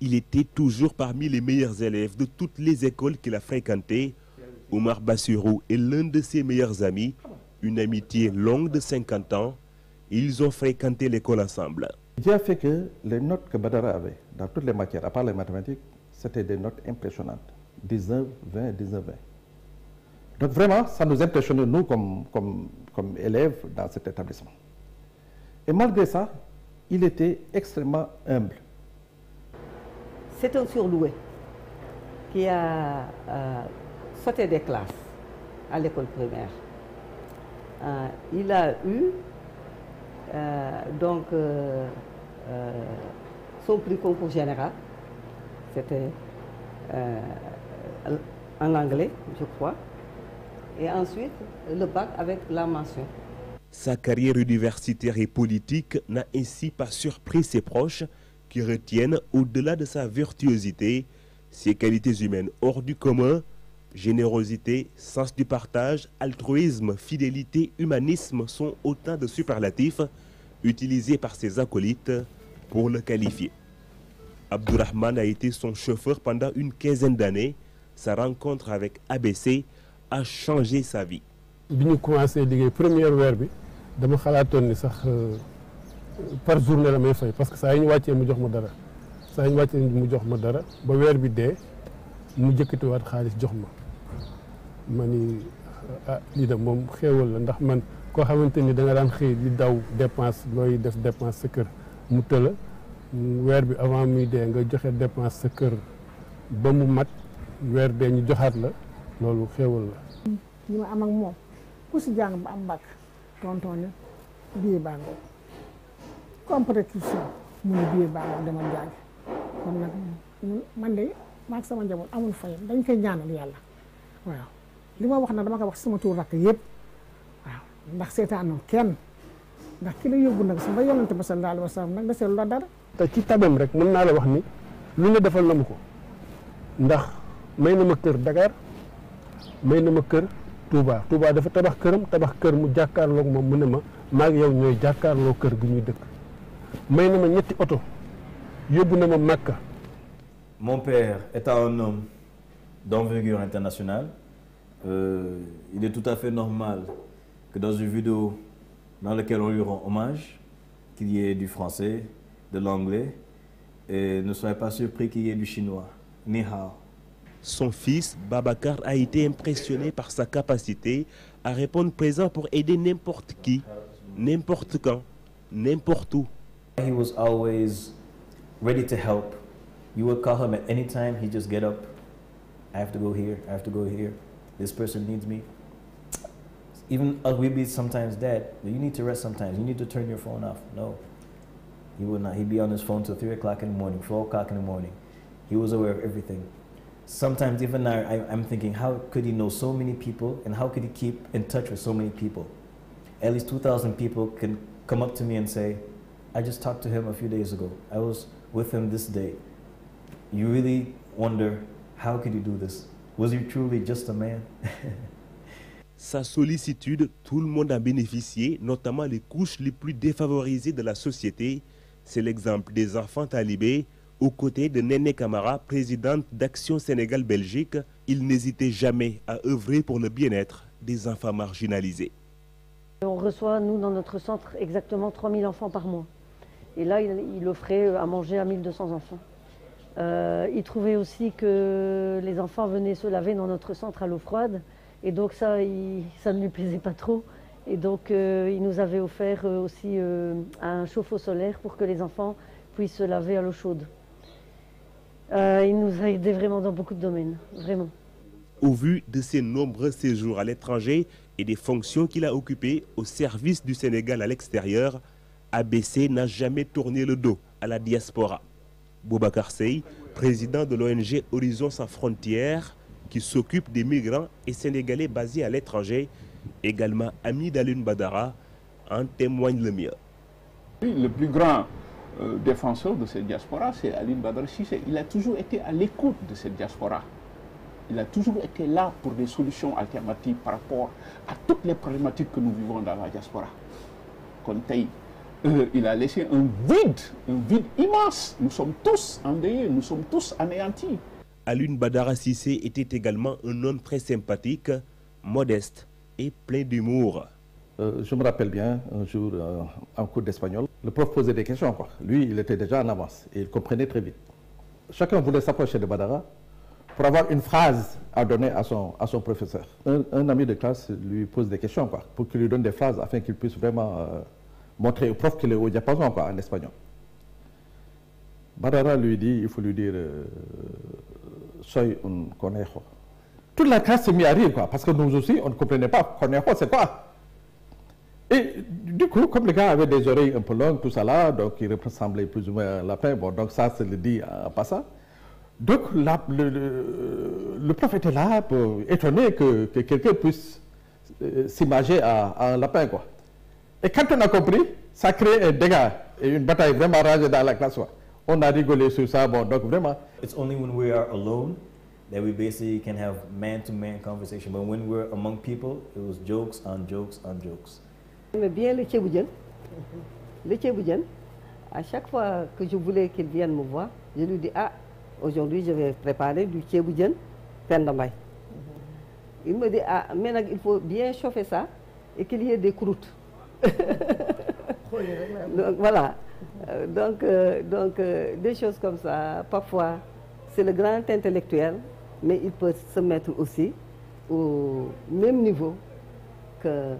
Il était toujours parmi les meilleurs élèves de toutes les écoles qu'il a fréquentées. Omar Bassirou est l'un de ses meilleurs amis une amitié longue de 50 ans. Ils ont fréquenté l'école ensemble. J'ai a fait que les notes que Badara avait dans toutes les matières, à part les mathématiques, c'était des notes impressionnantes. 19, 20, 19, 20. Donc vraiment, ça nous impressionnait, nous, comme, élèves dans cet établissement. Et malgré ça, il était extrêmement humble. C'est un surloué qui a euh, sauté des classes à l'école primaire. Euh, il a eu euh, donc euh, son prix concours général. C'était en anglais, je crois. Et ensuite, le bac avec la mention. Sa carrière universitaire et politique n'a ainsi pas surpris ses proches qui retiennent, au-delà de sa virtuosité, ses qualités humaines hors du commun Générosité, sens du partage, altruisme, fidélité, humanisme sont autant de superlatifs utilisés par ses acolytes pour le qualifier. Abdurrahman a été son chauffeur pendant une quinzaine d'années. Sa rencontre avec ABC a changé sa vie. Quand j'ai commencé le première verbe bi dama xalaatoon sax euh, par journée la par jour parce que ça yi ñu wàccee mu jox ma dara saa verbe ñu wàccee mu jox ma dara ba weer bi dee mu jëkkatiwaat mani ni ah lii de la ndax man ko xamanteni ni da nga dan xey di daw dépense loy def dépense sa kër mu teul wèr bi avant muy dé nga joxé dépense sa kër ba mu mat wèr dé ñu joxat la lolu xewal la. ñu am ak mom ku ci jang ba am bak tonton ne bi baa ngoog compétition mu bi bango baa dama jang man nak man de maag sama njaboot amul fay dañ fay ñaanal yalla waaw lima ma wax nag dama ko wax sama tuur rakk yëpp ah, waaw ndax seetaanul kenn ndax ki la yóbbu nag sama yonent bi sallallahu alayhi wa sallam nag da seetlu la dara te ci tabam rek mën naa la wax ni lu ne defal na ko ndax may na ma kër Dakar may na ma kër Touba Touba dafa tabax tabax mu ma yow gi ñuy ma oto na Makka. Mon père est un homme d'envergure internationale Euh, il est tout à fait normal que dans une vidéo dans laquelle on lui rend hommage, qu'il y ait du français, de l'anglais, et ne soyez pas surpris qu'il y ait du chinois. Ni Son fils, Babacar, a été impressionné par sa capacité à répondre présent pour aider n'importe qui, n'importe quand, n'importe où. He was always ready to help. You would call him at any time, he'd just get up. I have to go here, I have to go here. this person needs me. Even we be sometimes but you need to rest sometimes. You need to turn your phone off. No. He would not. He'd be on his phone till 3 o'clock in the morning, 4 o'clock in the morning. He was aware of everything. Sometimes even now, I, I'm thinking, how could he know so many people and how could he keep in touch with so many people? At least 2,000 people can come up to me and say, I just talked to him a few days ago. I was with him this day. You really wonder, how could he do this? Sa sollicitude, tout le monde a bénéficié, notamment les couches les plus défavorisées de la société. C'est l'exemple des enfants talibés. Aux côtés de Néné Camara, présidente d'Action Sénégal-Belgique, il n'hésitait jamais à œuvrer pour le bien-être des enfants marginalisés. On reçoit, nous, dans notre centre, exactement 3000 enfants par mois. Et là, il, il offrait à manger à 1200 enfants. Euh, il trouvait aussi que les enfants venaient se laver dans notre centre à l'eau froide. Et donc ça, ça ne lui plaisait pas trop. Et donc euh, il nous avait offert euh, aussi un chauffe-eau solaire pour que les enfants puissent se laver à l'eau chaude. il nous a aidés vraiment dans beaucoup de domaines, vraiment. Au vu de ses nombreux séjours à l'étranger et des fonctions qu'il a occupées au service du Sénégal à l'extérieur, ABC n'a jamais tourné le dos à la diaspora. Boubacar Sey, président de l'ONG Horizon sans frontières, qui s'occupe des migrants et sénégalais basés à l'étranger, également ami d'Alun Badara, en témoigne le mieux. Le plus grand euh, défenseur de cette diaspora, c'est Aline Badara Il a toujours été à l'écoute de cette diaspora. Il a toujours été là pour des solutions alternatives par rapport à toutes les problématiques que nous vivons dans la diaspora. Comme euh, il a laissé un vide, un vide immense. Nous sommes tous endeuillés, nous sommes tous anéantis. Alun Badara Sissé était également un homme très sympathique, modeste et plein d'humour. Euh, je me rappelle bien, un jour, euh, en cours d'espagnol, le prof posait des questions. Quoi. Lui, il était déjà en avance et il comprenait très vite. Chacun voulait s'approcher de Badara pour avoir une phrase à donner à son, à son professeur. Un, ami de classe lui pose des questions pour qu'il lui donne des phrases afin qu'il puisse vraiment montrer au prof qu'il est au Japon, quoi, en espagnol. Barara lui dit, il faut lui dire, euh, soy un conejo. Toute la classe s'est mise à rire, quoi, parce que nous aussi, on ne comprenait pas, conejo, c'est quoi Et du coup, comme le gars avait des oreilles un peu longues, tout ça là, donc il ressemblait plus ou moins à un lapin, bon, donc ça, c'est le dit en passant. Donc, le, prof était là, pour, étonné que, que quelqu'un puisse euh, s'imager à, à un lapin, quoi. Et quand on a compris, ça crée un dégât et une bataille vraiment rageuse dans la classe. On a rigolé sur ça, bon, donc vraiment. It's only when we are alone that we basically can have man-to-man -man conversation. But when we're among people, it was jokes on jokes on jokes. J'aimais bien le tchéboudjen. Le tchéboudjen, à chaque fois que je voulais qu'il vienne me voir, je lui dis, ah, aujourd'hui je vais préparer du de maille. Mm-hmm. Il me dit, ah, maintenant il faut bien chauffer ça et qu'il y ait des croûtes. donc voilà. Euh, donc, euh, donc euh, des choses comme ça, parfois, c'est le grand intellectuel, mais il peut se mettre aussi au même niveau que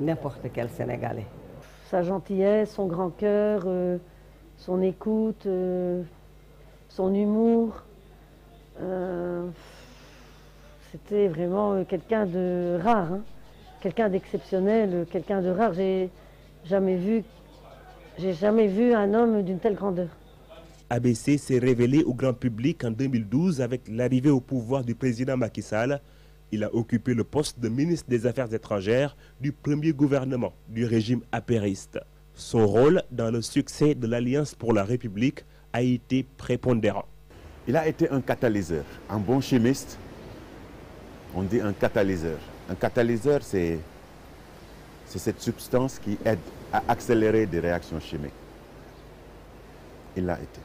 n'importe quel Sénégalais. Sa gentillesse, son grand cœur, son écoute, son humour, c'était vraiment quelqu'un de rare. Hein quelqu'un d'exceptionnel, quelqu'un de rare. J'ai jamais vu, j'ai jamais vu un homme d'une telle grandeur. ABC s'est révélé au grand public en 2012 avec l'arrivée au pouvoir du président Macky Sall. Il a occupé le poste de ministre des Affaires étrangères du premier gouvernement du régime apériste. Son rôle dans le succès de l'Alliance pour la République a été prépondérant. Il a été un catalyseur, un bon chimiste, on dit un catalyseur. Un catalyseur, c'est cette substance qui aide à accélérer des réactions chimiques. Il l'a été.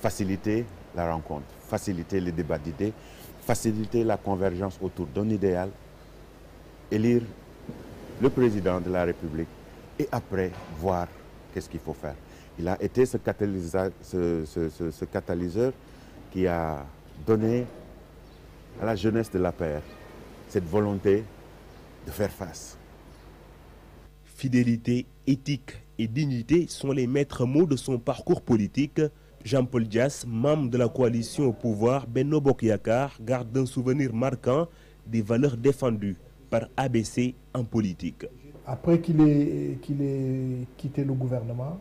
Faciliter la rencontre, faciliter les débats d'idées, faciliter la convergence autour d'un idéal, élire le président de la République et après voir qu'est-ce qu'il faut faire. Il a été ce catalyseur, ce, ce, catalyseur qui a donné à la jeunesse de la paix cette volonté de faire face. Fidélité, éthique et dignité sont les maîtres mots de son parcours politique. Jean-Paul Dias, membre de la coalition au pouvoir Benno Bokyakar, garde un souvenir marquant des valeurs défendues par ABC en politique. Après qu'il ait, quitté le gouvernement,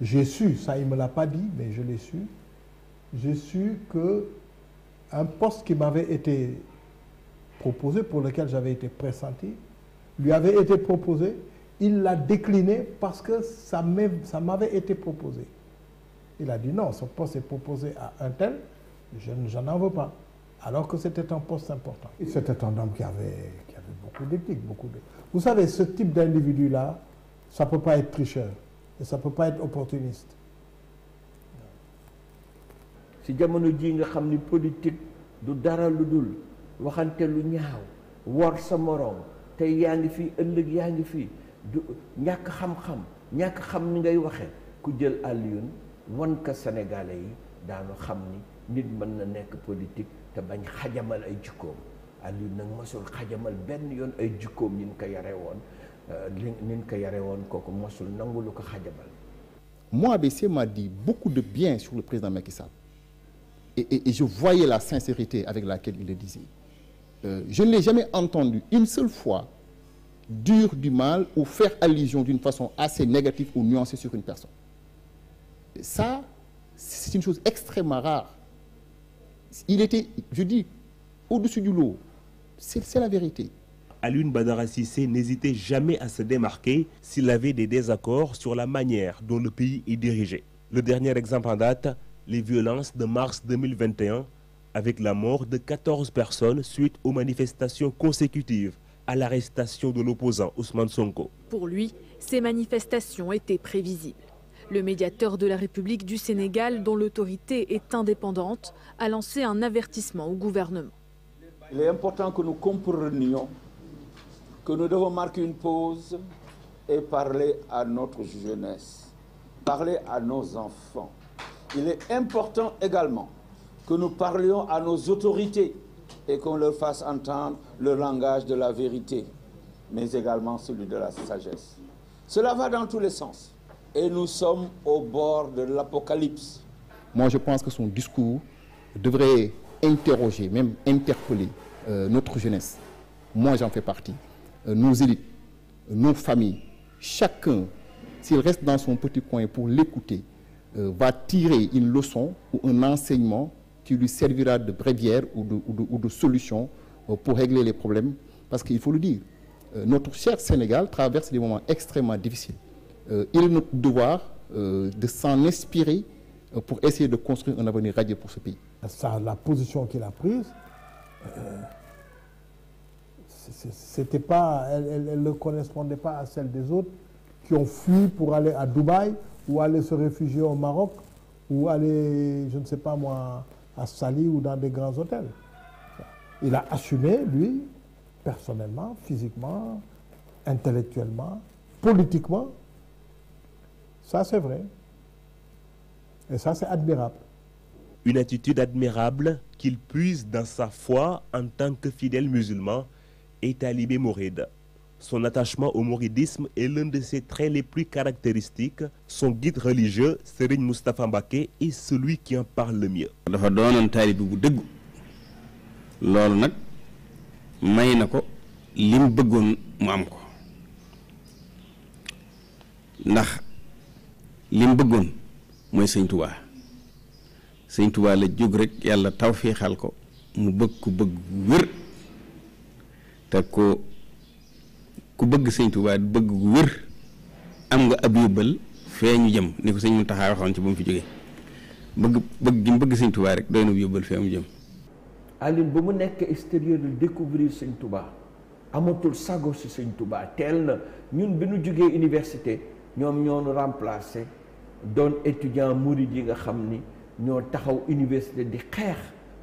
j'ai su, ça il ne me l'a pas dit, mais je l'ai su, j'ai su que un poste qui m'avait été proposé, pour lequel j'avais été pressenti, lui avait été proposé. Il l'a décliné parce que ça m'avait été proposé. Il a dit non, ce poste est proposé à un tel, je, n'en veux pas. Alors que c'était un poste important. C'était un homme qui avait, qui avait beaucoup d'éthique, beaucoup de... Vous savez, ce type d'individu-là, ça ne peut pas être tricheur et ça ne peut pas être opportuniste. si jamono nga politique waxante lu ñaaw wor sa moroom tey yaa ngi fii ëllëg yaa ngi fii du ñàkk xam-xam ñàkk xam ni ngay waxe ku jël Alioune won ka sénégalais yi daanu xam ni nit mën na nekk politique te bañ xajamal ay jikkoom Alioune nag mosul xajamal benn yoon ay jikkoom ñin ko yare woon ñin euh, ko yare woon kooku mosul nangu ko xajamal moi ABC m'a dit beaucoup de bien sur le président Macky Sall et, et, et je voyais la sincérité avec laquelle il le disait euh, je ne l'ai jamais entendu une seule fois dire du mal ou faire allusion d'une façon assez négative ou nuancée sur une personne. Ça, c'est une chose extrêmement rare. Il était, je dis, au-dessus du lot. C'est la vérité. Alune Badara Sissé n'hésitait jamais à se démarquer s'il avait des désaccords sur la manière dont le pays est dirigé. Le dernier exemple en date, les violences de mars 2021 avec la mort de 14 personnes suite aux manifestations consécutives à l'arrestation de l'opposant Ousmane Sonko. Pour lui, ces manifestations étaient prévisibles. Le médiateur de la République du Sénégal, dont l'autorité est indépendante, a lancé un avertissement au gouvernement. Il est important que nous comprenions que nous devons marquer une pause et parler à notre jeunesse, parler à nos enfants. Il est important également que nous parlions à nos autorités et qu'on leur fasse entendre le langage de la vérité, mais également celui de la sagesse. Cela va dans tous les sens. Et nous sommes au bord de l'apocalypse. Moi, je pense que son discours devrait interroger, même interpeller euh, notre jeunesse. Moi, j'en fais partie. Euh, nos élites, nos familles, chacun, s'il reste dans son petit coin pour l'écouter, euh, va tirer une leçon ou un enseignement qui lui servira de brévière ou de, solution euh, pour régler les problèmes. Parce qu'il faut le dire, euh, notre cher Sénégal traverse des moments extrêmement difficiles. Euh, il est notre devoir de s'en inspirer pour essayer de construire un avenir radieux pour ce pays. Ça, la position qu'il a prise, c'était pas, elle, ne correspondait pas à celle des autres qui ont fui pour aller à Dubaï ou aller se réfugier au Maroc ou aller, je ne sais pas moi, à Sali ou dans des grands hôtels. Il a assumé, lui, personnellement, physiquement, intellectuellement, politiquement. Ça, c'est vrai. Et ça, c'est admirable. Une attitude admirable qu'il puise dans sa foi en tant que fidèle musulman est alibé mouride. Son attachement au mouridisme est l'un de ses traits les plus caractéristiques. Son guide religieux, Serigne Moustapha Mbacké, est celui qui en parle le mieux. dafa doonoon taalibe bu dëggu loolu nag may na ko li mu bëggoon mu am ko ndax li mu bëggoon mooy sëñ Tuubaa sëñ la jóg rek yàlla tawféexal ko mu bëgg ko ku bëgg sëñ Tuubaa bëgg gu wër am nga ab yóbbal fee ñu jëm ni ko sëñ Muntaxa waxoon ci bu mu fi jógee bëgg bëgg gi mu bëgg sëñ Tuubaa rek doy na yóbbal fee mu jëm Aline ba mu nekk extérieur de découvrir sëñ Tuubaa amatul sago si sëñ Tuubaa teel na ñun bi nu jógee université ñoom ñoonu remplacé doon étudiant Mourid yi nga xam ni ñoo taxaw université di xeex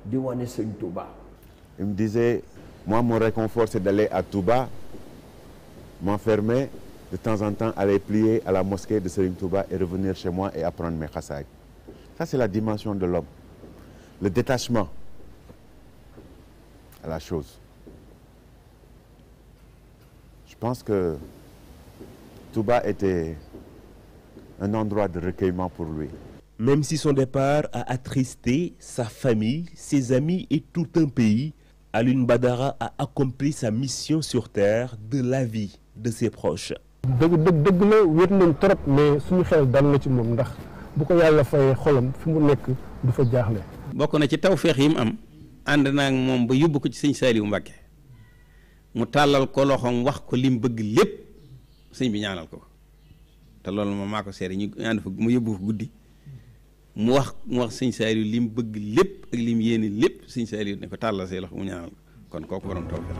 di wane sëñ Tuubaa il me disait moi mon réconfort c'est d'aller à Touba m'enfermer, de temps en temps aller plier à la mosquée de Selim Touba et revenir chez moi et apprendre mes khasaïs. Ça, c'est la dimension de l'homme. Le détachement à la chose. Je pense que Touba était un endroit de recueillement pour lui. Même si son départ a attristé sa famille, ses amis et tout un pays, Alun Badara a accompli sa mission sur Terre de la vie. de ses proches. deug deug deug la wër nañ torop mais suñu xel dal na ci mom ndax bu ko yalla fay xolam fi mu nek du fa jaxlé bokku na ci tawfiq yi mu am and na ak mom ba yobbu ko ci seigne saliou mbacke mu talal ko loxom wax ko lim bëgg lepp seigne bi ñaanal ko te loolu mo mako séré ñu and fa mu yobbu guddi mu wax mu wax seigne saliou lim bëgg lepp ak lim yéene lepp seigne saliou ne ko talal sé loxo mu ñaanal kon koku borom tawfiq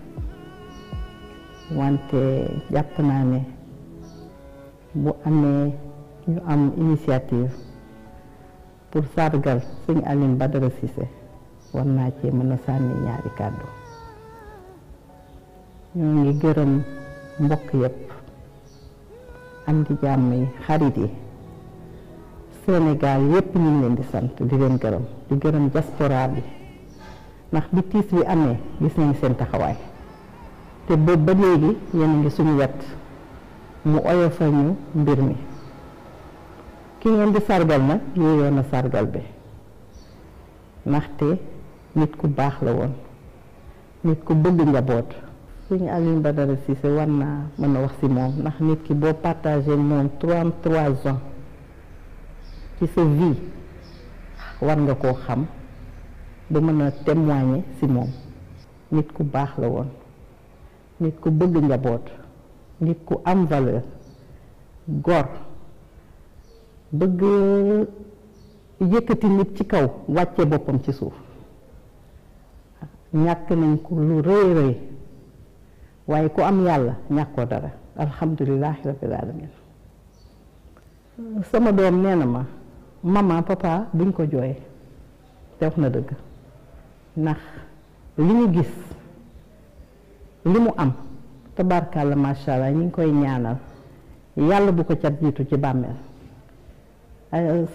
wante jàpp naa ne bu amee ñu am initiative pour sargal sëñ Alioune Badara Cissé war naa ci mën a sànni ñaari kàddu ñoo ngi gërëm mbokk yëpp am di jàmm yi xarit yi Sénégal yëpp ñu ngi leen di sant di leen gërëm di gërëm diaspora bi ndax bi bi amee gis nañ seen taxawaay te boobu ba léegi yéen a ngi suñu wet mu oyofal ñu mbir mi ki ngeen di sargal nag yéeyoon na sargal bi ndaxte nit ku baax la woon nit ku bëgg njaboot suñu Alioune Badara Cissé war naa mën na wax ci moom ndax nit ki boo partagé moom trente-trois ans ci sa vie war nga koo xam ba mën na témoigner ci moom nit ku baax la woon nit ku bëgg njaboot nit ku am valeur gor bëgg yëkkati nit ci kaw wàcce boppam ci suuf ñàkk nañ ko lu rëy rëy waaye ku am yàlla ñàkkoo dara alhamdulilahi rabbil alamin sama doom nee na ma maman papa buñ ko jooyee te wax na dëgg ndax li ñu gis li mu am tabarkàlla macha allah ñu ngi koy ñaanal yàlla bu ko ca jiitu ci bàmmeel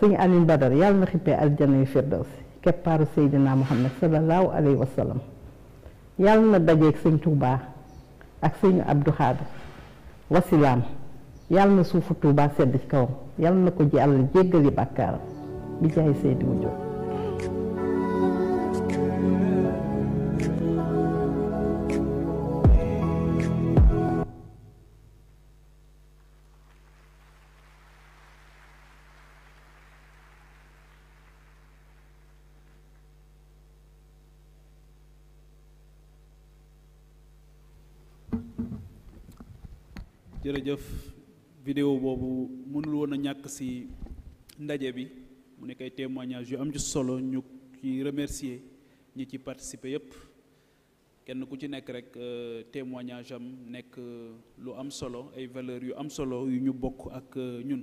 suñu Alioune Badara yàlla na xippee aljana yu firdawsi keppaaru Seydina Muhammad sallallahu alayhi wa sallam yàlla na dajeeg sëñ Touba ak sëñ Abdou Khadir wasilaam yàlla na suufu tuubaa sedd ci kawam yàlla na ko ji àll jéggali bàkkaaram bi jaay Seydi mu jërëjëf vidéo boobu mënul woon a ñàkk ci ndaje bi mu nekk ay témoignage yu am ci solo ñu ci remercier ñi ci participer yépp kenn ku ci nekk rek euh, témoignage am nekk euh, lu am solo ay valeur yu am solo yu ñu bokk ak euh, ñun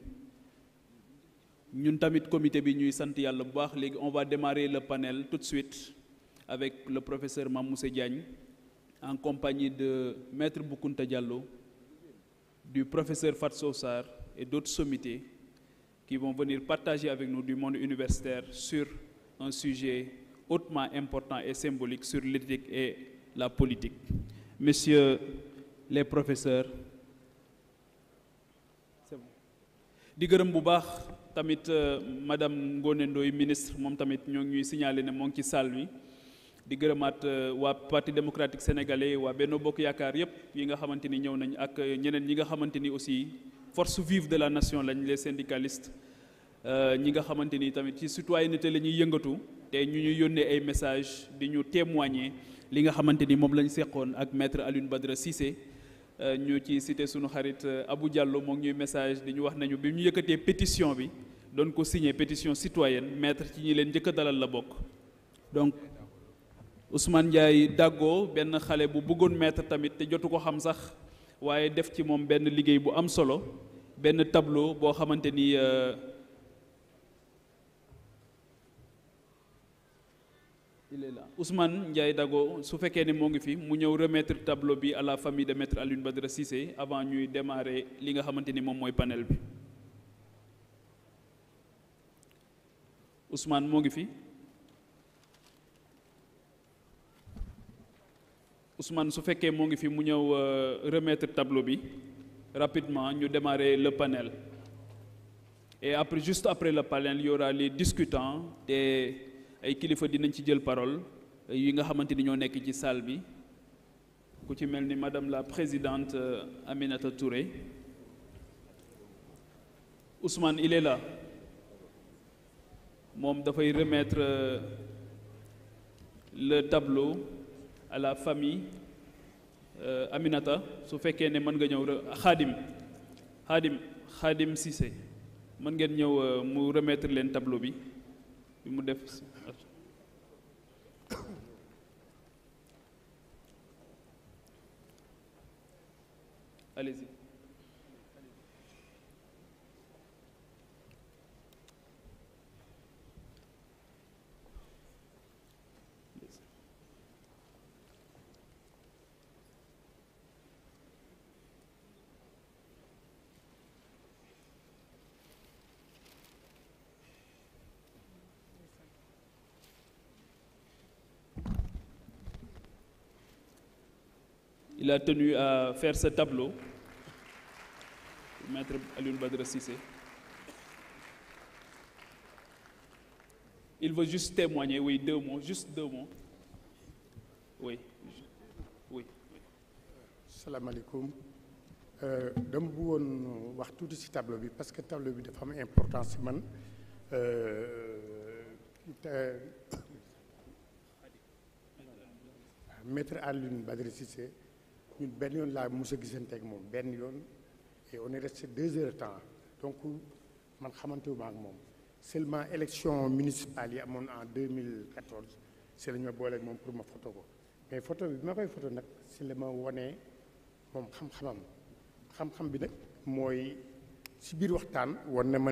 ñun tamit comité bi ñuy sant yàlla bu baax léegi on va démarrer le panel tout de suite avec le professeur Mamoussé Diagne en compagnie de maître Boukounta Diallo du professeur Fatso Sar et d'autres sommités qui vont venir partager avec nous du monde universitaire sur un sujet hautement important et symbolique sur l'éthique et la politique. Messieurs les professeurs, c'est bon. Euh, madame ministre tamit di gërëmaat euh, wa parti démocratique sénégalais wa Benno Bokk yakar yëpp yi nga xamanteni ñew nañ ak ñeneen ñi nga xamanteni aussi force vive de la nation lañ les syndicalistes euh, ñi nga xamanteni tamit ci citoyenneté la ñuy yëngatu ñu ñu yónnee ay message di ñu témoigner li nga xamanteni mom lañ seqoon ak maître Alioune Badara Cissé euh, ñu ci cité sunu xarit Abou Diallo mo ngi ñuy message di ñu wax nañu bi ñu yëkëté pétition bi don ko signer pétition citoyenne maître ci ñi leen njëkk dalal la bok donc Ousmane Ndiaye dàggoo benn xale bu bëggoon maître tamit te jotu ko xam sax waaye def ci moom benn liggéey bu am solo benn tableau boo xamante ni euh, il est là Ousmane Ndiaye Dago su fekkee ne moo ngi fi mu ñëw remettre tableau bi à la famille de maître Alioune Badara Cissé avant ñuy démarrer li nga xamante ni moom mooy panel bi Ousmane moo ngi fi. Ousmane si fekkee moo ngi fi euh, tableau bi rapidement nous démarrer le panel et après juste après le panel il y aura les discutants et ay kilifa dinañ ci la parole yi nga salle madame la présidente euh, Aminata Touré Ousmane il est là Il remettre euh, le tableau à la famille euh, Aminata sauf fait que mën nga ñëw Hadim, Hadim, Hadim remettre le tableau allez-y il a tenu à faire ce tableau. Maître Alun Badra Il veut juste témoigner, oui, deux mots, juste deux mots. Oui, oui. Salam alaikum. Je euh, voir wax de ce tableau parce que tableau bi important. importance euh, maître Alun Badrississé ben yon la laa mos ak et on est resté deux heures de temps donc man xamante wu ak mom seulement élection municipale yi amoon en 2014 c'est la ñu ma pour ma photo ko mais photo bi ma koy photo nak si la ma wonee moom xam-xamam xam-xam bi nak moy si biir waxtaan won na ma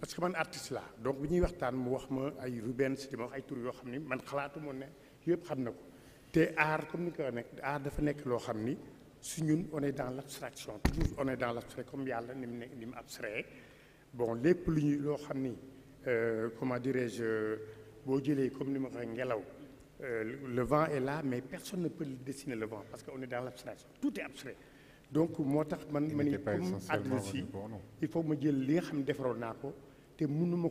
parce que man artiste là donc bi ñuy waxtaan mu wax ma ay Rubens di ma wax ay tour yo xamni man xalaatu mo né yépp xam na ko te art comme ni ko nekk art dafa nekk loo xam on est dans l'abstraction, toujours on est dans l'abstrait, comme Yalla ni mu nekk abstrait bon les lu ñuy loo euh, comment dirais-je boo comme ni ma euh, le vent est là mais personne ne peut dessiner le vent parce qu'on est dans l'abstraction, tout est abstrait donc moi tax man il faut me jël li nga xam ne defaroon naa ko mënuma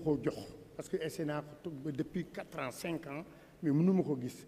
parce que essayé depuis 4 ans 5 ans mais mënuma ko gis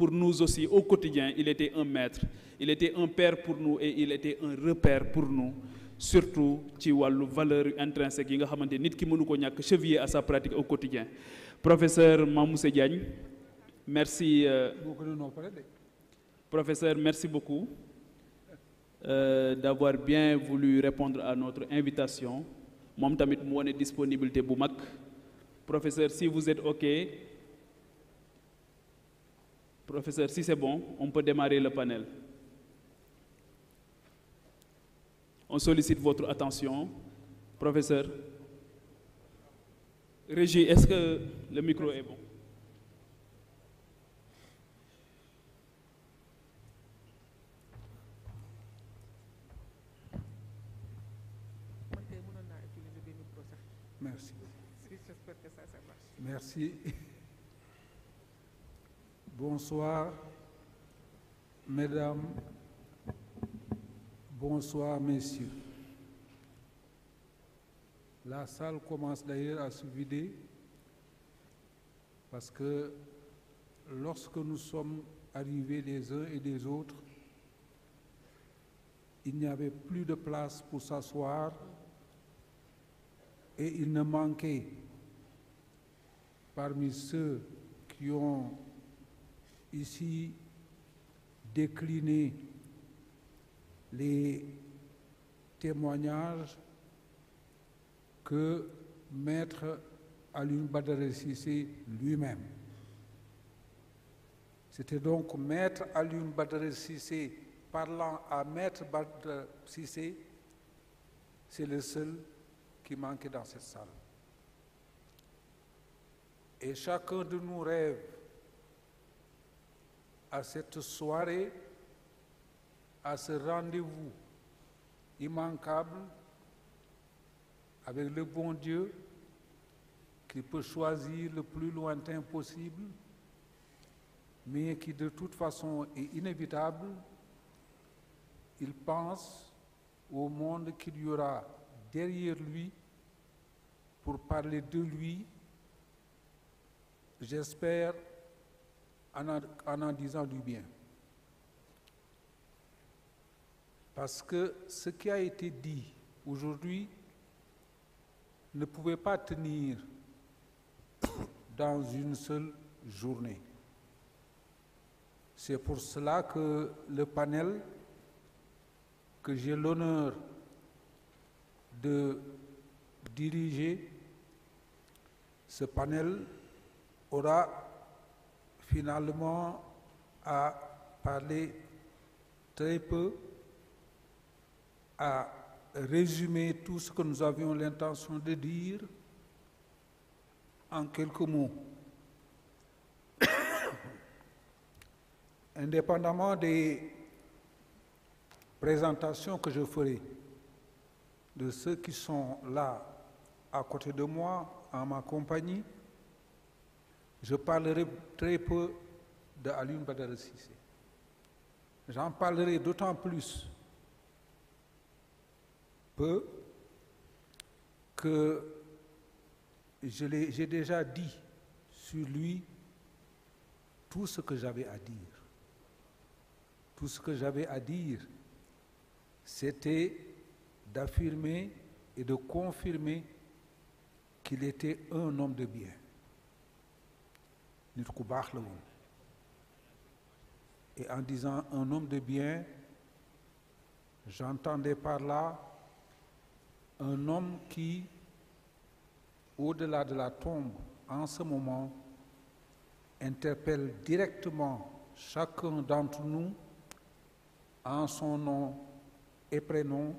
Pour nous aussi, au quotidien, il était un maître, il était un père pour nous et il était un repère pour nous. surtout ci une valeur intrinsèque yi nga xamante nit ki mënu ko ñàkk chevillé à sa pratique au quotidien professeur Mamou Diagne merci euh, professeur merci beaucoup euh, d'avoir bien voulu répondre à notre invitation Maman tamit de disponibilité Boumak. professeur si vous êtes OK Professeur, si c'est bon, on peut démarrer le panel. On sollicite votre attention. Professeur, Régie, est-ce que le micro est bon Merci. Merci. Bonsoir, mesdames, bonsoir, messieurs. La salle commence d'ailleurs à se vider parce que lorsque nous sommes arrivés les uns et des autres, il n'y avait plus de place pour s'asseoir et il ne manquait parmi ceux qui ont ici décliner les témoignages que Maître Alun Badare Sissé lui-même. C'était donc Maître Alun Badare Sissé parlant à Maître Badare Sissé, c'est le seul qui manquait dans cette salle. Et chacun de nous rêve à cette soirée, à ce rendez-vous immanquable avec le bon Dieu qui peut choisir le plus lointain possible, mais qui de toute façon est inévitable. Il pense au monde qu'il y aura derrière lui pour parler de lui. J'espère en en, disant du bien. Parce que ce qui a été dit aujourd'hui ne pouvait pas tenir dans une seule journée. C'est pour cela que le panel que j'ai l'honneur de diriger, ce panel aura finalement à parler très peu, à résumer tout ce que nous avions l'intention de dire en quelques mots. Indépendamment des présentations que je ferai de ceux qui sont là à côté de moi, en ma compagnie, je parlerai très peu de Alioune Sissé J'en parlerai d'autant plus peu que j'ai déjà dit sur lui tout ce que j'avais à dire. Tout ce que j'avais à dire, c'était d'affirmer et de confirmer qu'il était un homme de bien et en disant un homme de bien j'entendais par là un homme qui au-delà de la tombe en ce moment interpelle directement chacun d'entre nous en son nom et prénom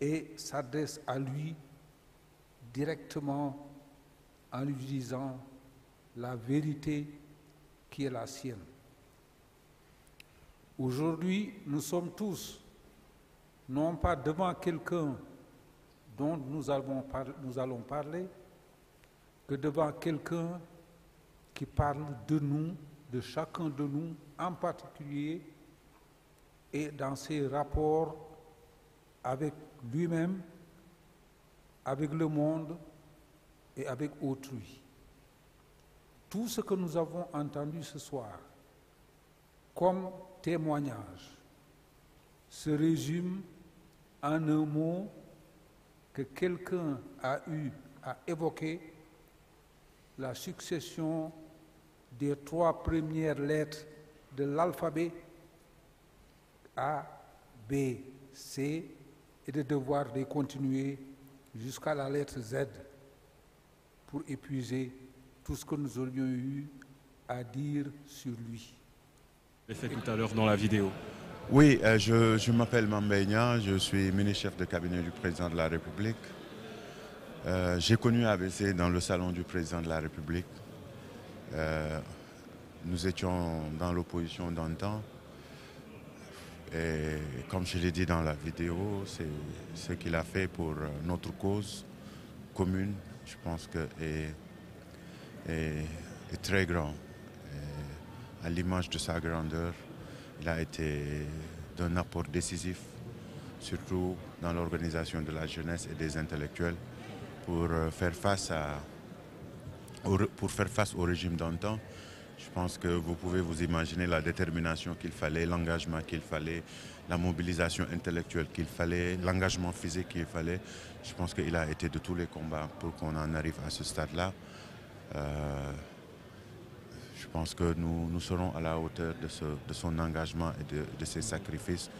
et s'adresse à lui directement en lui disant la vérité qui est la sienne. Aujourd'hui, nous sommes tous, non pas devant quelqu'un dont nous, allons parler, que devant quelqu'un qui parle de nous, de chacun de nous en particulier, et dans ses rapports avec lui-même, avec le monde et avec autrui tout ce que nous avons entendu ce soir comme témoignage se résume en un mot que quelqu'un a eu à évoquer, la succession des trois premières lettres de l'alphabet A, B, C et de devoir les continuer jusqu'à la lettre Z pour épuiser tout ce que nous aurions eu à dire sur lui. Je fait tout à l'heure dans la vidéo. Oui, euh, je, je m'appelle Mambeigna, je suis ministre-chef de cabinet du président de la République. Euh, j'ai connu ABC dans le salon du président de la République. Euh, nous étions dans l'opposition temps. Et comme je l'ai dit dans la vidéo, c'est ce qu'il a fait pour notre cause commune. Je pense que et est, très grand. Euh, à l'image de sa grandeur, il a été d'un apport décisif, surtout dans l'organisation de la jeunesse et des intellectuels, pour euh, faire face, pour faire face au régime d'antan. Je pense que vous pouvez vous imaginer la détermination qu'il fallait, l'engagement qu'il fallait, la mobilisation intellectuelle qu'il fallait, l'engagement physique qu'il fallait. Je pense qu'il a été de tous les combats pour qu'on en arrive à ce stade-là. Euh, je pense que nous, nous, serons à la hauteur de, son engagement et de, ses sacrifices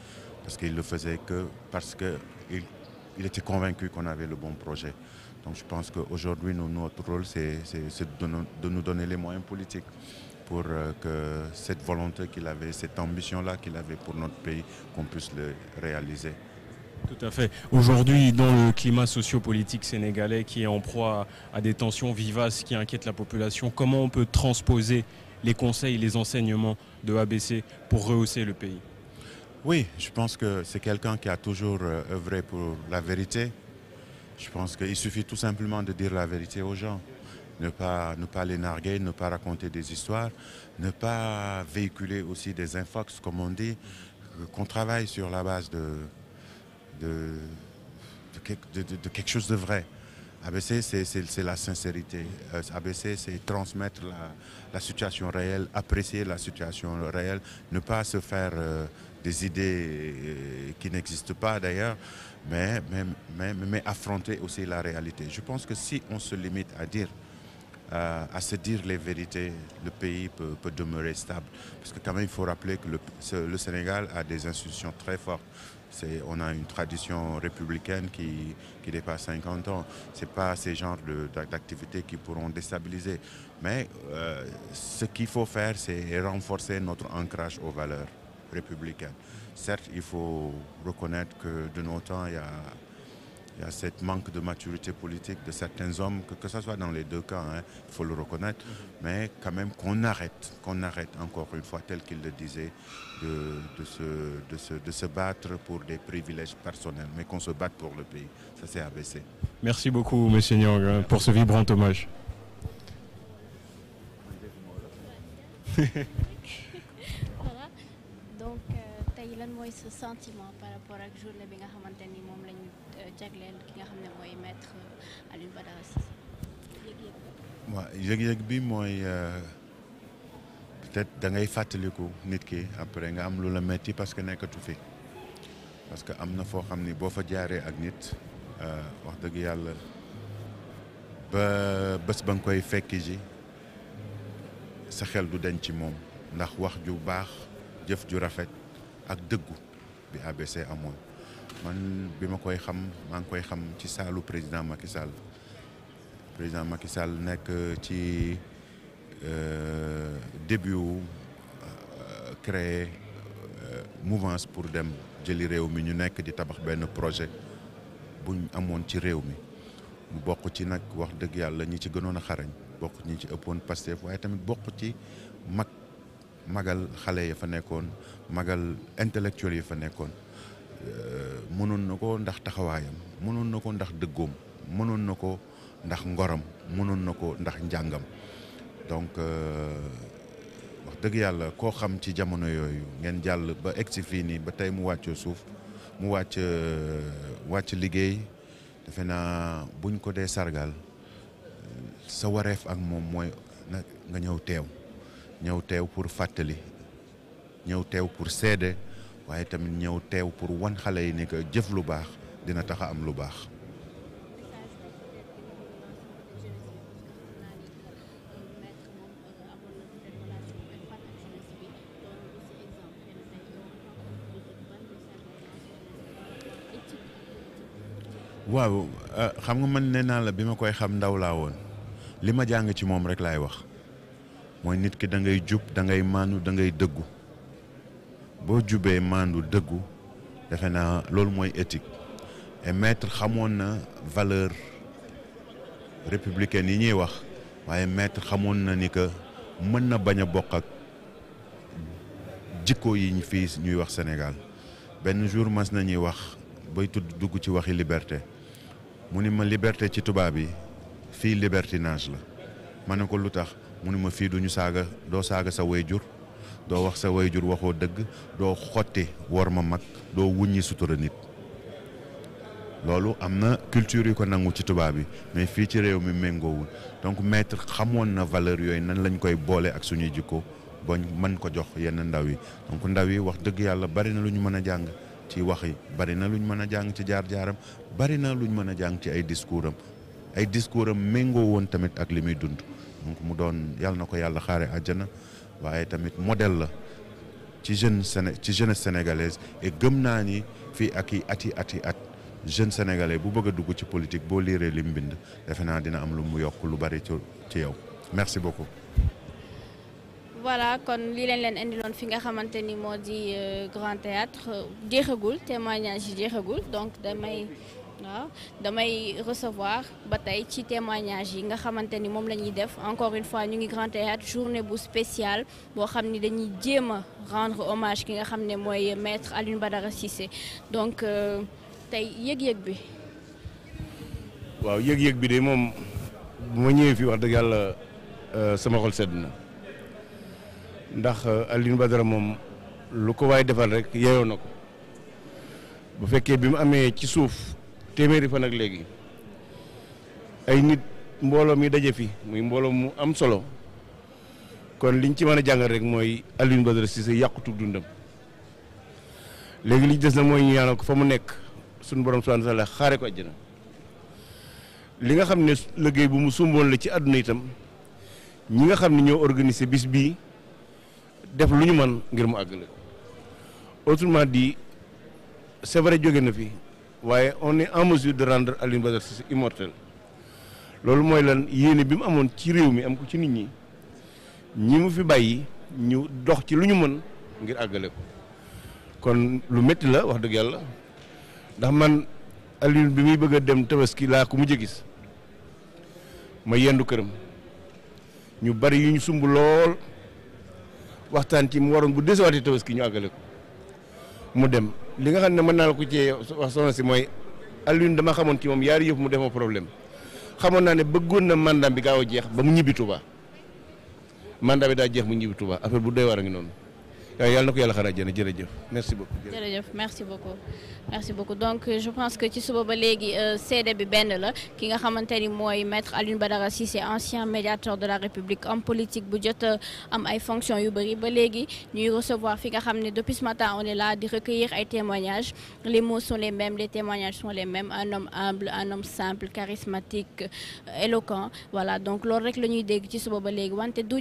parce qu'il le faisait que parce qu'il était convaincu qu'on avait le bon projet. Donc je pense qu'aujourd'hui, notre rôle, c'est de, nous donner les moyens politiques pour euh, que cette volonté qu'il avait, cette ambition-là qu'il avait pour notre pays, qu'on puisse le réaliser. Tout à fait. Aujourd'hui, dans le climat sociopolitique sénégalais qui est en proie à des tensions vivaces qui inquiètent la population, comment on peut transposer les conseils, les enseignements de ABC pour rehausser le pays Oui, je pense que c'est quelqu'un qui a toujours euh, œuvré pour la vérité. Je pense qu'il suffit tout simplement de dire la vérité aux gens. Ne pas, ne les narguer, ne pas raconter des histoires, ne pas véhiculer aussi des infox, comme on dit, euh, qu'on travaille sur la base de, de, quelque, chose de vrai. ABC, c'est la sincérité. Euh, ABC, c'est transmettre la, situation réelle, apprécier la situation réelle, ne pas se faire euh, des idées euh, qui n'existent pas d'ailleurs, mais mais, mais, mais, affronter aussi la réalité. Je pense que si on se limite à dire, à se dire les vérités, le pays peut, demeurer stable. Parce que quand même, il faut rappeler que le, le Sénégal a des institutions très fortes on a une tradition républicaine qui, dépasse 50 ans. Ce n'est pas ces genres d'activités qui pourront déstabiliser. Mais euh, ce qu'il faut faire, c'est renforcer notre ancrage aux valeurs républicaines. Certes, il faut reconnaître que de nos temps, il y a ce cette manque de maturité politique de certains hommes, que, que ce soit dans les deux cas, hein, il faut le reconnaître mais quand même qu'on arrête, qu'on arrête encore une fois, tel qu'il le disait, de, de, se, de, se, de, se, battre pour des privilèges personnels, mais qu'on se batte pour le pays. Ça, c'est abaissé. Merci beaucoup, M. Nyang, hein, pour ce vibrant hommage. voilà donc euh, tey moi, ce ce sentiment par rapport à ce jour-là, qui nous moom euh, le ki nga maître à euh, l'université waaw yëg-yëg peut-être da ngay fàttaliku nit ki après nga am lu metti parce que nekkatu fi parce que am na foo xam fa jaaree ak nit wax dëgg yàlla ba bés ba koy fekki ji sa xel du denc ci moom ndax wax ju baax jëf ju rafet ak dëggu bi ABC amoon man bi koy xam maa koy xam ci saalu président Macky Sall président Macky Sall nekk ci euh, début wu euh, créer euh, mouvance pour dem jëli réew mi ñu nek di tabax ben projet buñ amone ci réew mi mu bokk ci nak wax deug yalla ñi ci gënon xarañ bokk ñi ci ëppoon Pastef waaye tamit bokk ci mag magal xalé ya fa nekkoon magal intellectuel ya fa nekkoon euh na nako ndax taxawayam mënoon na ndax deggom mënoon nako ndax ngorom mënon nako ndax njangam donc euh, wax deug yalla ko xam ci jamono yoyu ngeen jall ba exi fi ni ba tay mu waccu suuf mu wacc euh, wacc liggey defena buñ ko dé sargal sa waref ak mom moy na nga ñew tew ñew tew pour fatali ñew tew pour seede waye tamit ñew tew pour wan xalé yi ni ko jëf lu baax dina taxa am lu baax waaw euh, xam nga mën nee naa la bi ma koy xam ndaw laa woon li ma jàng ci moom rek laay wax mooy nit ki da ngay jub da ngay maandu da ngay dëggu boo jubee maandu dëggu defe naa loolu mooy éthique et xamoon na valeur républicaine yi ñuy wax waaye maître xamoon na ni que mën na bañ a bokk ak jikko yi ñu fii ñuy wax Sénégal benn jour mas nañuy wax bay tudd dugg ci waxi liberté mu ni ma liberté ci tubaab yi fii libertinage la ma ne ko lu tax mu ni ma fii duñu saaga doo saaga sa jur doo wax sa jur waxoo dëgg doo xotti wor ma mag doo wuññi sutura nit loolu am na culture yu ko nangu ci tubaab yi mais fii ci réew mi méngoowul donc maître xamoon na valeur yooyu nan lañ koy boole ak suñuy jikko bañ mën ko jox yenn ndaw yi donc ndaw yi wax dëgg yàlla bari na lu ñu mën a jàng ci wax yi bari na luñ mën a jàng ci jaar-jaaram bari na luñ mën a jàng ci ay discours ay discours am méngoo woon tamit ak li muy dund mu doon yàlla na ko yàlla xaare àjjana waaye tamit modèle la ci jeune ci jeunesse sénégalaise et gëm naa ni fii ak i at i at i at jeune sénégalais bu bëgg a dugg ci politique boo liiree li mu bind defe naa dina am lu mu yokk lu bari ci ci yow merci beaucoup. voilà kon lii leen leen indiloon fi nga xamante ni moo euh, grand théâtre jeexagul témoignage yi jeexagul donc damay waaw damay recevoir ba ci témoignage yi nga xamante ni moom la ñuy def encore une fois ñu ngi grand théâtre journée bu spéciale boo xam ni dañuy jéem a rendre hommage ki nga xam ne mooy maître Alioune Badara Cissé donc euh, tey yëg-yëg bi. waaw yëg-yëg bi de moom bu ma ñëwee fii wax dëgg yàlla euh, sama xol sedd ndax euh, Alioune Badara moom lu ko waay defal rek yeyoo na ko bu fekkee bi mu amee ci suuf téeméeri fan ak léegi ay nit mbooloo mi daje fi muy mbooloo mu am solo kon liñ ci mën a jàngal rek mooy Alioune Badara Cissé yàqutu dundam léegi li des na mooy ñu ko fa mu nekk suñu borom subhanahu wa ko àjjana li nga xam ne liggéey bu mu sumboon la ci àdduna itam ñi nga xam ne ñoo organise bis bii def lu ñu mën ngir mu àggale autrement dit c'est vrai jogé na fi waye on est en mesure de rendre Alioune Badara Cissé immortel loolu moy lan yene bimu amone ci réew mi am ko ci nit ñi ñi mu fi bayyi ñu dox ci lu ñu mën ngir àggale ko kon lu metti la wax deug yalla ndax man Alioune bi muy bëgg dem tabaski laa ko mujj gis ma yendu kërëm ñu bari yu ñu sumbu lool waxtaan ci mu waroon bu desewaatee tabaski ñu àggale ko mu dem li nga xam ne mën naa la ko cee wax soxna si mooy Alioune dama xamoon ci moom yaari yëf mu demoo problème xamoon naa ne bëggoon na mandat bi gaaw a jeex ba mu ñibbi Touba mandat bi daa jeex mu ñibbi Touba affaire bu doy war a ngi noonu. merci beaucoup. merci beaucoup merci beaucoup donc je pense que tu suba ba euh, c'est seede bi qui la ki nga xamante ni maître Badara ancien médiateur de la République en politique budgétaire en euh, am ay fonctions recevoir depuis ce matin on est là di recueillir ay témoignages les mots sont les mêmes les témoignages sont les mêmes un homme humble un homme simple charismatique euh, éloquent voilà donc loolu rek la ñuy tu ci suba ba léegi wante du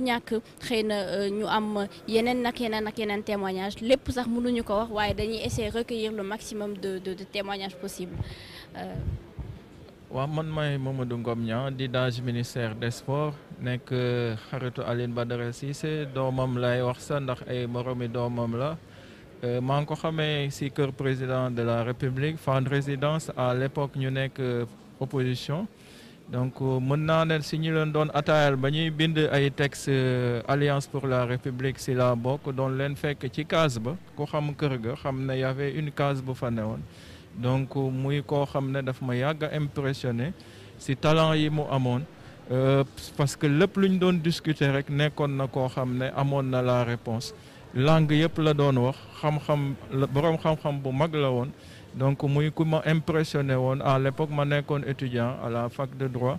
un témoignage Les sax mënuñu ko wax waaye dañuy essayer recueillir le maximum de de de témoignages possible. Euh. waaw man may Mamadou Ngomnia, di DAGE ministère des sports nekk euh, xaritu Aline Badara Cissé doomam lay wax sa ndax ay moromi doomam la. Euh, maa ngi ko xamee kër président de la république Fann résidence à l'époque ñu nekk opposition donc euh, mën naa ne si ñu leen doon ataayal ba ñuy bind ay texte euh, alliance pour la république si la bokk doon leen fekk ci case ba ku xam kër ga xam ne y avait une case bu fa newoon donc euh, muy koo xam ne daf ma yàgg impressionné si talent yi mu amoon parce que lépp lu ñu doon discuter rek nekkoon na koo xam ne amoon na la réponse langue yep la doon wax xam-xam boroom xam-xam bu mag la woon donc muy ku ma impressionné hein. à l'époque ma nekkoon étudiant à la fac de droit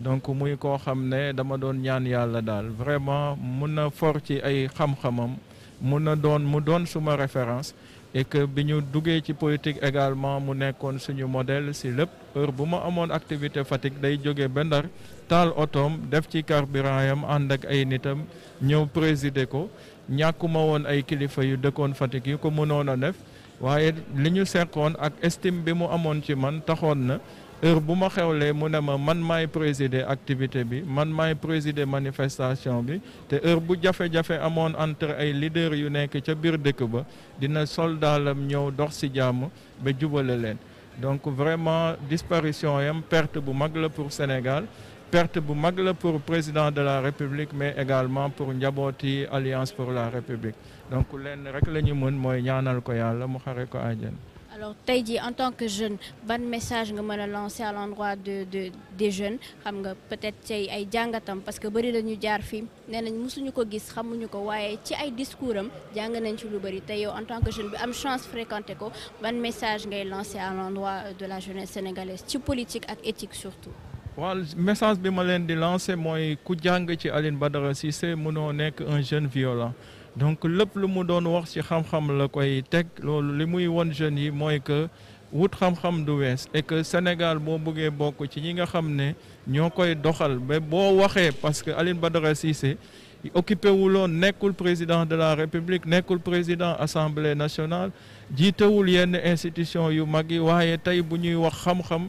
donc muy koo xam ne dama doon ñaan yàlla daal vraiment mun na for ci ay xam-xamam mun na doon mu doon suma référence et que bi ñu duggee ci politique également mu nekkoon suñu modèle si lépp heure bu ma activité Fatick day jóge ba Ndar taal otoom def ci carburant yam ànd ay nitam ñëw présider ko ñakuma won ay kilifa yu dekon fatik yu ko mënoon a def waaye li ñu seqoon ak estime bi mu amoon ci man taxoon na heure bu ma xewlee mu ne ma man maay présider activité bi man maay présider manifestation bi te heure bu jafe-jafe amoon entre ay leader yu nekk ca biir dëkk ba dina soldaalam ñëw dox ci jàmm ba jubale leen donc vraiment disparition yam perte bu mag la pour Sénégal perte le président de la république mais également pour Ndiaboti alliance pour la république donc alors Taïdi, en tant que jeune ban message que lancé à l'endroit de des jeunes peut-être que parce que nous avons jaar nous discours nous nañ en tant que jeune am chance fréquenter message lancer à l'endroit de la jeunesse sénégalaise ci politique et éthique surtout waaw message bi ma leen di lancer mooy ku jàng ci Alioune Badara Cissé mënoo un jeune violent donc le lu mu doon wax ci xam-xam la koy teg loolu li muy won jeunes yi que wut xam-xam du wess et que Sénégal bo bëggee bokk ci ñi nga xam ne ñoo koy doxal ba boo waxee parce que aline Badara Cissé occupé wuloon nekkul président de la république nekkul président assemblée nationale jiitewul yenn institution yu mag yi waaye tey bu ñuy wax xam-xam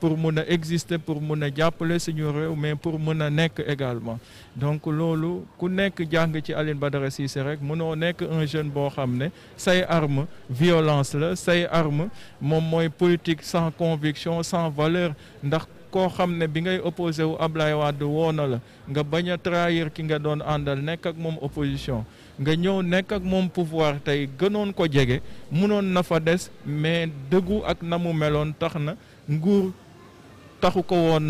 pour mon exister pour mon a seigneur mais pour mon nek également donc loolu ku nek jang ci aline Badara c'est rek munoo nek un jeune bo xam say arme violence la say arme mom moy politique sans conviction sans valeur ndax ko xam bi ngay opposé wu Ablaye wad wona la nga baña trahir ki nga don andal nek ak mom opposition nga ñew nek ak mom pouvoir tay gënoon ko jege munoon na fa dess mais dëggu ak namu mu taxna nguur taxu ko woon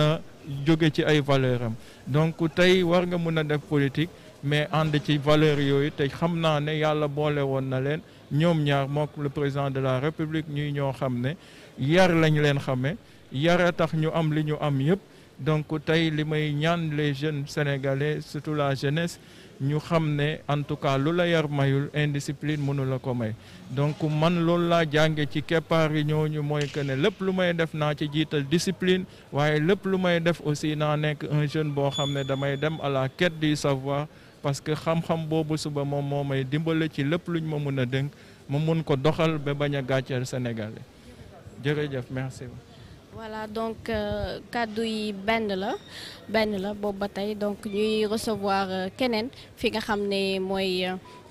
jogé ci ay valeuram donc tay war nga mëna def politique mais and ci valeur yoyu tay xamna né yalla bolé won na leen ñom ñaar mook le président de la république ñuy ño xamné yar lañ leen xamé yara tax ñu am li ñu am yépp donc tay limay ñaan les jeunes sénégalais surtout la jeunesse ñu xam ne en tout cas lu la yar mayul indiscipline mënu la ko may donc man loolu laa jànge ci keppaar yi ñooñu mooy que ne lépp lu may def naa ci jiital discipline waaye lépp lu may def aussi naa nekk un jeune boo xam ne damay dem à la quête du savoir parce que xam-xam boobu suba moom moo may dimbale ci lépp luñ ma mun a dénk ma mun ko doxal ba bañ a gàcceel Sénégalais jërëjëf merci voilà donc euh, Kadoui bendela bendela la bataille donc ñuy recevoir euh, Kenen, fi nga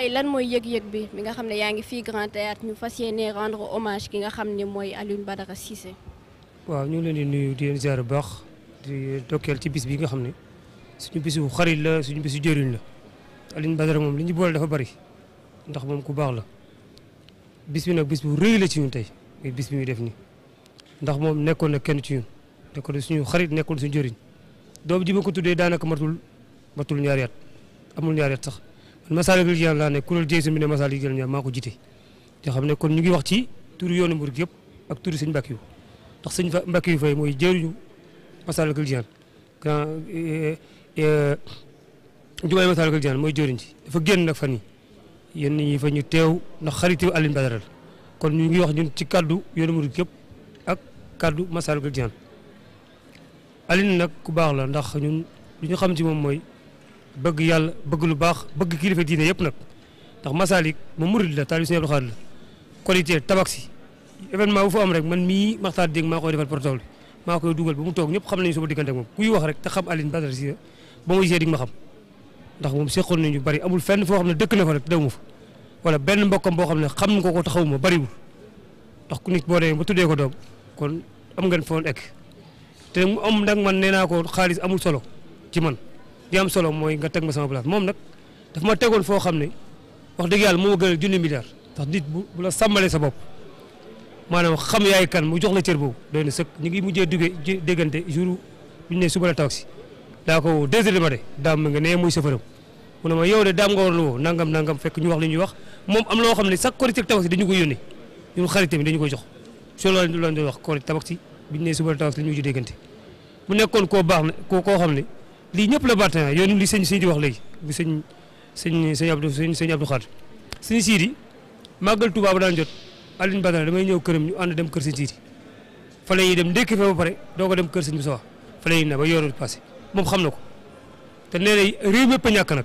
tey lan mooy yëg-yëg bi bi nga xam ne yaa ngi fii Grand Théâtre ñu fas yéene rendre hommage ki nga xam ne mooy Alioune Badara Cissé. waaw ñu ngi leen di nuyu di leen ziar bu baax di dokkeel ci bis bi nga xam ne suñu bisu xarit la suñu bisu jëriñ la Alioune Badara moom li ñu boole dafa bari ndax moom ku baax la bis bi bis bu rëy la ci ñun tey muy bis bi ñu def nii ndax moom nekkoon na kenn ci ñun nekkoon suñu xarit nekkoon suñu jëriñ doom ji ma ko tuddee daanaka matul matul ñaari at amul ñaari at sax. Masaalikul Jinaan laa ne kuréel jëy si mu ne Masaalikul Jinaan maa ko jiite te xam ne kon ñu ngi wax ci turu yoonu Murid yëpp ak turu sëñ Mbàkke yu ndax sëñ Mbàkke yu fay mooy jëriñu Masaalikul Jinaan grand eh, eh, jumaay Masaalikul Jinaan mooy jëriñ ci dafa génn nag fan yi yéen ñi fa ñu teew ndax xaritu Alioune Badara kon ñu ngi wax ñun ci kaddu yoonu Murid yëpp ak kaddu Masaalikul Jinaan Alioune nag ku baax la ndax ñun lu ñu xam ci moom mooy bëgg yàlla bëgg lu baax bëgg kilifa diine yëpp nag ndax Masalik ma murid la taalibe Sëñ Abdou Khadre la qualité tabaski événement bu fa am rek man mii Makhtar Dieng maa koy defal protocole bi maa koy dugal ba mu toog ñëpp xam nañu sama diggante ak moom kuy wax rek te xam Alioune Badara Cissé ba ma gisee di ma xam ndax moom seqoon nañu bari amul fenn foo xam ne dëkk na fa rek daw mu fa wala benn mbokkam boo xam ne xam nga ko taxaw ma bariwul ndax ku nit boo demee ba tuddee ko doom kon am ngeen foon ek te mu am nag man nee naa ko xaalis amul solo ci man li am solo mooy nga teg ma sama place moom nag daf ma tegoon foo xam ne wax dëgg yàlla moo ma gënal junni milliard ndax nit bu bu la sàmmalee sa bopp maanaam xam yaay kan mu jox la cër boobu doy na ñu ngi mujjee duggee déggante jour bu ñu ne suba la taxi daa ko deux heures ma de daam nga nee muy sëfaram mu ne ma yow de daam nga war la woo nangam nangam fekk ñu wax li ñuy wax moom am loo xam ne sax korite tabaski dañu ko yónnee ñun xarit tamit dañu koy jox so loolu lañ doon wax korite tabaski bi ñu ne suba la taxi li ñu mujj déggante mu nekkoon koo koo xam ne lii ñëpp la baatin yoon li sëñ Sidi wax léegi bu sëñ sëñ sëñ Abdou sëñ sëñ Abdou Khadre sëñ Sidi màggal Tuubaa ba daan jot Alioune Badara may ñëw këram ñu ànd dem kër sëñ Sidi fa la dem ndékki fa ba pare doo ko dem kër sëñ Moussa fa yi ñuy ne ba yoonu passé moom xam na ko te nee na réew mépp a ñàkk nag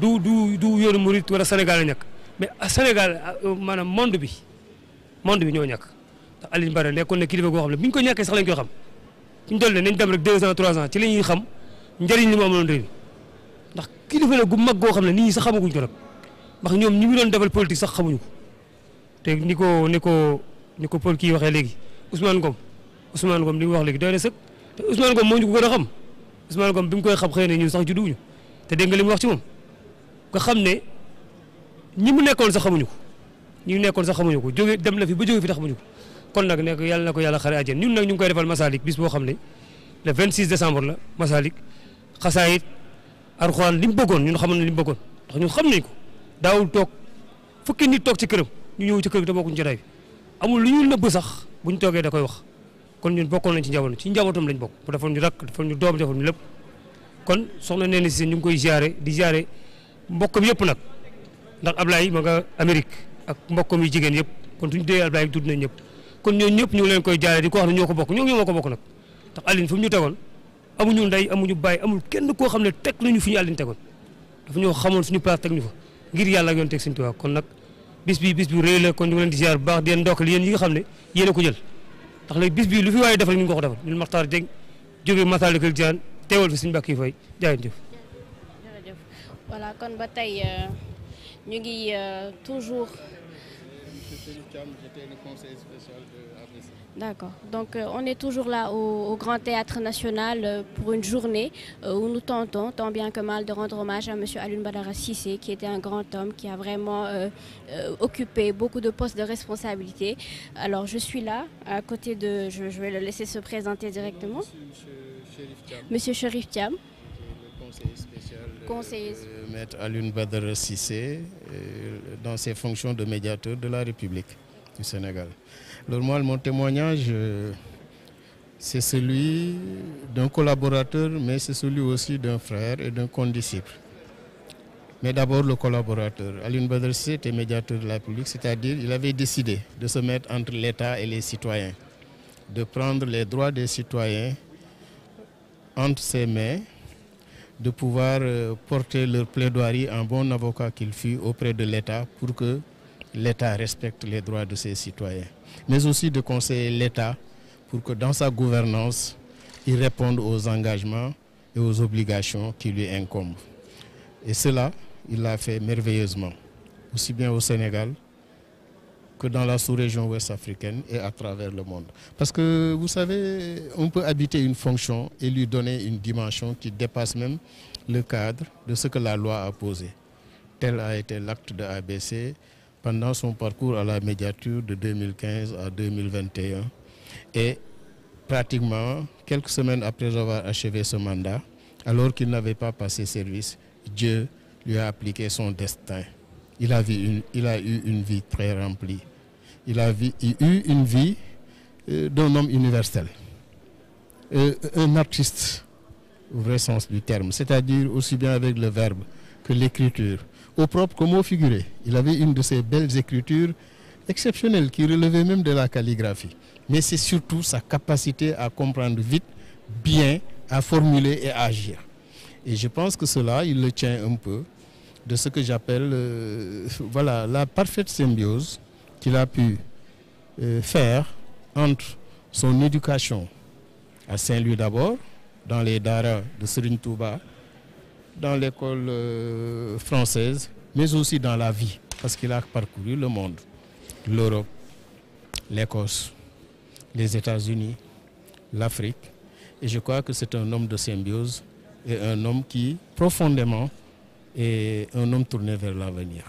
du du du yoonu murit wala senegal a ñàkk mais Sénégal euh, maanaam monde bi monde bi ñoo ñàkk ndax Alioune Badara nekkoon na kilifa goo xam ne bu ko ñàkkee sax lañ koy xam fi ñu toll nii dem rek deux ans trois ans ci la ñuy xam njëriñ li mu amaloon réew ndax kilifa gu mag goo xam ne ni ñi sax xamaguñ ko ndax ñoom ñu ngi doon defal politique sax xamuñu ko te ni ko ni ko ni ko Paul kii waxee léegi Ousmane Ngom Ousmane Ngom li mu wax léegi doy na sëkk te Ousmane moo ñu ko a xam Ousmane Ngom bi mu koy xam xëy na ñun sax judduwuñu te dégg limu wax ci moom nga xam ne ñi nekkoon sax xamuñu ko ñi mu nekkoon sax xamuñu ko jóge dem na fi ba jóge fi ta xamuñu ko kon nag nekk yàlla na ko yàlla xare àjjana ñun nag ñu ngi koy defal Masalik bis boo xam ne le 26 décembre la Masalik xasaayit Alxuraan li mu bëggoon ñun xamoon na li mu bëggoon ndax ñun xam nañ ko daawul toog fukki nit toog ci këram ñu ñëw ci kër bi te bokkuñ jotaay amul lu ñu nëbb sax bu ñu toogee da koy wax kon ñun bokkoon nañ ci njaboot ci njabootam lañ bokk bu defoon ñu rakk defoon ñu doom defoon ñu lépp kon soxna nee na si ñu ngi koy jaare di jaare mbokkam yëpp nag ndax Ablaye ma nga Amérique ak mbokkam yu jigéen yëpp kon suñu dee Ablaye tudd nañ ñëpp kon ñooñu ñëpp ñu ngi leen koy jaale di ko wax ne ñoo ko bokk ñoo ñoo ko bokk nag ndax Alioune fu ñu tegoon amuñu ndey amuñu bàyyi amul kenn koo xam ne teg nañu fi ñu Alioune tegoon dafa ñoo xamoon suñu kon nag ñu leen di ziar baax di leen ndokkal yéen yi nga xam ne yéen a ko jël ndax léegi bis lu fi waaye defal ñu ngi ko defal ñun Maxtaar Jeng jóge Masalikul Jinaan teewal fi suñu mbàkk yi fay jaayen jëf le spécial de euh, D'accord. Donc euh, on est toujours là au, Grand Théâtre National euh, pour une journée où nous tentons, tant bien que mal, de rendre hommage à M. Alun Badara Sissé, qui était un grand homme, qui a vraiment occupé beaucoup de postes de responsabilité. Alors je suis là, à côté de... Je, vais le laisser se présenter directement. monsieur, Sherif Thiam. Monsieur Sherif Thiam. Le conseiller Mettre euh, mettre Alun Badr Sissé, euh, dans ses fonctions de médiateur de la République du Sénégal. Alors moi, mon témoignage, euh, c'est celui d'un collaborateur, mais c'est celui aussi d'un frère et d'un condisciple. Mais d'abord le collaborateur. Alun Badr Sissé était médiateur de la République, c'est-à-dire il avait décidé de se mettre entre l'État et les citoyens, de prendre les droits des citoyens entre ses mains de pouvoir euh, porter leur plaidoirie en bon avocat qu'il fut auprès de l'État pour que l'État respecte les droits de ses citoyens, mais aussi de conseiller l'État pour que dans sa gouvernance, il réponde aux engagements et aux obligations qui lui incombent. Et cela, il l'a fait merveilleusement, aussi bien au Sénégal que dans la sous-région ouest africaine et à travers le monde. Parce que vous savez, on peut habiter une fonction et lui donner une dimension qui dépasse même le cadre de ce que la loi a posé. Tel a été l'acte de ABC pendant son parcours à la médiature de 2015 à 2021. Et pratiquement, quelques semaines après avoir achevé ce mandat, alors qu'il n'avait pas passé service, Dieu lui a appliqué son destin. Il a, il a eu une vie très remplie il a eu une vie euh, d'un homme universel, euh, un artiste au vrai sens du terme, c'est-à-dire aussi bien avec le verbe que l'écriture, au propre comme au figuré. Il avait une de ces belles écritures exceptionnelles qui relevait même de la calligraphie. Mais c'est surtout sa capacité à comprendre vite, bien, à formuler et à agir. Et je pense que cela, il le tient un peu de ce que j'appelle euh, voilà, la parfaite symbiose qu'il a pu euh, faire entre son éducation à Saint-Louis d'abord, dans les daras de Serine dans l'école euh, française, mais aussi dans la vie, parce qu'il a parcouru le monde, l'Europe, l'Écosse, les États-Unis, l'Afrique. Et je crois que c'est un homme de symbiose et un homme qui, profondément, est un homme tourné vers l'avenir.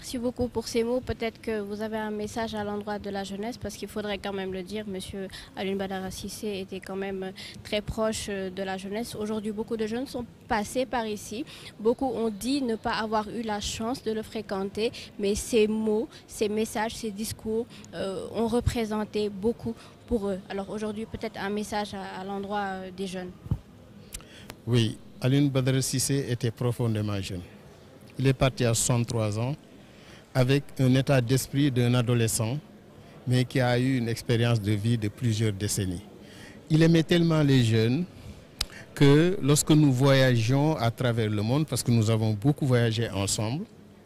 Merci beaucoup pour ces mots. Peut-être que vous avez un message à l'endroit de la jeunesse, parce qu'il faudrait quand même le dire, Monsieur Alun Badara était quand même euh, très proche euh, de la jeunesse. Aujourd'hui, beaucoup de jeunes sont passés par ici. Beaucoup ont dit ne pas avoir eu la chance de le fréquenter, mais ces mots, ces messages, ces discours euh, ont représenté beaucoup pour eux. Alors aujourd'hui, peut-être un message à, l'endroit des jeunes. Oui, Alun Badara était profondément jeune. Il est parti à 63 ans avec un état d'esprit d'un adolescent, mais qui a eu une expérience de vie de plusieurs décennies. Il aimait tellement les jeunes que lorsque nous voyageons à travers le monde, parce que nous avons beaucoup voyagé ensemble,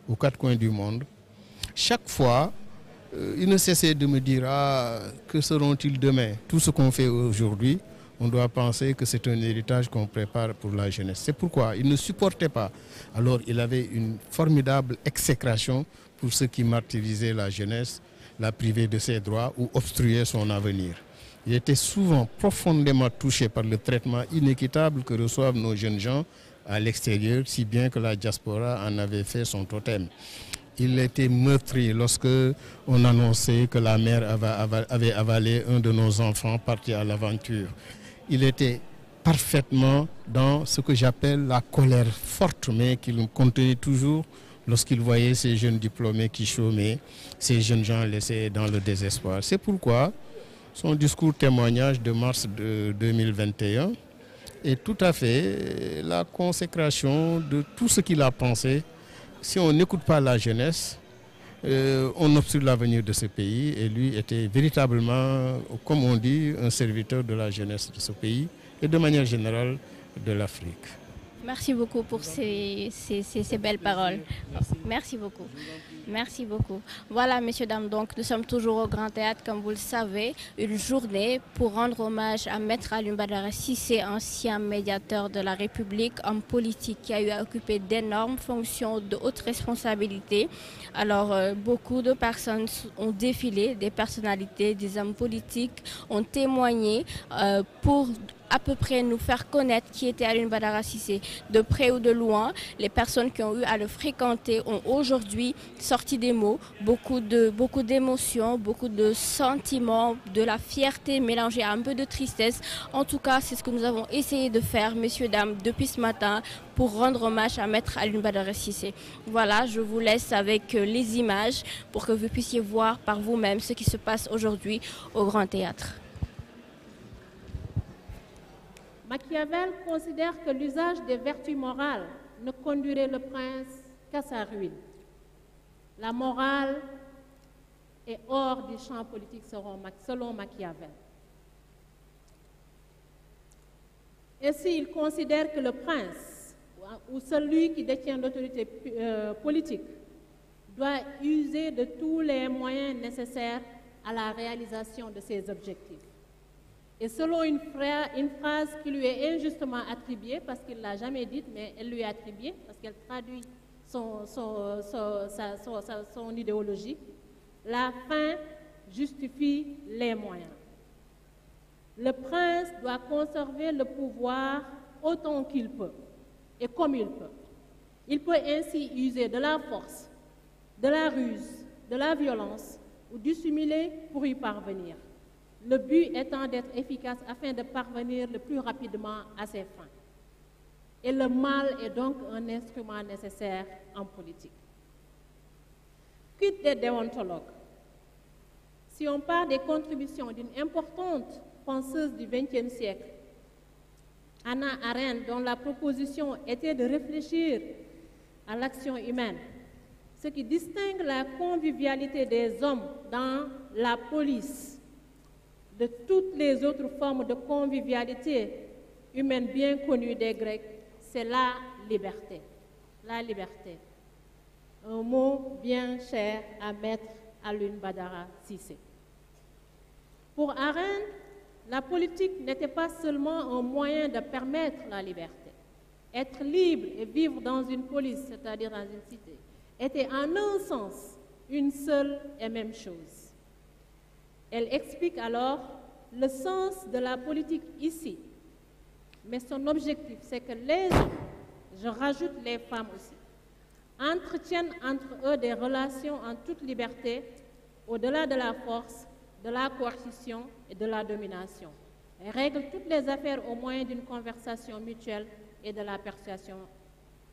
aux quatre coins du monde, chaque fois, euh, il ne cessait de me dire ah, que seront-ils demain Tout ce qu'on fait aujourd'hui, on doit penser que c'est un héritage qu'on prépare pour la jeunesse. C'est pourquoi il ne supportait pas. Alors il avait une formidable exécration pour ceux qui martyrisaient la jeunesse, la privaient de ses droits ou obstruaient son avenir. Il était souvent profondément touché par le traitement inéquitable que reçoivent nos jeunes gens à l'extérieur, si bien que la diaspora en avait fait son totem. Il était meurtri lorsque on annonçait que la mère avait avalé un de nos enfants parti à l'aventure. Il était parfaitement dans ce que j'appelle la colère forte, mais qui contenait toujours lorsqu'il voyait ces jeunes diplômés qui chômaient, ces jeunes gens laissés dans le désespoir. C'est pourquoi son discours témoignage de mars 2021 est tout à fait la consécration de tout ce qu'il a pensé. Si on n'écoute pas la jeunesse, euh, on observe l'avenir de ce pays et lui était véritablement, comme on dit, un serviteur de la jeunesse de ce pays et de manière générale de l'Afrique. Merci beaucoup pour ces, belles paroles. Merci. beaucoup. Merci beaucoup. Voilà, messieurs, dames, donc nous sommes toujours au Grand Théâtre, comme vous le savez, une journée pour rendre hommage à Maître Alun Badara Sissé, ancien médiateur de la République, homme politique qui a eu à occuper d'énormes fonctions de haute responsabilité. Alors, euh, beaucoup de personnes ont défilé, des personnalités, des hommes politiques ont témoigné euh, pour à peu près nous faire connaître qui était Aline Badara Sissé. De près ou de loin, les personnes qui ont eu à le fréquenter ont aujourd'hui sorti des mots, beaucoup de beaucoup d'émotions, beaucoup de sentiments, de la fierté mélangée à un peu de tristesse. En tout cas, c'est ce que nous avons essayé de faire, messieurs, dames, depuis ce matin pour rendre hommage à Maître Aline Badara Sissé. Voilà, je vous laisse avec euh, les images pour que vous puissiez voir par vous-même ce qui se passe aujourd'hui au Grand Théâtre. Machiavel considère que l'usage des vertus morales ne conduirait le prince qu'à sa ruine. La morale est hors du champ politique selon Machiavel. Ainsi, il considère que le prince ou celui qui détient l'autorité euh, politique doit user de tous les moyens nécessaires à la réalisation de ses objectifs. Et selon une, phrase qui lui est injustement attribuée, parce qu'il ne l'a jamais dite, mais elle lui est attribuée, parce qu'elle traduit son, idéologie, la fin justifie les moyens. Le prince doit conserver le pouvoir autant qu'il peut et comme il peut. Il peut ainsi user de la force, de la ruse, de la violence ou du dissimuler pour y parvenir le but étant d'être efficace afin de parvenir le plus rapidement à ses fins. Et le mal est donc un instrument nécessaire en politique. Quitte des déontologues Si on part des contributions d'une importante penseuse du XXe siècle, Anna Arendt, dont la proposition était de réfléchir à l'action humaine, ce qui distingue la convivialité des hommes dans la police de toutes les autres formes de convivialité humaine bien connues des Grecs, c'est la liberté. La liberté. Un mot bien cher à mettre à l'une Badara Sissé. Pour Arène, la politique n'était pas seulement un moyen de permettre la liberté. Être libre et vivre dans une police, c'est-à-dire dans une cité, était en un sens une seule et même chose. Elle explique alors le sens de la politique ici. Mais son objectif, c'est que les hommes, je rajoute les femmes aussi, entretiennent entre eux des relations en toute liberté, au-delà de la force, de la coercition et de la domination. Elle règle toutes les affaires au moyen d'une conversation mutuelle et de la persuasion,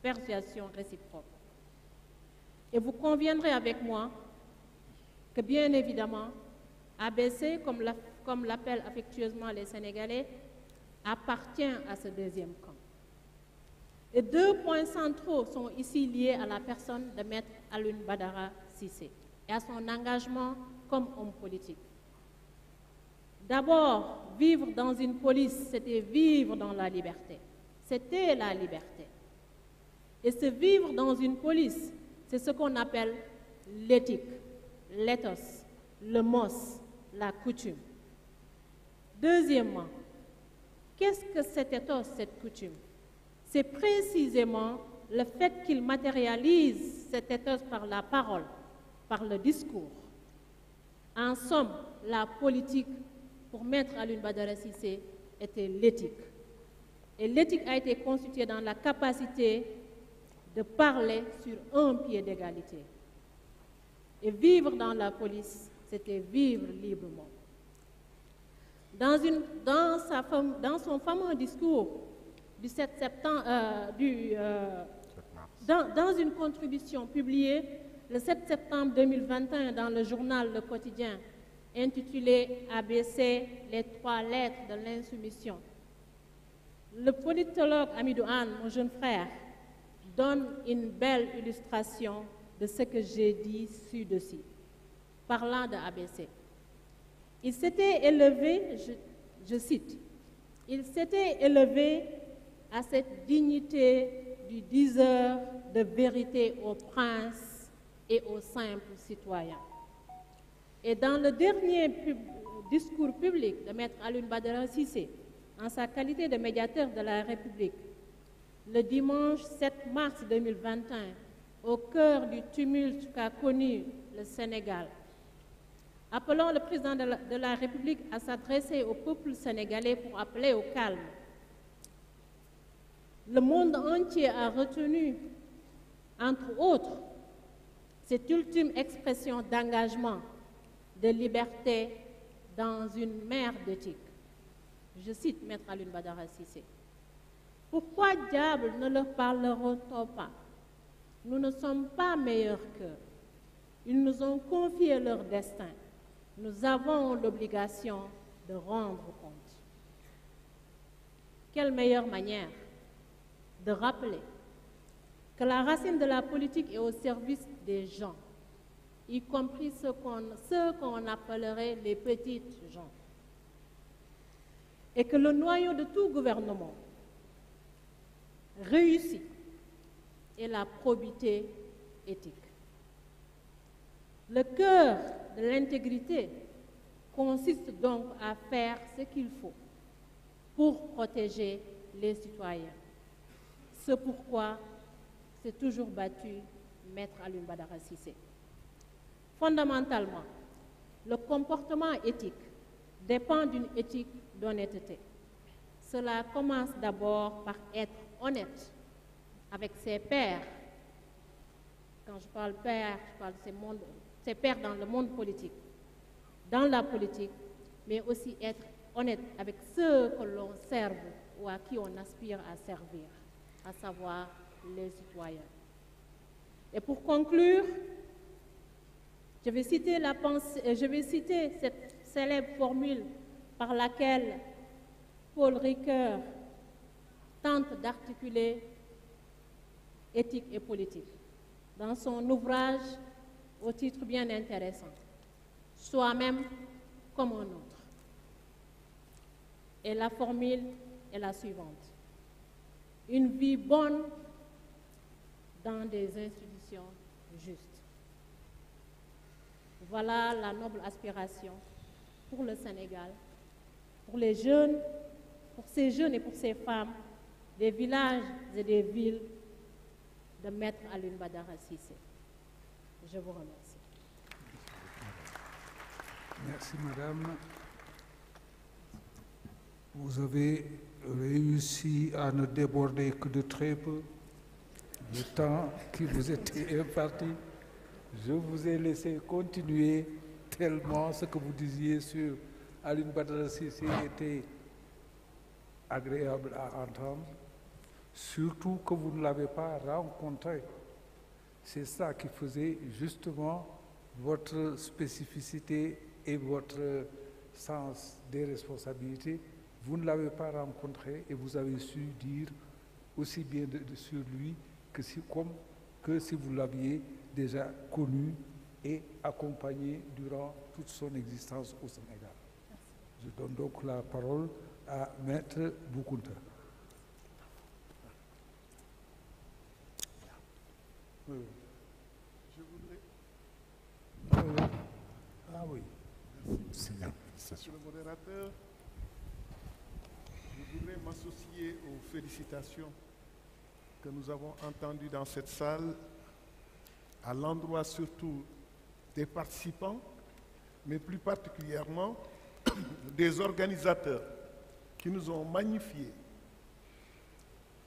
persuasion réciproque. Et vous conviendrez avec moi que, bien évidemment, ABC, comme l'appellent affectueusement les Sénégalais, appartient à ce deuxième camp. Et deux points centraux sont ici liés à la personne de Maître Alun Badara Sissé et à son engagement comme homme politique. D'abord, vivre dans une police, c'était vivre dans la liberté. C'était la liberté. Et se vivre dans une police, c'est ce qu'on appelle l'éthique, l'éthos, le mos, la coutume. Deuxièmement, qu'est-ce que cet oh, cette coutume C'est précisément le fait qu'il matérialise cette ethos par la parole, par le discours. En somme, la politique pour mettre à l'une Badara Sissé était l'éthique. Et l'éthique a été constituée dans la capacité de parler sur un pied d'égalité. Et vivre dans la police, c'était vivre librement. Dans, une, sa, dans, son fameux discours du 7 septembre, euh, du, euh, dans, une contribution publiée le 7 septembre 2021 dans le journal Le Quotidien, intitulé ABC, les trois lettres de l'insoumission, le politologue Amidou mon jeune frère, donne une belle illustration de ce que j'ai dit ci-dessus parlant de ABC. Il s'était élevé, je, cite, il s'était élevé à cette dignité du diseur de vérité aux princes et aux simples citoyens. Et dans le dernier discours public de Maître Alun Badara Sissé, en sa qualité de médiateur de la République, le dimanche 7 mars 2021, au cœur du tumulte qu'a connu le Sénégal, Appelons le président de la, République à s'adresser au peuple sénégalais pour appeler au calme. Le monde entier a retenu, entre autres, cette ultime expression d'engagement, de liberté dans une mer d'éthique. Je cite Maître Alun Badara Pourquoi diable ne leur parleront-on pas Nous ne sommes pas meilleurs qu'eux. Ils nous ont confié leur destin nous avons l'obligation de rendre compte. Quelle meilleure manière de rappeler que la racine de la politique est au service des gens, y compris ceux qu'on appellerait les petites gens, et que le noyau de tout gouvernement réussi est la probité éthique. Le cœur l'intégrité consiste donc à faire ce qu'il faut pour protéger les citoyens. C'est pourquoi c'est toujours battu Maître à Badara Sissé. Fondamentalement, le comportement éthique dépend d'une éthique d'honnêteté. Cela commence d'abord par être honnête avec ses pairs. Quand je parle père, je parle de ces mondes, c'est perdre dans le monde politique, dans la politique, mais aussi être honnête avec ceux que l'on serve ou à qui on aspire à servir, à savoir les citoyens. Et pour conclure, je vais citer, euh, je vais citer cette célèbre formule par laquelle Paul Ricoeur tente d'articuler éthique et politique. Dans son ouvrage au titre bien intéressant, soi-même comme un autre. Et la formule est la suivante. Une vie bonne dans des institutions justes. Voilà la noble aspiration pour le Sénégal, pour les jeunes, pour ces jeunes et pour ces femmes des villages et des villes de Maître à Badara je vous remercie. Merci, Madame. Vous avez réussi à ne déborder que de très peu le temps qui vous était imparti. Je vous ai laissé continuer tellement ce que vous disiez sur Aline Badrassi, était agréable à entendre, surtout que vous ne l'avez pas rencontré. C'est ça qui faisait justement votre spécificité et votre sens des responsabilités. Vous ne l'avez pas rencontré et vous avez su dire aussi bien sur lui que si, comme, que si vous l'aviez déjà connu et accompagné durant toute son existence au Sénégal. Je donne donc la parole à Maître Boukounta. Je voudrais. Ah oui. Monsieur le modérateur, je voudrais m'associer aux félicitations que nous avons entendues dans cette salle, à l'endroit surtout des participants, mais plus particulièrement des organisateurs qui nous ont magnifié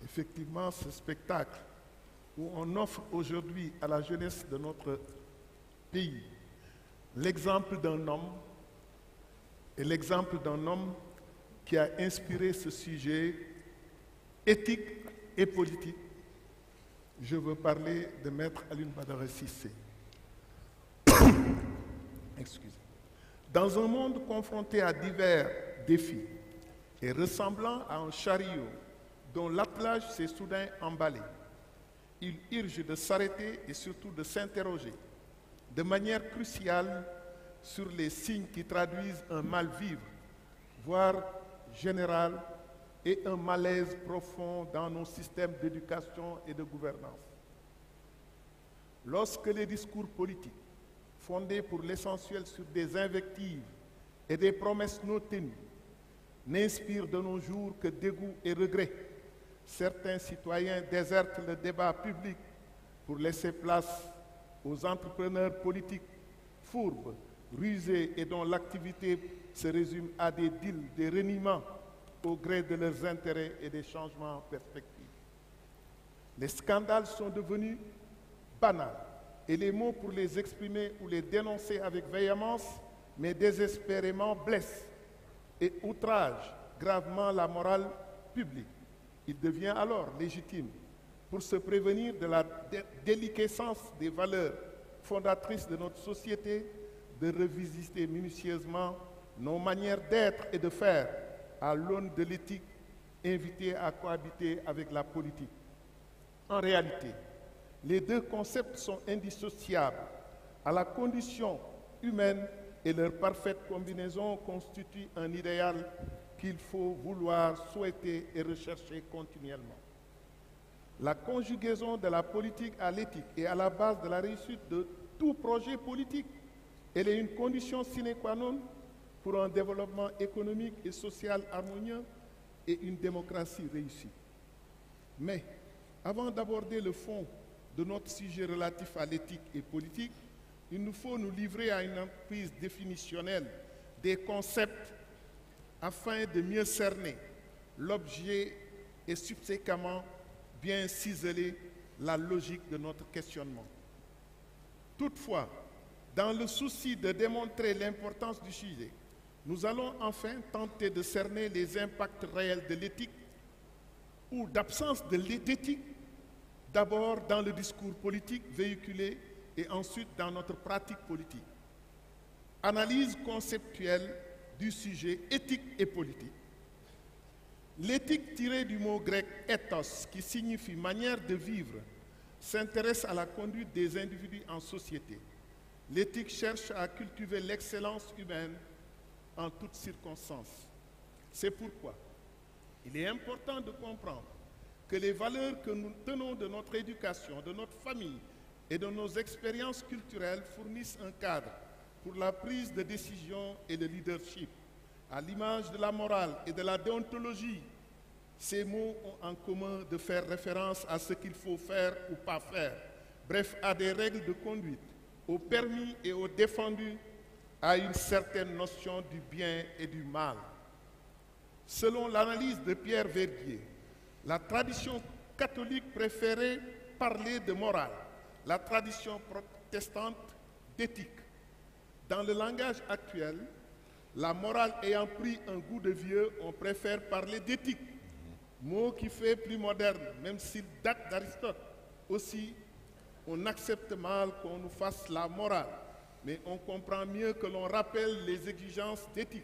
Effectivement, ce spectacle où on offre aujourd'hui à la jeunesse de notre pays l'exemple d'un homme et l'exemple d'un homme qui a inspiré ce sujet éthique et politique. Je veux parler de Maître Alun badaré Sissé. Excusez. Dans un monde confronté à divers défis et ressemblant à un chariot dont plage s'est soudain emballé, il urge de s'arrêter et surtout de s'interroger de manière cruciale sur les signes qui traduisent un mal-vivre, voire général, et un malaise profond dans nos systèmes d'éducation et de gouvernance. Lorsque les discours politiques, fondés pour l'essentiel sur des invectives et des promesses non tenues, n'inspirent de nos jours que dégoût et regret, certains citoyens désertent le débat public pour laisser place aux entrepreneurs politiques fourbes, rusés et dont l'activité se résume à des deals, des reniements au gré de leurs intérêts et des changements de perspective. Les scandales sont devenus banals et les mots pour les exprimer ou les dénoncer avec véhémence, mais désespérément blessent et outragent gravement la morale publique. Il devient alors légitime pour se prévenir de la déliquescence des valeurs fondatrices de notre société de revisiter minutieusement nos manières d'être et de faire à l'aune de l'éthique invitée à cohabiter avec la politique. En réalité, les deux concepts sont indissociables à la condition humaine et leur parfaite combinaison constitue un idéal il faut vouloir, souhaiter et rechercher continuellement. La conjugaison de la politique à l'éthique est à la base de la réussite de tout projet politique. Elle est une condition sine qua non pour un développement économique et social harmonieux et une démocratie réussie. Mais avant d'aborder le fond de notre sujet relatif à l'éthique et politique, il nous faut nous livrer à une prise définitionnelle des concepts afin de mieux cerner l'objet et subséquemment bien ciseler la logique de notre questionnement. Toutefois, dans le souci de démontrer l'importance du sujet, nous allons enfin tenter de cerner les impacts réels de l'éthique ou d'absence de l'éthique, d'abord dans le discours politique véhiculé et ensuite dans notre pratique politique. Analyse conceptuelle du sujet éthique et politique. L'éthique tirée du mot grec ethos, qui signifie manière de vivre, s'intéresse à la conduite des individus en société. L'éthique cherche à cultiver l'excellence humaine en toutes circonstances. C'est pourquoi il est important de comprendre que les valeurs que nous tenons de notre éducation, de notre famille et de nos expériences culturelles fournissent un cadre pour la prise de décision et le leadership. À l'image de la morale et de la déontologie, ces mots ont en commun de faire référence à ce qu'il faut faire ou pas faire, bref, à des règles de conduite, au permis et aux défendus, à une certaine notion du bien et du mal. Selon l'analyse de Pierre Verdier, la tradition catholique préférait parler de morale, la tradition protestante d'éthique. Dans le langage actuel, la morale ayant pris un goût de vieux, on préfère parler d'éthique, mot qui fait plus moderne, même s'il date d'Aristote. Aussi, on accepte mal qu'on nous fasse la morale, mais on comprend mieux que l'on rappelle les exigences d'éthique.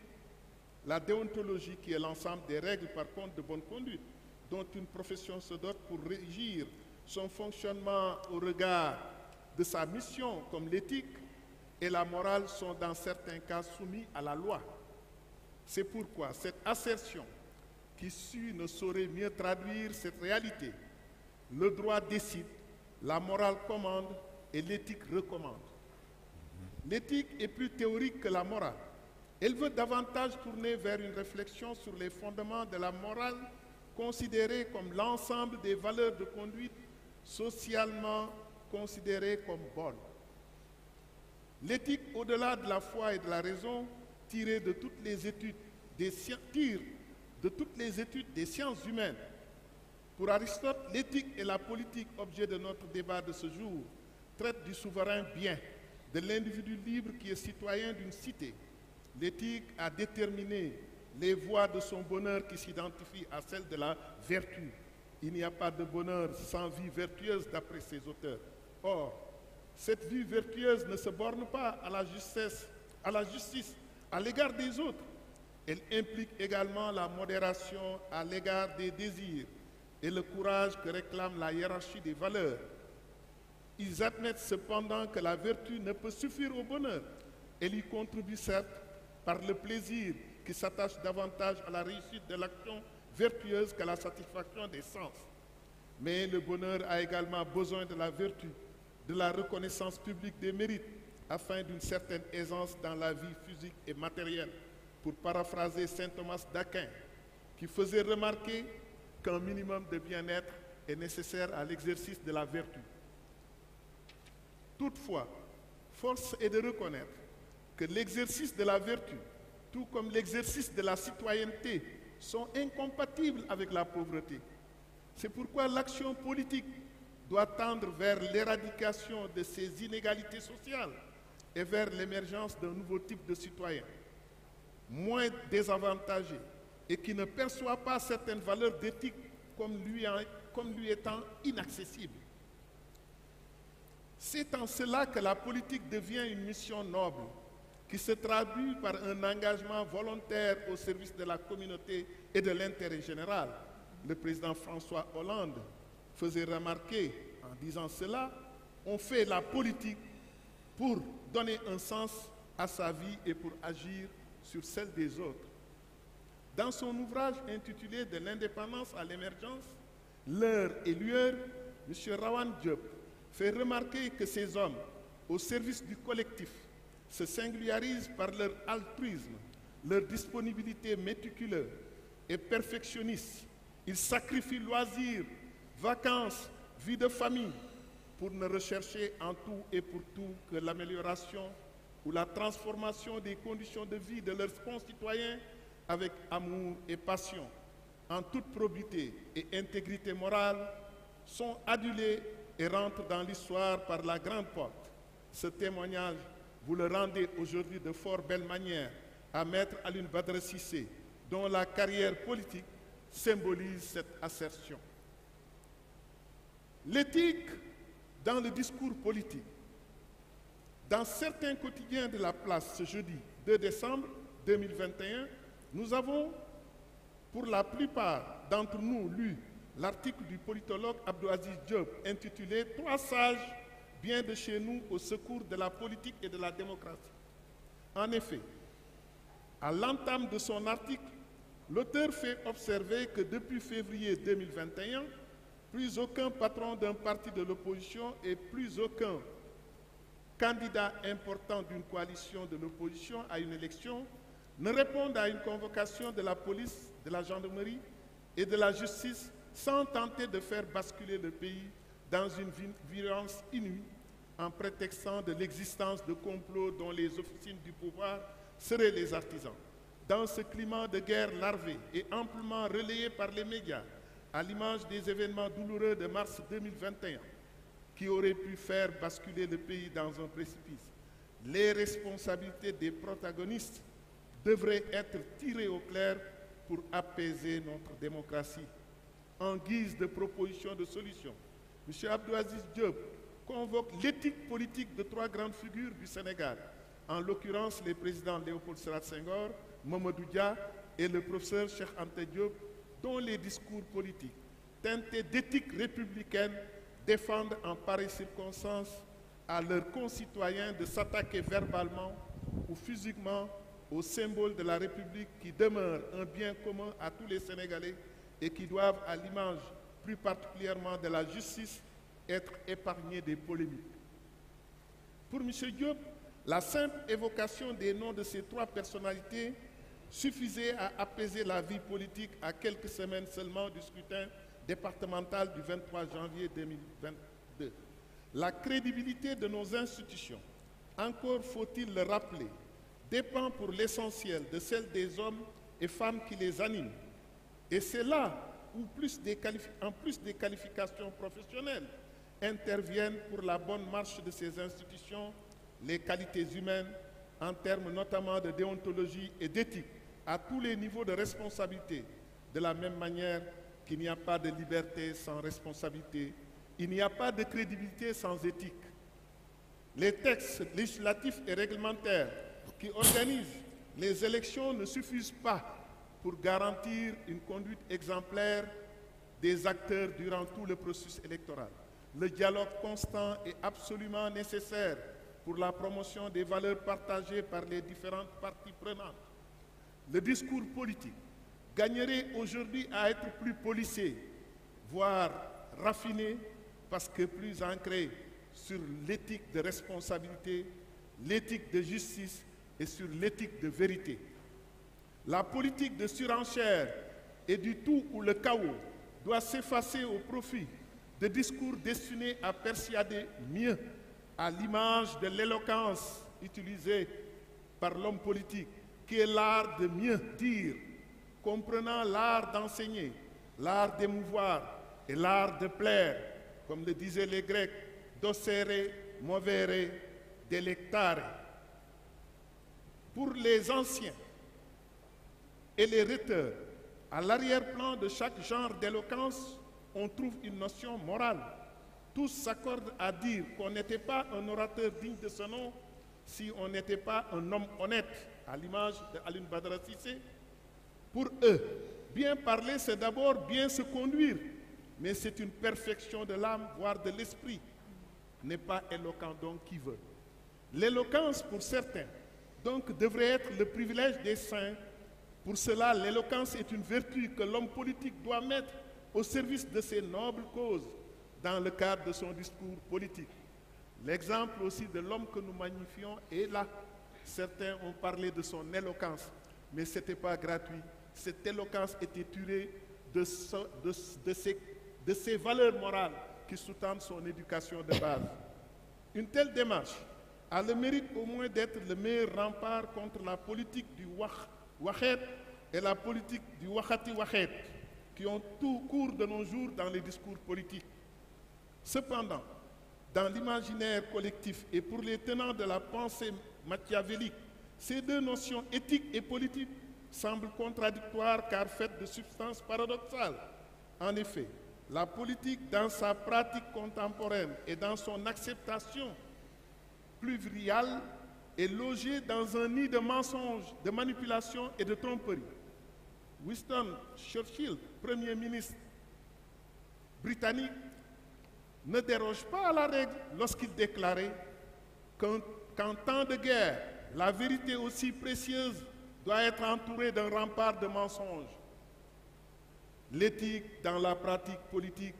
La déontologie, qui est l'ensemble des règles, par contre, de bonne conduite, dont une profession se dote pour régir son fonctionnement au regard de sa mission, comme l'éthique, et la morale sont dans certains cas soumis à la loi. C'est pourquoi cette assertion qui suit ne saurait mieux traduire cette réalité. Le droit décide, la morale commande et l'éthique recommande. L'éthique est plus théorique que la morale. Elle veut davantage tourner vers une réflexion sur les fondements de la morale considérée comme l'ensemble des valeurs de conduite socialement considérées comme bonnes. L'éthique, au-delà de la foi et de la raison, tirée de toutes les études des de toutes les études des sciences humaines. Pour Aristote, l'éthique et la politique, objet de notre débat de ce jour, Traite du souverain bien, de l'individu libre qui est citoyen d'une cité. L'éthique a déterminé les voies de son bonheur qui s'identifient à celles de la vertu. Il n'y a pas de bonheur sans vie vertueuse d'après ses auteurs. Or, cette vie vertueuse ne se borne pas à la justice, à la justice à l'égard des autres. Elle implique également la modération à l'égard des désirs et le courage que réclame la hiérarchie des valeurs. Ils admettent cependant que la vertu ne peut suffire au bonheur. Elle y contribue certes par le plaisir qui s'attache davantage à la réussite de l'action vertueuse qu'à la satisfaction des sens. Mais le bonheur a également besoin de la vertu de la reconnaissance publique des mérites afin d'une certaine aisance dans la vie physique et matérielle, pour paraphraser saint Thomas d'Aquin, qui faisait remarquer qu'un minimum de bien-être est nécessaire à l'exercice de la vertu. Toutefois, force est de reconnaître que l'exercice de la vertu, tout comme l'exercice de la citoyenneté, sont incompatibles avec la pauvreté. C'est pourquoi l'action politique doit tendre vers l'éradication de ces inégalités sociales et vers l'émergence d'un nouveau type de citoyen, moins désavantagé et qui ne perçoit pas certaines valeurs d'éthique comme lui, comme lui étant inaccessible. C'est en cela que la politique devient une mission noble qui se traduit par un engagement volontaire au service de la communauté et de l'intérêt général. Le président François Hollande faisait remarquer en disant cela, on fait la politique pour donner un sens à sa vie et pour agir sur celle des autres. Dans son ouvrage intitulé De l'indépendance à l'émergence, L'heure et lueur, M. Rawan Diop fait remarquer que ces hommes, au service du collectif, se singularisent par leur altruisme, leur disponibilité méticuleuse et perfectionniste. Ils sacrifient loisirs vacances, vie de famille, pour ne rechercher en tout et pour tout que l'amélioration ou la transformation des conditions de vie de leurs concitoyens avec amour et passion, en toute probité et intégrité morale, sont adulés et rentrent dans l'histoire par la grande porte. Ce témoignage, vous le rendez aujourd'hui de fort belle manière à Maître à l'une dont la carrière politique symbolise cette assertion. L'éthique dans le discours politique. Dans certains quotidiens de la place ce jeudi 2 décembre 2021, nous avons pour la plupart d'entre nous lu l'article du politologue Abdouaziz Diop intitulé « Trois sages bien de chez nous au secours de la politique et de la démocratie ». En effet, à l'entame de son article, l'auteur fait observer que depuis février 2021, plus aucun patron d'un parti de l'opposition et plus aucun candidat important d'une coalition de l'opposition à une élection ne répondent à une convocation de la police, de la gendarmerie et de la justice sans tenter de faire basculer le pays dans une violence inouïe en prétextant de l'existence de complots dont les officines du pouvoir seraient les artisans. Dans ce climat de guerre larvée et amplement relayé par les médias, à l'image des événements douloureux de mars 2021 qui auraient pu faire basculer le pays dans un précipice, les responsabilités des protagonistes devraient être tirées au clair pour apaiser notre démocratie. En guise de proposition de solution, M. Abdouaziz Diop convoque l'éthique politique de trois grandes figures du Sénégal, en l'occurrence les présidents Léopold Sédar Senghor, Mamadou Dia et le professeur Cheikh Ante Diop, dont les discours politiques, teintés d'éthique républicaine, défendent en pareille circonstance à leurs concitoyens de s'attaquer verbalement ou physiquement aux symboles de la République qui demeure un bien commun à tous les Sénégalais et qui doivent, à l'image plus particulièrement de la justice, être épargnés des polémiques. Pour M. Diop, la simple évocation des noms de ces trois personnalités suffisait à apaiser la vie politique à quelques semaines seulement du scrutin départemental du 23 janvier 2022. La crédibilité de nos institutions, encore faut-il le rappeler, dépend pour l'essentiel de celle des hommes et femmes qui les animent. Et c'est là où, en plus des qualifications professionnelles, interviennent pour la bonne marche de ces institutions les qualités humaines en termes notamment de déontologie et d'éthique à tous les niveaux de responsabilité, de la même manière qu'il n'y a pas de liberté sans responsabilité, il n'y a pas de crédibilité sans éthique. Les textes législatifs et réglementaires qui organisent les élections ne suffisent pas pour garantir une conduite exemplaire des acteurs durant tout le processus électoral. Le dialogue constant est absolument nécessaire pour la promotion des valeurs partagées par les différentes parties prenantes le discours politique gagnerait aujourd'hui à être plus policé, voire raffiné, parce que plus ancré sur l'éthique de responsabilité, l'éthique de justice et sur l'éthique de vérité. La politique de surenchère et du tout ou le chaos doit s'effacer au profit de discours destinés à persuader mieux à l'image de l'éloquence utilisée par l'homme politique qui est l'art de mieux dire, comprenant l'art d'enseigner, l'art d'émouvoir et l'art de plaire, comme le disaient les Grecs, docere, movere, delectare. Pour les anciens et les rhéteurs, à l'arrière-plan de chaque genre d'éloquence, on trouve une notion morale. Tous s'accordent à dire qu'on n'était pas un orateur digne de ce nom si on n'était pas un homme honnête à l'image d'Aline Badrassissé, pour eux, bien parler, c'est d'abord bien se conduire, mais c'est une perfection de l'âme, voire de l'esprit. N'est pas éloquent donc qui veut. L'éloquence pour certains, donc, devrait être le privilège des saints. Pour cela, l'éloquence est une vertu que l'homme politique doit mettre au service de ses nobles causes dans le cadre de son discours politique. L'exemple aussi de l'homme que nous magnifions est là. Certains ont parlé de son éloquence, mais ce n'était pas gratuit. Cette éloquence était tirée de, ses, valeurs morales qui sous-tendent son éducation de base. Une telle démarche a le mérite au moins d'être le meilleur rempart contre la politique du wachet et la politique du wachati wachet qui ont tout cours de nos jours dans les discours politiques. Cependant, dans l'imaginaire collectif et pour les tenants de la pensée machiavélique. Ces deux notions, éthiques et politiques semblent contradictoires car faites de substances paradoxales. En effet, la politique dans sa pratique contemporaine et dans son acceptation pluviale est logée dans un nid de mensonges, de manipulations et de tromperies. Winston Churchill, Premier ministre britannique, ne déroge pas à la règle lorsqu'il déclarait qu'un qu'en temps de guerre, la vérité aussi précieuse doit être entourée d'un rempart de mensonges. L'éthique dans la pratique politique.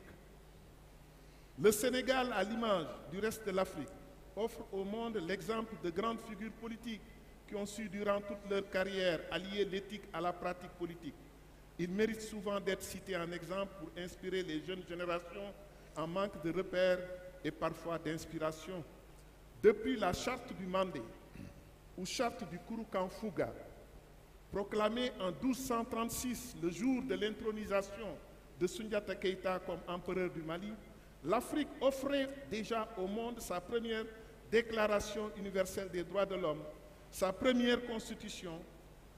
Le Sénégal, à l'image du reste de l'Afrique, offre au monde l'exemple de grandes figures politiques qui ont su durant toute leur carrière allier l'éthique à la pratique politique. Ils méritent souvent d'être cités en exemple pour inspirer les jeunes générations en manque de repères et parfois d'inspiration. Depuis la charte du Mandé, ou charte du Kouroukan-Fouga, proclamée en 1236, le jour de l'intronisation de Sundiata Keita comme empereur du Mali, l'Afrique offrait déjà au monde sa première déclaration universelle des droits de l'homme, sa première constitution,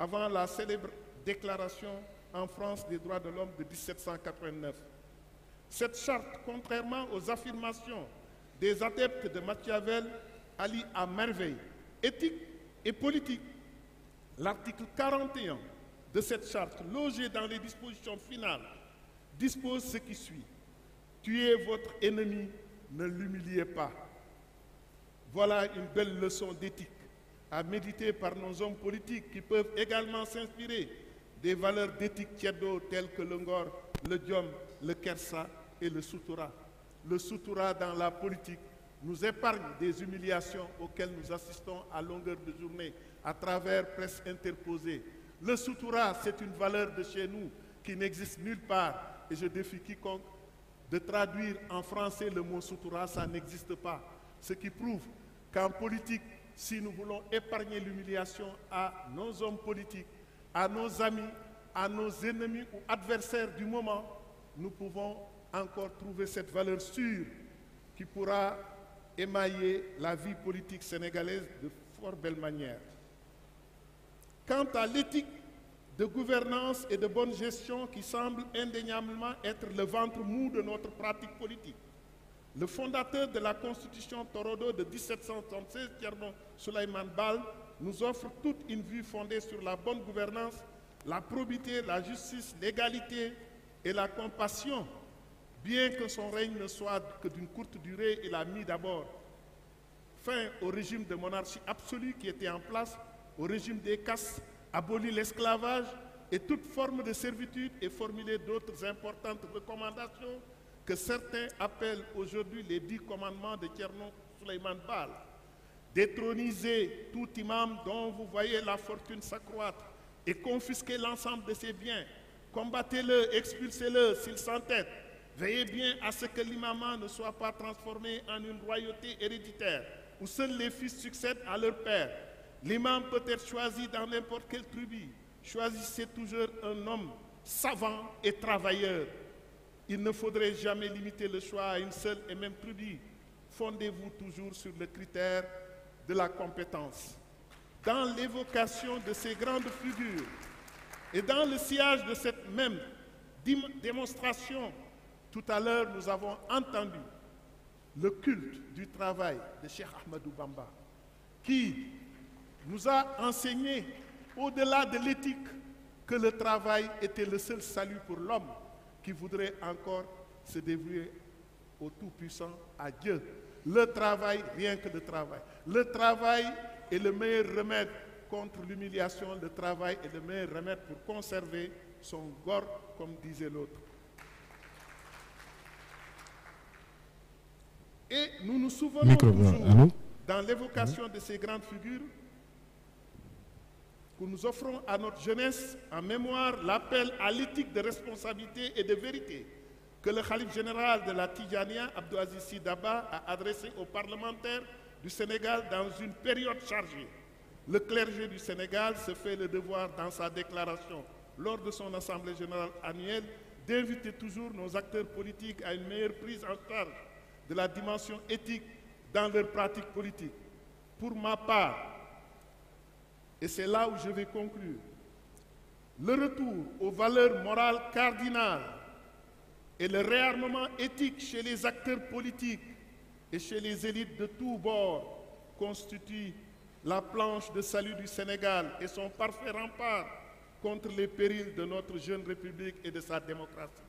avant la célèbre déclaration en France des droits de l'homme de 1789. Cette charte, contrairement aux affirmations des adeptes de Machiavel, Ali à merveille éthique et politique. L'article 41 de cette charte, logé dans les dispositions finales, dispose ce qui suit. Tuez votre ennemi, ne l'humiliez pas. Voilà une belle leçon d'éthique à méditer par nos hommes politiques qui peuvent également s'inspirer des valeurs d'éthique tièdo telles que le le diom, le kersa et le soutoura. Le soutoura dans la politique nous épargne des humiliations auxquelles nous assistons à longueur de journée à travers presse interposée. Le soutoura, c'est une valeur de chez nous qui n'existe nulle part et je défie quiconque de traduire en français le mot soutoura, ça n'existe pas. Ce qui prouve qu'en politique, si nous voulons épargner l'humiliation à nos hommes politiques, à nos amis, à nos ennemis ou adversaires du moment, nous pouvons encore trouver cette valeur sûre qui pourra émaillé la vie politique sénégalaise de fort belle manière. Quant à l'éthique de gouvernance et de bonne gestion qui semble indéniablement être le ventre mou de notre pratique politique, le fondateur de la Constitution Torodo de 1776, Thierno Sulaiman Bal, nous offre toute une vue fondée sur la bonne gouvernance, la probité, la justice, l'égalité et la compassion Bien que son règne ne soit que d'une courte durée, il a mis d'abord fin au régime de monarchie absolue qui était en place, au régime des castes, aboli l'esclavage et toute forme de servitude et formulé d'autres importantes recommandations que certains appellent aujourd'hui les dix commandements de tchernon Suleiman Bal. Détronisez tout imam dont vous voyez la fortune s'accroître et confisquer l'ensemble de ses biens. Combattez-le, expulsez-le s'il s'entête Veillez bien à ce que l'imam ne soit pas transformé en une royauté héréditaire où seuls les fils succèdent à leur père. L'imam peut être choisi dans n'importe quelle tribu. Choisissez toujours un homme savant et travailleur. Il ne faudrait jamais limiter le choix à une seule et même tribu. Fondez-vous toujours sur le critère de la compétence. Dans l'évocation de ces grandes figures et dans le sillage de cette même démonstration tout à l'heure, nous avons entendu le culte du travail de Cheikh Ahmadou Bamba, qui nous a enseigné, au-delà de l'éthique, que le travail était le seul salut pour l'homme qui voudrait encore se dévouer au Tout-Puissant, à Dieu. Le travail, rien que le travail. Le travail est le meilleur remède contre l'humiliation. Le travail est le meilleur remède pour conserver son gore, comme disait l'autre. Et nous nous souvenons toujours, euh, dans l'évocation de ces grandes figures, que nous offrons à notre jeunesse en mémoire l'appel à l'éthique de responsabilité et de vérité que le calife général de la Tijania, Abdouaziz Sidaba, a adressé aux parlementaires du Sénégal dans une période chargée. Le clergé du Sénégal se fait le devoir dans sa déclaration lors de son Assemblée générale annuelle d'inviter toujours nos acteurs politiques à une meilleure prise en charge de la dimension éthique dans leurs pratiques politiques. Pour ma part, et c'est là où je vais conclure, le retour aux valeurs morales cardinales et le réarmement éthique chez les acteurs politiques et chez les élites de tous bords constituent la planche de salut du Sénégal et son parfait rempart contre les périls de notre jeune République et de sa démocratie.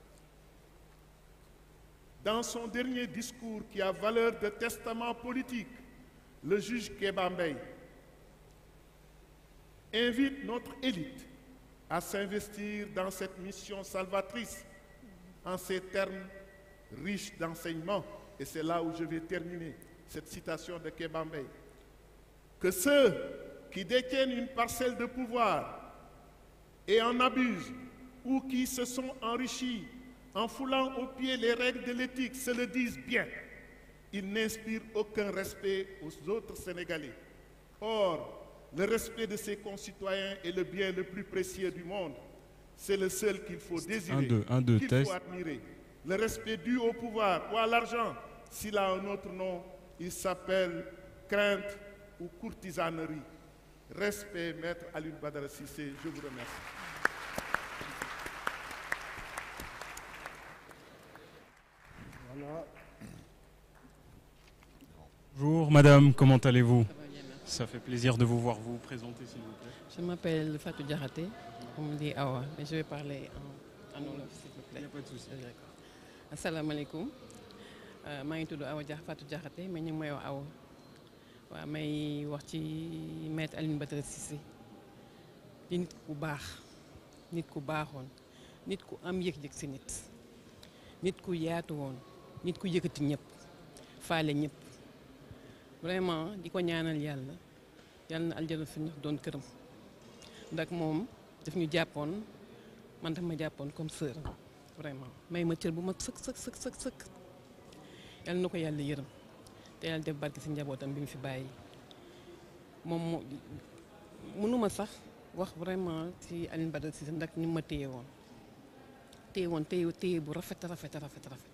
Dans son dernier discours qui a valeur de testament politique, le juge Kebambey invite notre élite à s'investir dans cette mission salvatrice en ces termes riches d'enseignement. Et c'est là où je vais terminer cette citation de Kébambeï. Que ceux qui détiennent une parcelle de pouvoir et en abusent ou qui se sont enrichis en foulant aux pieds les règles de l'éthique, se le disent bien. Ils n'inspirent aucun respect aux autres Sénégalais. Or, le respect de ses concitoyens est le bien le plus précieux du monde. C'est le seul qu'il faut désirer, qu'il faut admirer. Le respect dû au pouvoir ou à l'argent, s'il a un autre nom, il s'appelle crainte ou courtisanerie. Respect, maître Aline Badara Sissé, je vous remercie. Bonjour madame, comment allez-vous Ça fait plaisir de vous voir vous présenter s'il vous plaît. Je m'appelle Fatou Diaraté, on dit Awa, mais je vais parler en, en anglais s'il vous plaît. Il n'y a pas de souci. Assalamu alaikum. Euh, maa ngi suis Awa Dia Fatou Diakhaté mais ñu ngi may Je Awa Wa may wax ci maître Alioune Badara Cissé nit ku baax nit ku à nit kou am nit nit nit ku yëkkati ñëpp faale ñëpp vraiment di ko ñaanal yàlla yàlla na aljana fi doon këram ndax moom daf ñu jàppoon man daf ma jàppoon comme sœur vraiment may ma cër bu ma sëkk sëkk sëkk sëkk sëkk yàlla na ko yàlla yërëm te yàlla def barke si njabootam bi mu fi bàyyi moom mënuma sax wax vraiment ci Alioune Badara si ndax ñu ma téye woon téye woon téye téye bu rafet rafet rafet rafet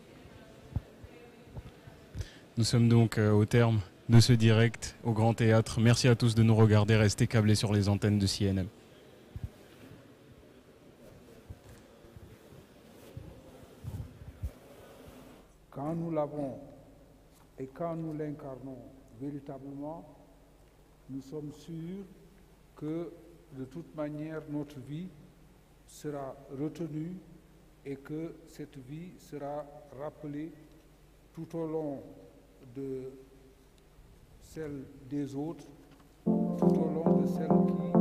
Nous sommes donc euh, au terme de ce direct au Grand Théâtre. Merci à tous de nous regarder. Restez câblés sur les antennes de CNM. Quand nous l'avons et quand nous l'incarnons véritablement, nous sommes sûrs que de toute manière notre vie sera retenue et que cette vie sera rappelée tout au long de celle des autres tout au long de celle qui